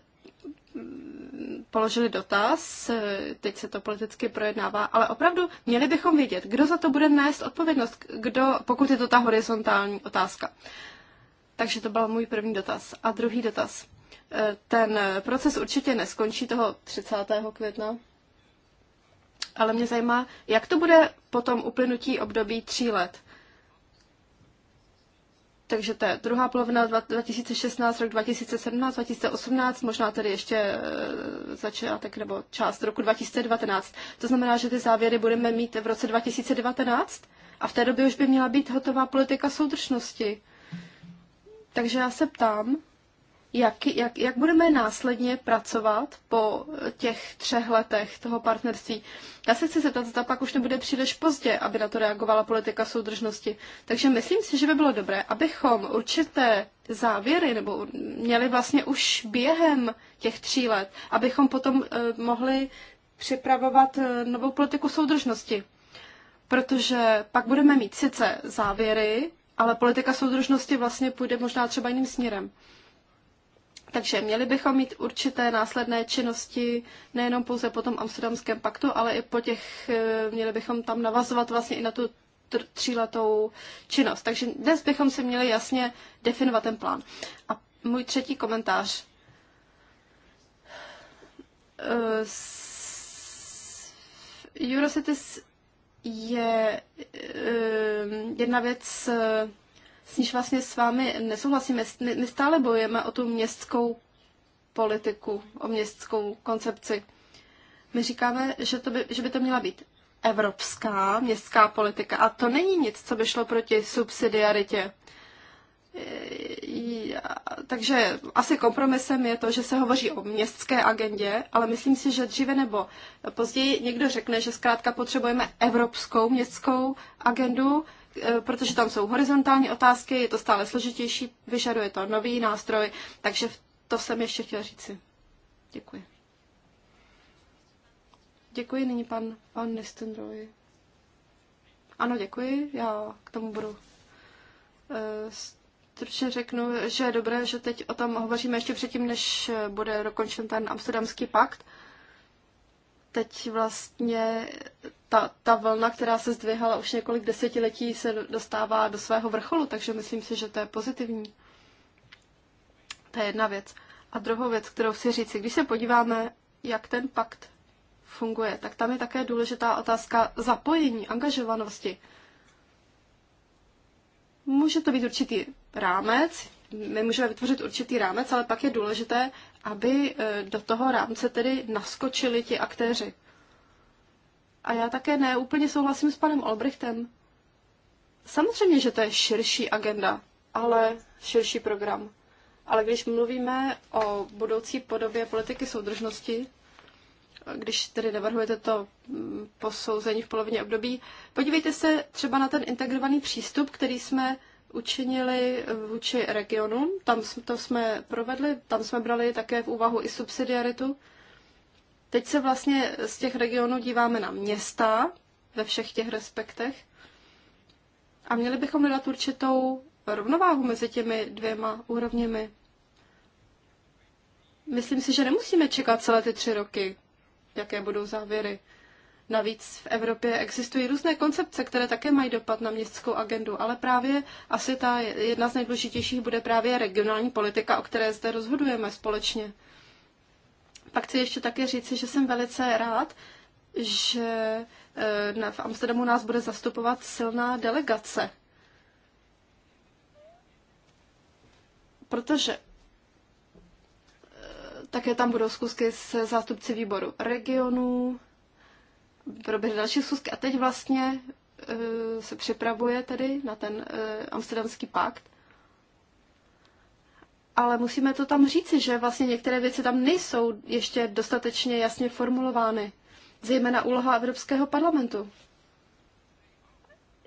položili dotaz, teď se to politicky projednává, ale opravdu měli bychom vědět, kdo za to bude nést odpovědnost, kdo, pokud je to ta horizontální otázka. Takže to byl můj první dotaz. A druhý dotaz. E, ten proces určitě neskončí toho 30. května, ale mě zajímá, jak to bude potom uplynutí období tří let. Takže ta druhá polovina 2016, rok 2017, 2018, možná tedy ještě eh, začátek nebo část roku 2019. To znamená, že ty závěry budeme mít v roce 2019 a v té době už by měla být hotová politika soudržnosti. Takže já se ptám, jak, jak, jak budeme následně pracovat po těch třech letech toho partnerství. Já se chci zeptat, zda pak už nebude příliš pozdě, aby na to reagovala politika soudržnosti. Takže myslím si, že by bylo dobré, abychom určité závěry nebo měli vlastně už během těch tří let, abychom potom uh, mohli připravovat uh, novou politiku soudržnosti. Protože pak budeme mít sice závěry, ale politika soudržnosti vlastně půjde možná třeba jiným směrem. Takže měli bychom mít určité následné činnosti nejenom pouze po tom Amsterdamském paktu, ale i po těch, eh, měli bychom tam navazovat vlastně i na tu tříletou činnost. Takže dnes bychom si měli jasně definovat ten plán. A můj třetí komentář. Eh, Eurocities je eh, jedna věc, s níž vlastně s vámi nesouhlasíme. My stále bojujeme o tu městskou politiku, o městskou koncepci. My říkáme, že, to by, že by to měla být evropská městská politika. A to není nic, co by šlo proti subsidiaritě. Takže asi kompromisem je to, že se hovoří o městské agendě, ale myslím si, že dříve nebo později někdo řekne, že zkrátka potřebujeme evropskou městskou agendu Eh, protože tam jsou horizontální otázky, je to stále složitější, vyžaduje to nový nástroj, takže to jsem ještě chtěla říci. Děkuji. Děkuji, nyní pan, pan Nistenroy. Ano, děkuji, já k tomu budu eh, stručně řeknu, že je dobré, že teď o tom hovoříme ještě předtím, než eh, bude dokončen ten amsterdamský pakt. Teď vlastně ta, ta vlna, která se zdvihala už několik desetiletí, se dostává do svého vrcholu, takže myslím si, že to je pozitivní. To je jedna věc. A druhou věc, kterou si říci, když se podíváme, jak ten pakt funguje, tak tam je také důležitá otázka zapojení, angažovanosti. Může to být určitý rámec, my můžeme vytvořit určitý rámec, ale pak je důležité, aby eh, do toho rámce tedy naskočili ti aktéři. A já také ne úplně souhlasím s panem Albrechtem. Samozřejmě, že to je širší agenda, ale širší program. Ale když mluvíme o budoucí podobě politiky soudržnosti, když tedy navrhujete to mm, posouzení v polovině období, podívejte se třeba na ten integrovaný přístup, který jsme učinili vůči regionu. Tam, to jsme provedli, tam jsme brali také v úvahu i subsidiaritu. Teď se vlastně z těch regionů díváme na města ve všech těch respektech a měli bychom hledat určitou rovnováhu mezi těmi dvěma úrovněmi. Myslím si, že nemusíme čekat celé ty tři roky, jaké budou závěry. Navíc v Evropě existují různé koncepce, které také mají dopad na městskou agendu, ale právě asi ta jedna z nejdůležitějších bude právě regionální politika, o které zde rozhodujeme společně. Pak chci ještě také říci, že jsem velice rád, že eh, v Amsterdamu nás bude zastupovat silná delegace. Protože eh, také tam budou zkusky se zástupci výboru regionů, proběhly další zkusky a teď vlastně eh, se připravuje tedy na ten amsterdamský pakt ale musíme to tam říci, že vlastně některé věci tam nejsou ještě dostatečně jasně formulovány, zejména úloha Evropského parlamentu.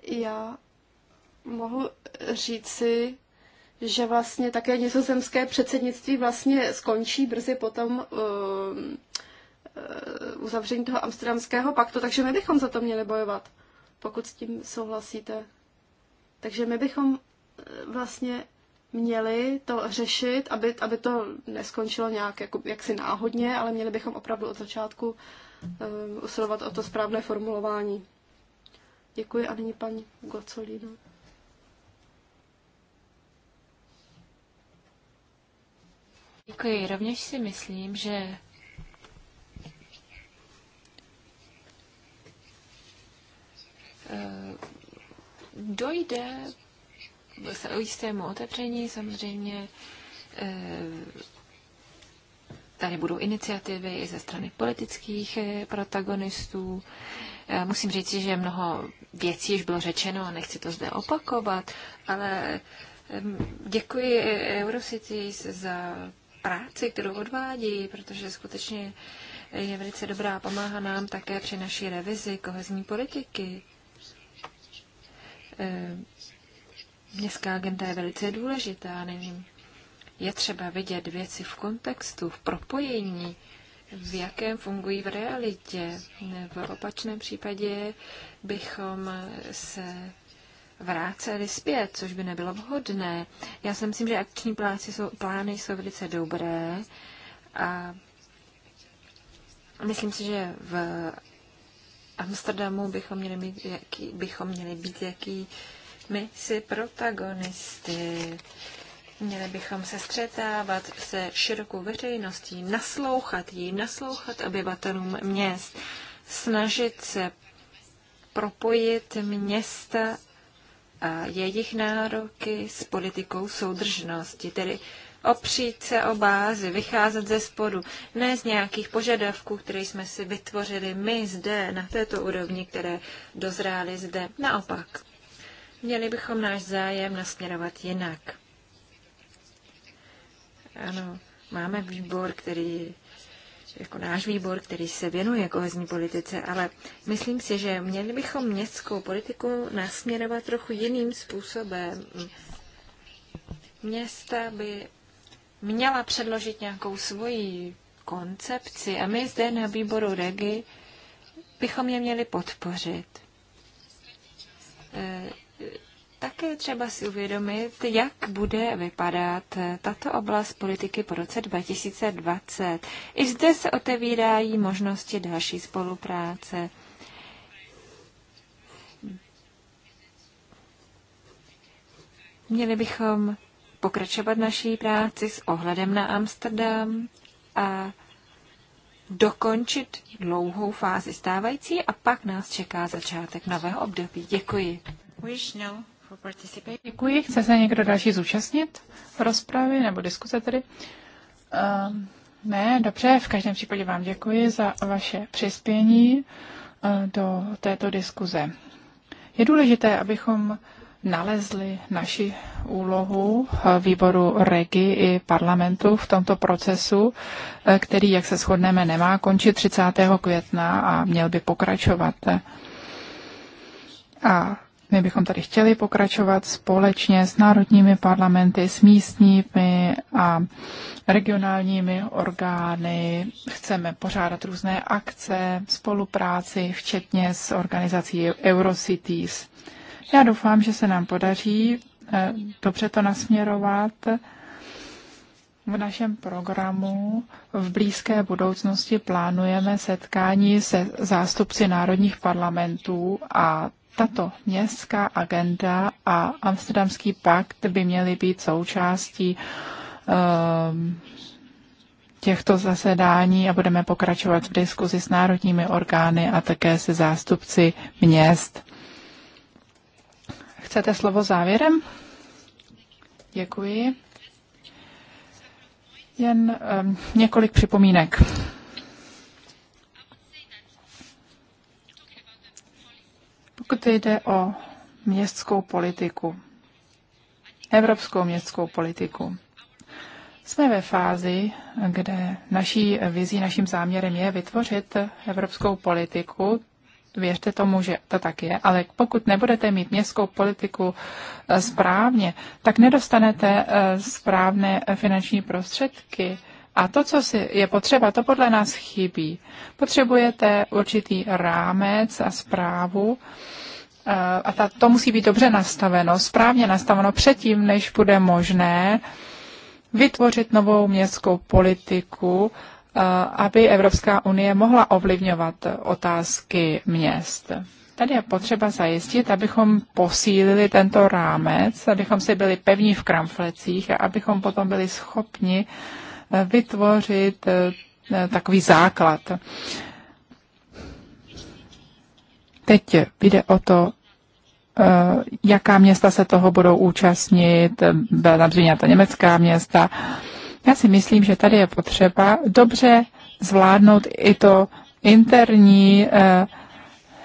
Já mohu říci, že vlastně také nizozemské předsednictví vlastně skončí brzy potom um, uh, uzavření toho amsterdamského paktu, takže my bychom za to měli bojovat, pokud s tím souhlasíte. Takže my bychom uh, vlastně měli to řešit, aby, aby to neskončilo nějak jako, jaksi náhodně, ale měli bychom opravdu od začátku um, usilovat o to správné formulování. Děkuji a nyní paní Gocolino. Děkuji. Rovněž si myslím, že eh, dojde o jistému otevření. Samozřejmě eh, tady budou iniciativy i ze strany politických eh, protagonistů. Musím říct, že mnoho věcí již bylo řečeno a nechci to zde opakovat, ale děkuji eh, Eurocities za práci, kterou odvádí, protože skutečně je velice dobrá a pomáhá nám také při naší revizi kohezní politiky. Městská agenda je velice důležitá, nevím. Je třeba vidět věci v kontextu, v propojení, v jakém fungují v realitě. V opačném případě bychom se vráceli zpět, což by nebylo vhodné. Já si myslím, že akční plány jsou, plány jsou velice dobré a myslím si, že v Amsterdamu bychom měli, mít jaký, bychom měli být jaký my si protagonisty. Měli bychom se střetávat se širokou veřejností, naslouchat jí, naslouchat obyvatelům měst, snažit se propojit města a jejich nároky s politikou soudržnosti, tedy opřít se o bázi, vycházet ze spodu, ne z nějakých požadavků, které jsme si vytvořili my zde na této úrovni, které dozrály zde. Naopak, Měli bychom náš zájem nasměrovat jinak. Ano, máme výbor, který jako náš výbor, který se věnuje kohezní politice, ale myslím si, že měli bychom městskou politiku nasměrovat trochu jiným způsobem. Města by měla předložit nějakou svoji koncepci a my zde na výboru REGI bychom je měli podpořit. Eh, také třeba si uvědomit, jak bude vypadat tato oblast politiky po roce 2020. I zde se otevírají možnosti další spolupráce. Měli bychom pokračovat naší práci s ohledem na Amsterdam a dokončit dlouhou fázi stávající a pak nás čeká začátek nového období. Děkuji. Víš, Děkuji. Chce se někdo další zúčastnit v rozpravy nebo diskuse tedy? Uh, ne, dobře, v každém případě vám děkuji za vaše přispění eh, do této diskuze. Je důležité, abychom nalezli naši úlohu eh, výboru REGI i parlamentu v tomto procesu, eh, který, jak se shodneme, nemá končit 30. května a měl by pokračovat. A my bychom tady chtěli pokračovat společně s národními parlamenty, s místními a regionálními orgány. Chceme pořádat různé akce, spolupráci, včetně s organizací Eurocities. Já doufám, že se nám podaří eh, dobře to nasměrovat v našem programu v blízké budoucnosti plánujeme setkání se zástupci národních parlamentů a tato městská agenda a Amsterdamský pakt by měly být součástí um, těchto zasedání a budeme pokračovat v diskuzi s národními orgány a také se zástupci měst. Chcete slovo závěrem? Děkuji. Jen um, několik připomínek. Pokud jde o městskou politiku, evropskou městskou politiku, jsme ve fázi, kde naší vizí, naším záměrem je vytvořit evropskou politiku. Věřte tomu, že to tak je, ale pokud nebudete mít městskou politiku eh, správně, tak nedostanete eh, správné finanční prostředky a to, co si je potřeba, to podle nás chybí. Potřebujete určitý rámec a zprávu, eh, a ta, to musí být dobře nastaveno, správně nastaveno předtím, než bude možné vytvořit novou městskou politiku, eh, aby Evropská unie mohla ovlivňovat otázky měst. Tady je potřeba zajistit, abychom posílili tento rámec, abychom si byli pevní v kramflecích a abychom potom byli schopni uh, vytvořit eh, takový základ. Teď jde o to, eh, jaká města se toho budou účastnit, byla tam německá města. Já si myslím, že tady je potřeba dobře zvládnout i to interní eh,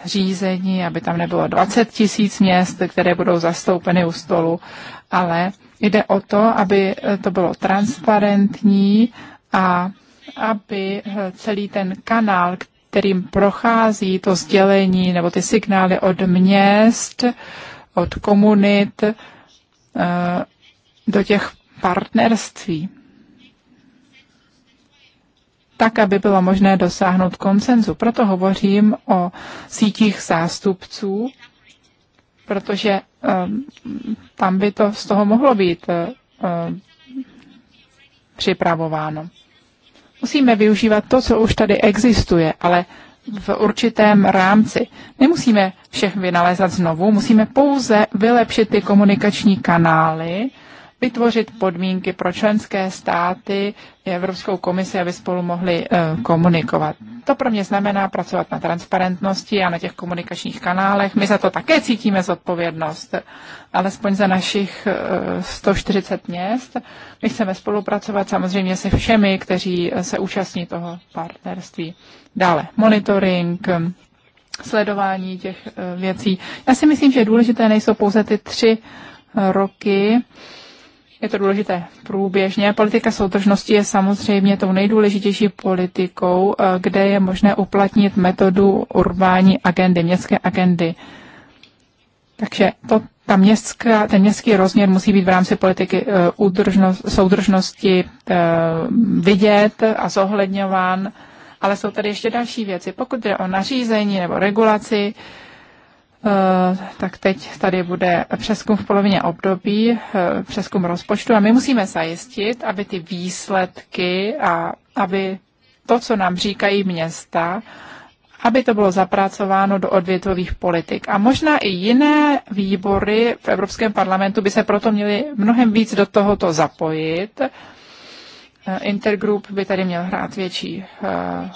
řízení, aby tam nebylo 20 tisíc měst, které budou zastoupeny u stolu, ale Jde o to, aby eh, to bylo transparentní a aby eh, celý ten kanál, kterým prochází to sdělení nebo ty signály od měst, od komunit eh, do těch partnerství. Tak, aby bylo možné dosáhnout konsenzu. Proto hovořím o sítích zástupců, protože Ehm, tam by to z toho mohlo být eh, eh, připravováno. Musíme využívat to, co už tady existuje, ale v určitém rámci. Nemusíme všech vynalézat znovu, musíme pouze vylepšit ty komunikační kanály vytvořit podmínky pro členské státy i Evropskou komisi, aby spolu mohli eh, komunikovat. To pro mě znamená pracovat na transparentnosti a na těch komunikačních kanálech. My za to také cítíme zodpovědnost, alespoň za našich 140 eh, měst. My chceme spolupracovat samozřejmě se všemi, kteří eh, se účastní toho partnerství. Dále monitoring, sledování těch věcí. Já si myslím, že důležité nejsou pouze ty tři roky, je to důležité průběžně. Politika soudržnosti je samozřejmě tou nejdůležitější politikou, eh, kde je možné uplatnit metodu urbání agendy, městské agendy. Takže to, ta městská, ten městský rozměr musí být v rámci politiky údržnost, eh, soudržnosti eh, vidět a zohledňován. Ale jsou tady ještě další věci. Pokud jde o nařízení nebo regulaci, Eh, tak teď tady bude přeskum v polovině období, eh, přeskum rozpočtu a my musíme zajistit, aby ty výsledky a aby to, co nám říkají města, aby to bylo zapracováno do odvětových politik. A možná i jiné výbory v Evropském parlamentu by se proto měly mnohem víc do tohoto zapojit, Eh, Intergroup by tady měl hrát větší eh,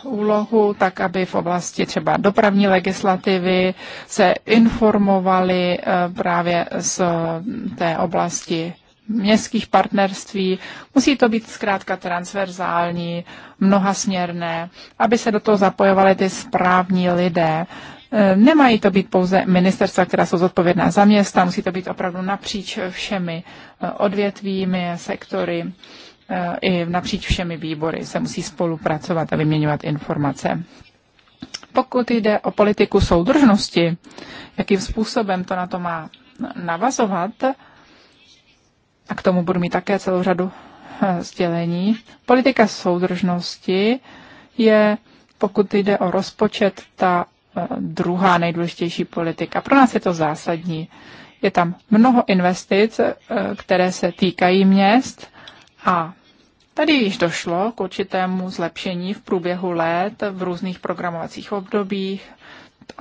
úlohu, tak aby v oblasti třeba dopravní legislativy se informovali eh, právě z mm, té oblasti městských partnerství. Musí to být zkrátka transverzální, mnohasměrné, aby se do toho zapojovali ty správní lidé. Nemají to být pouze ministerstva, která jsou zodpovědná za města, musí to být opravdu napříč všemi odvětvími, sektory. Eh, i napříč všemi výbory se musí spolupracovat a vyměňovat informace. Pokud jde o politiku soudržnosti, jakým způsobem to na to má navazovat, a k tomu budu mít také celou řadu eh, sdělení, politika soudržnosti je, pokud jde o rozpočet, ta eh, druhá nejdůležitější politika. Pro nás je to zásadní. Je tam mnoho investic, které se týkají měst, a Tady již došlo k určitému zlepšení v průběhu let v různých programovacích obdobích,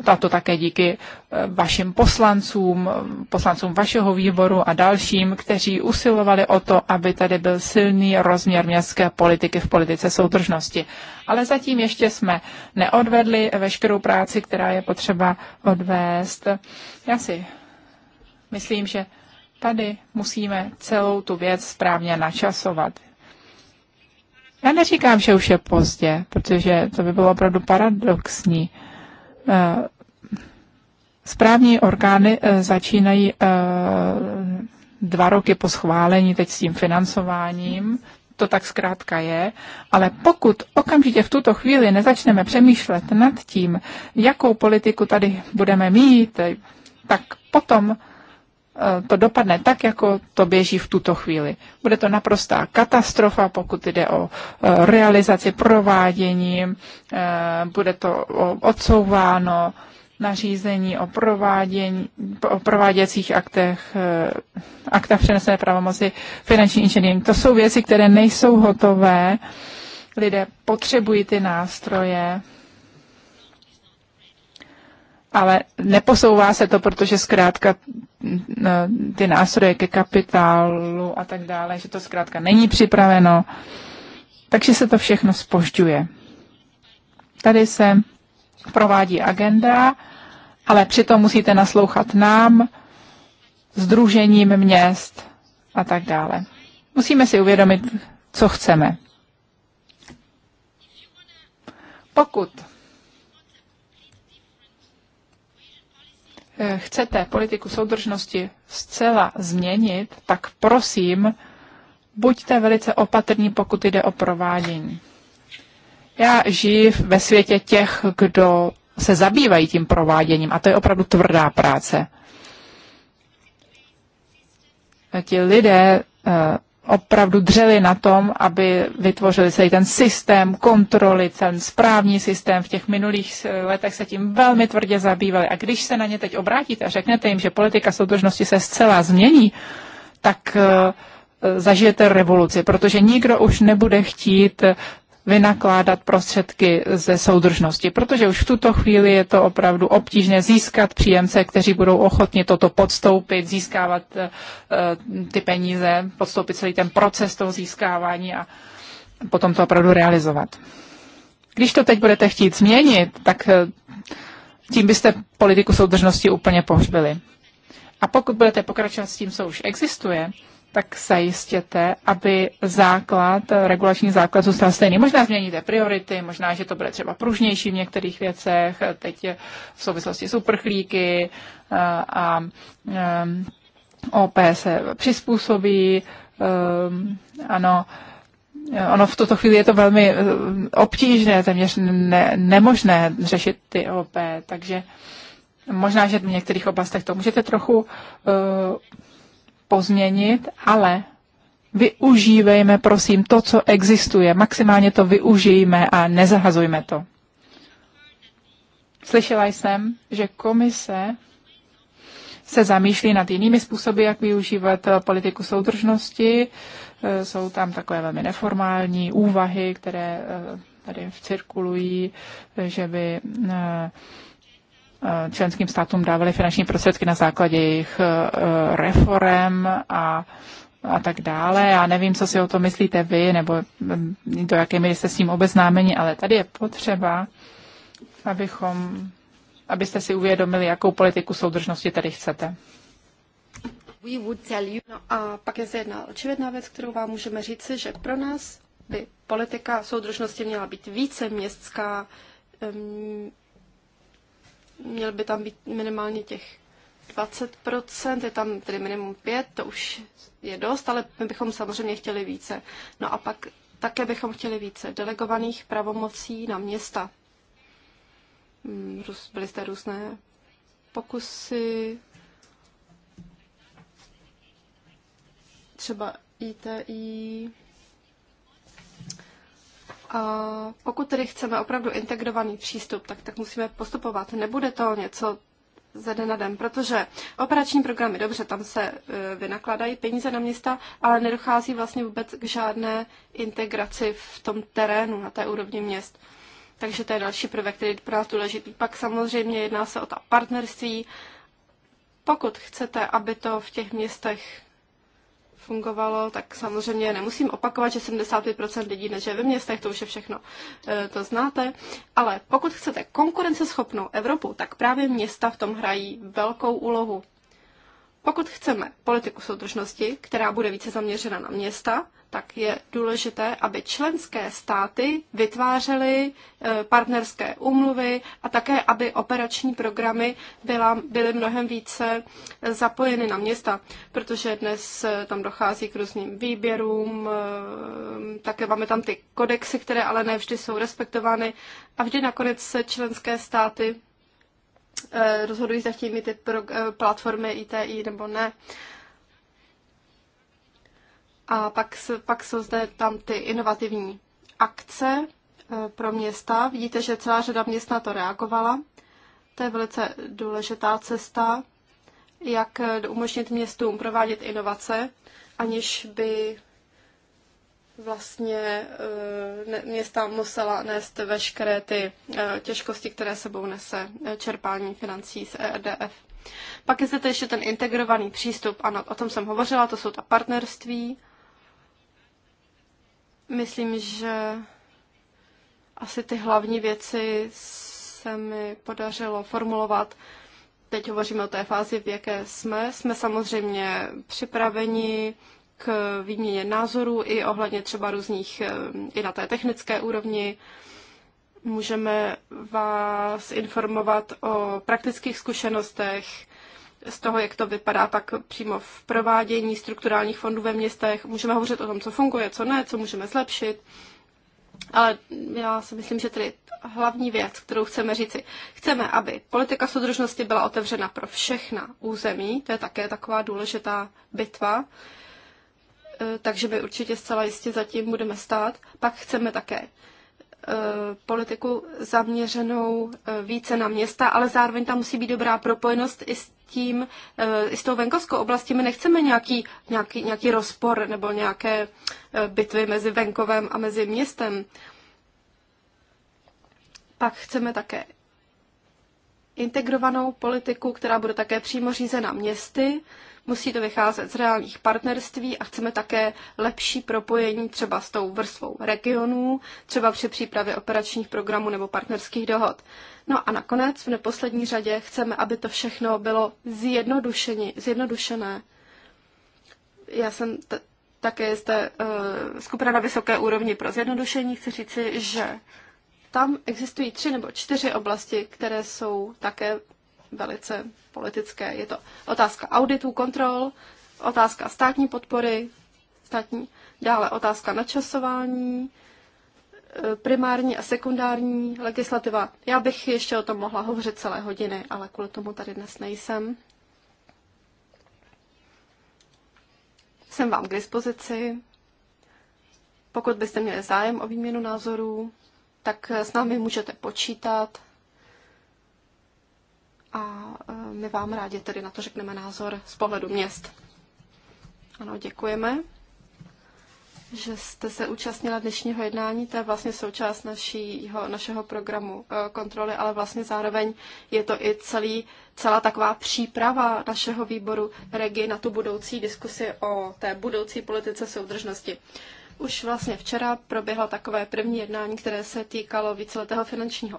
a to také díky eh, vašim poslancům, poslancům vašeho výboru a dalším, kteří usilovali o to, aby tady byl silný rozměr městské politiky v politice soudržnosti. Ale zatím ještě jsme neodvedli veškerou práci, která je potřeba odvést. Já si myslím, že tady musíme celou tu věc správně načasovat. Já neříkám, že už je pozdě, protože to by bylo opravdu paradoxní. Eh, správní orgány eh, začínají eh, dva roky po schválení teď s tím financováním, to tak zkrátka je, ale pokud okamžitě v tuto chvíli nezačneme přemýšlet nad tím, jakou politiku tady budeme mít, tak potom Eh, to dopadne tak, jako to běží v tuto chvíli. Bude to naprostá katastrofa, pokud jde o eh, realizaci, provádění, eh, bude to odsouváno, nařízení o, provádění, o prováděcích aktech, aktech přenesené pravomoci, finanční inženýring. To jsou věci, které nejsou hotové. Lidé potřebují ty nástroje, ale neposouvá se to, protože zkrátka mm, mm, mm, ty nástroje ke kapitálu a tak dále, že to zkrátka není připraveno, takže se to všechno spožďuje. Tady se provádí agenda, ale přitom musíte naslouchat nám, združením měst a tak dále. Musíme si uvědomit, co chceme. Pokud chcete politiku soudržnosti zcela změnit, tak prosím, buďte velice opatrní, pokud jde o provádění. Já žiju ve světě těch, kdo se zabývají tím prováděním a to je opravdu tvrdá práce. Ti lidé eh, opravdu dřeli na tom, aby vytvořili celý ten systém kontroly, ten správní systém. V těch minulých eh, letech se tím velmi tvrdě zabývali. A když se na ně teď obrátíte a řeknete jim, že politika soudržnosti se zcela změní, tak eh, zažijete revoluci, protože nikdo už nebude chtít eh, vynakládat prostředky ze soudržnosti, protože už v tuto chvíli je to opravdu obtížné získat příjemce, kteří budou ochotni toto podstoupit, získávat uh, ty peníze, podstoupit celý ten proces toho získávání a potom to opravdu realizovat. Když to teď budete chtít změnit, tak eh, tím byste politiku soudržnosti úplně pohřbili. A pokud budete pokračovat s tím, co už existuje, tak zajistěte, aby základ, regulační základ zůstal stejný. Možná změníte priority, možná, že to bude třeba pružnější v některých věcech, teď v souvislosti s uprchlíky eh, a, a eh, OP se přizpůsobí, eh, ano, Ono v tuto chvíli je to velmi obtížné, téměř ne, nemožné řešit ty OP, takže možná, že v některých oblastech to můžete trochu uh, pozměnit, ale využívejme, prosím, to, co existuje. Maximálně to využijme a nezahazujme to. Slyšela jsem, že komise se zamýšlí nad jinými způsoby, jak využívat eh, politiku soudržnosti. Eh, jsou tam takové velmi neformální úvahy, které eh, tady cirkulují, že by Eh, členským státům dávali finanční prostředky na základě jejich eh, reform a a tak dále. Já nevím, co si o to myslíte vy, nebo mm, do jaké míry jste s tím obeznámeni, ale tady je potřeba, abychom, abyste si uvědomili, jakou politiku soudržnosti tady chcete. We would tell you. No a pak je zde jedna očividná věc, kterou vám můžeme říci, že pro nás by politika soudržnosti měla být více městská, měl by tam být minimálně těch 20%, je tam tedy minimum 5, to už je dost, ale my bychom samozřejmě chtěli více. No a pak také bychom chtěli více delegovaných pravomocí na města. Hmm, byly zde různé pokusy, třeba ITI, pokud tedy chceme opravdu integrovaný přístup, tak, tak musíme postupovat. Nebude to něco ze den na den, protože operační programy, dobře, tam se e, vynakládají peníze na města, ale nedochází vlastně vůbec k žádné integraci v tom terénu, na té úrovni měst. Takže to je další prvek, který je pro nás důležitý. Pak samozřejmě jedná se o ta partnerství. Pokud chcete, aby to v těch městech fungovalo, tak samozřejmě nemusím opakovat, že 75% lidí nežije ve městech, to už je všechno, eh, to znáte. Ale pokud chcete konkurenceschopnou Evropu, tak právě města v tom hrají velkou úlohu. Pokud chceme politiku soudržnosti, která bude více zaměřena na města, tak je důležité, aby členské státy vytvářely eh, partnerské úmluvy a také, aby operační programy byla, byly mnohem více eh, zapojeny na města, protože dnes eh, tam dochází k různým výběrům, také máme tam ty kodexy, které ale nevždy jsou respektovány a vždy nakonec se členské státy rozhodují, zda chtějí mít ty platformy ITI nebo ne. A pak, pak jsou zde tam ty inovativní akce e, pro města. Vidíte, že celá řada měst na to reagovala. To je velice důležitá cesta, jak e, umožnit městům provádět inovace, aniž by vlastně e, města musela nést veškeré ty těžkosti, které sebou nese čerpání financí z ERDF. Pak je zde ještě ten integrovaný přístup, ano, o tom jsem hovořila, to jsou ta partnerství, Myslím, že asi ty hlavní věci se mi podařilo formulovat. Teď hovoříme o té fázi, v jaké jsme. Jsme samozřejmě připraveni k výměně názorů i ohledně třeba různých, eh, i na té technické úrovni. Můžeme vás informovat o praktických zkušenostech, z toho, jak to vypadá pak přímo v provádění strukturálních fondů ve městech. Můžeme hovořit o tom, co funguje, co ne, co můžeme zlepšit. Ale já si myslím, že tady hlavní věc, kterou chceme říci, chceme, aby politika soudržnosti byla otevřena pro všechna území, to je také taková důležitá bitva, e, takže my určitě zcela jistě zatím budeme stát. Pak chceme také Eh, politiku zaměřenou eh, více na města, ale zároveň tam musí být dobrá propojenost i s tím, eh, i s tou venkovskou oblastí. My nechceme nějaký, nějaký, nějaký rozpor nebo nějaké bitvy mezi venkovem a mezi městem. Pak chceme také integrovanou politiku, která bude také přímo řízena městy. Uh, musí to vycházet z reálných partnerství a chceme také lepší propojení třeba s tou vrstvou regionů, třeba při přípravě operačních programů nebo partnerských dohod. No a nakonec v neposlední řadě chceme, aby to všechno bylo zjednodušené. Já jsem také zde uh, skupina na vysoké úrovni pro zjednodušení. Chci říci, že tam existují tři nebo čtyři oblasti, které jsou také velice politické. Je to otázka auditů, kontrol, otázka státní podpory, státní, dále otázka načasování, e, primární a sekundární legislativa. Já bych ještě o tom mohla hovořit celé hodiny, ale kvůli tomu tady dnes nejsem. Jsem vám k dispozici. Pokud byste měli zájem o výměnu názorů, tak s námi můžete počítat a e, my vám rádi tedy na to řekneme názor z pohledu měst. Ano, děkujeme, že jste se účastnila dnešního jednání. To je vlastně součást našího, našeho programu e, kontroly, ale vlastně zároveň je to i celý, celá taková příprava našeho výboru Regi na tu budoucí diskusi o té budoucí politice soudržnosti. Už vlastně včera proběhlo takové první jednání, které se týkalo víceletého finančního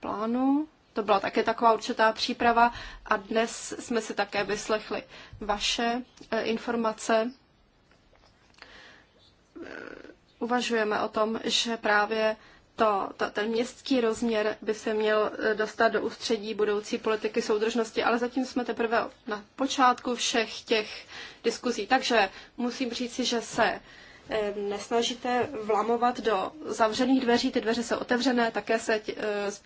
plánu to byla také taková určitá příprava a dnes jsme si také vyslechli vaše eh, informace. Eh, uvažujeme o tom, že právě to, to, ten městský rozměr by se měl eh, dostat do ústředí budoucí politiky soudržnosti, ale zatím jsme teprve na počátku všech těch diskuzí. Takže musím říci, že se Eh, nesnažíte vlamovat do zavřených dveří, ty dveře jsou otevřené, také se eh,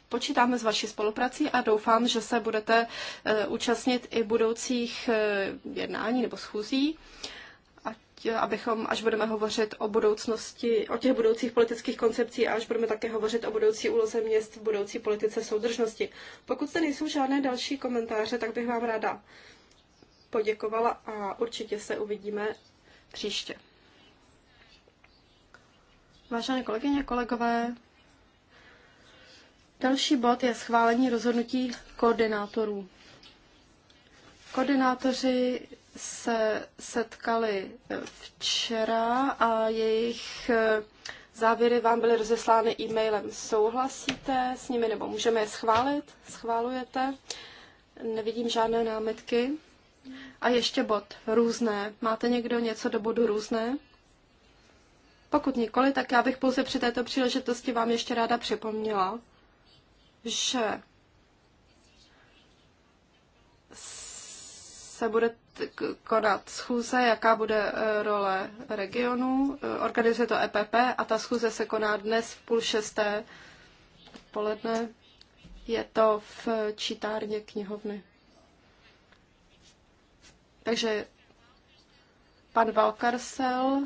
počítáme s vaší spoluprací a doufám, že se budete eh, účastnit i budoucích jednání nebo schůzí, ať, abychom, až budeme hovořit o budoucnosti, o těch budoucích politických koncepcí a až budeme také hovořit o budoucí úloze měst v budoucí politice soudržnosti. Pokud zde nejsou žádné další komentáře, tak bych vám ráda poděkovala a určitě se uvidíme příště. Vážené kolegyně, kolegové, další bod je schválení rozhodnutí koordinátorů. Koordinátoři se setkali eh, včera a jejich eh, závěry vám byly rozeslány e-mailem. Souhlasíte s nimi nebo můžeme je schválit? Schválujete? Nevidím žádné námitky. A ještě bod různé. Máte někdo něco do bodu různé? Pokud nikoli, tak já bych pouze při této příležitosti vám ještě ráda připomněla, že se bude konat schůze, jaká bude eh, role regionu. Eh, organizuje to EPP a ta schůze se koná dnes v půl šesté poledne. Je to v čítárně knihovny. Takže pan Valkarsel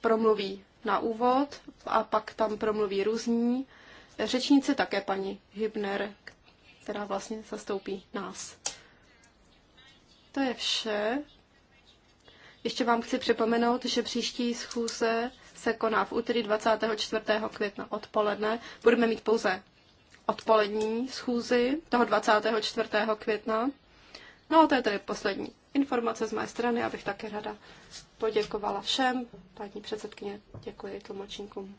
promluví na úvod a pak tam promluví různí řečníci, také paní Hybner, která vlastně zastoupí nás. To je vše. Ještě vám chci připomenout, že příští schůze se koná v úterý 24. května odpoledne. Budeme mít pouze odpolední schůzi toho 24. května. No a to je tedy poslední informace z mé strany, abych také rada poděkovala všem. Paní předsedkyně, děkuji tlumočníkům.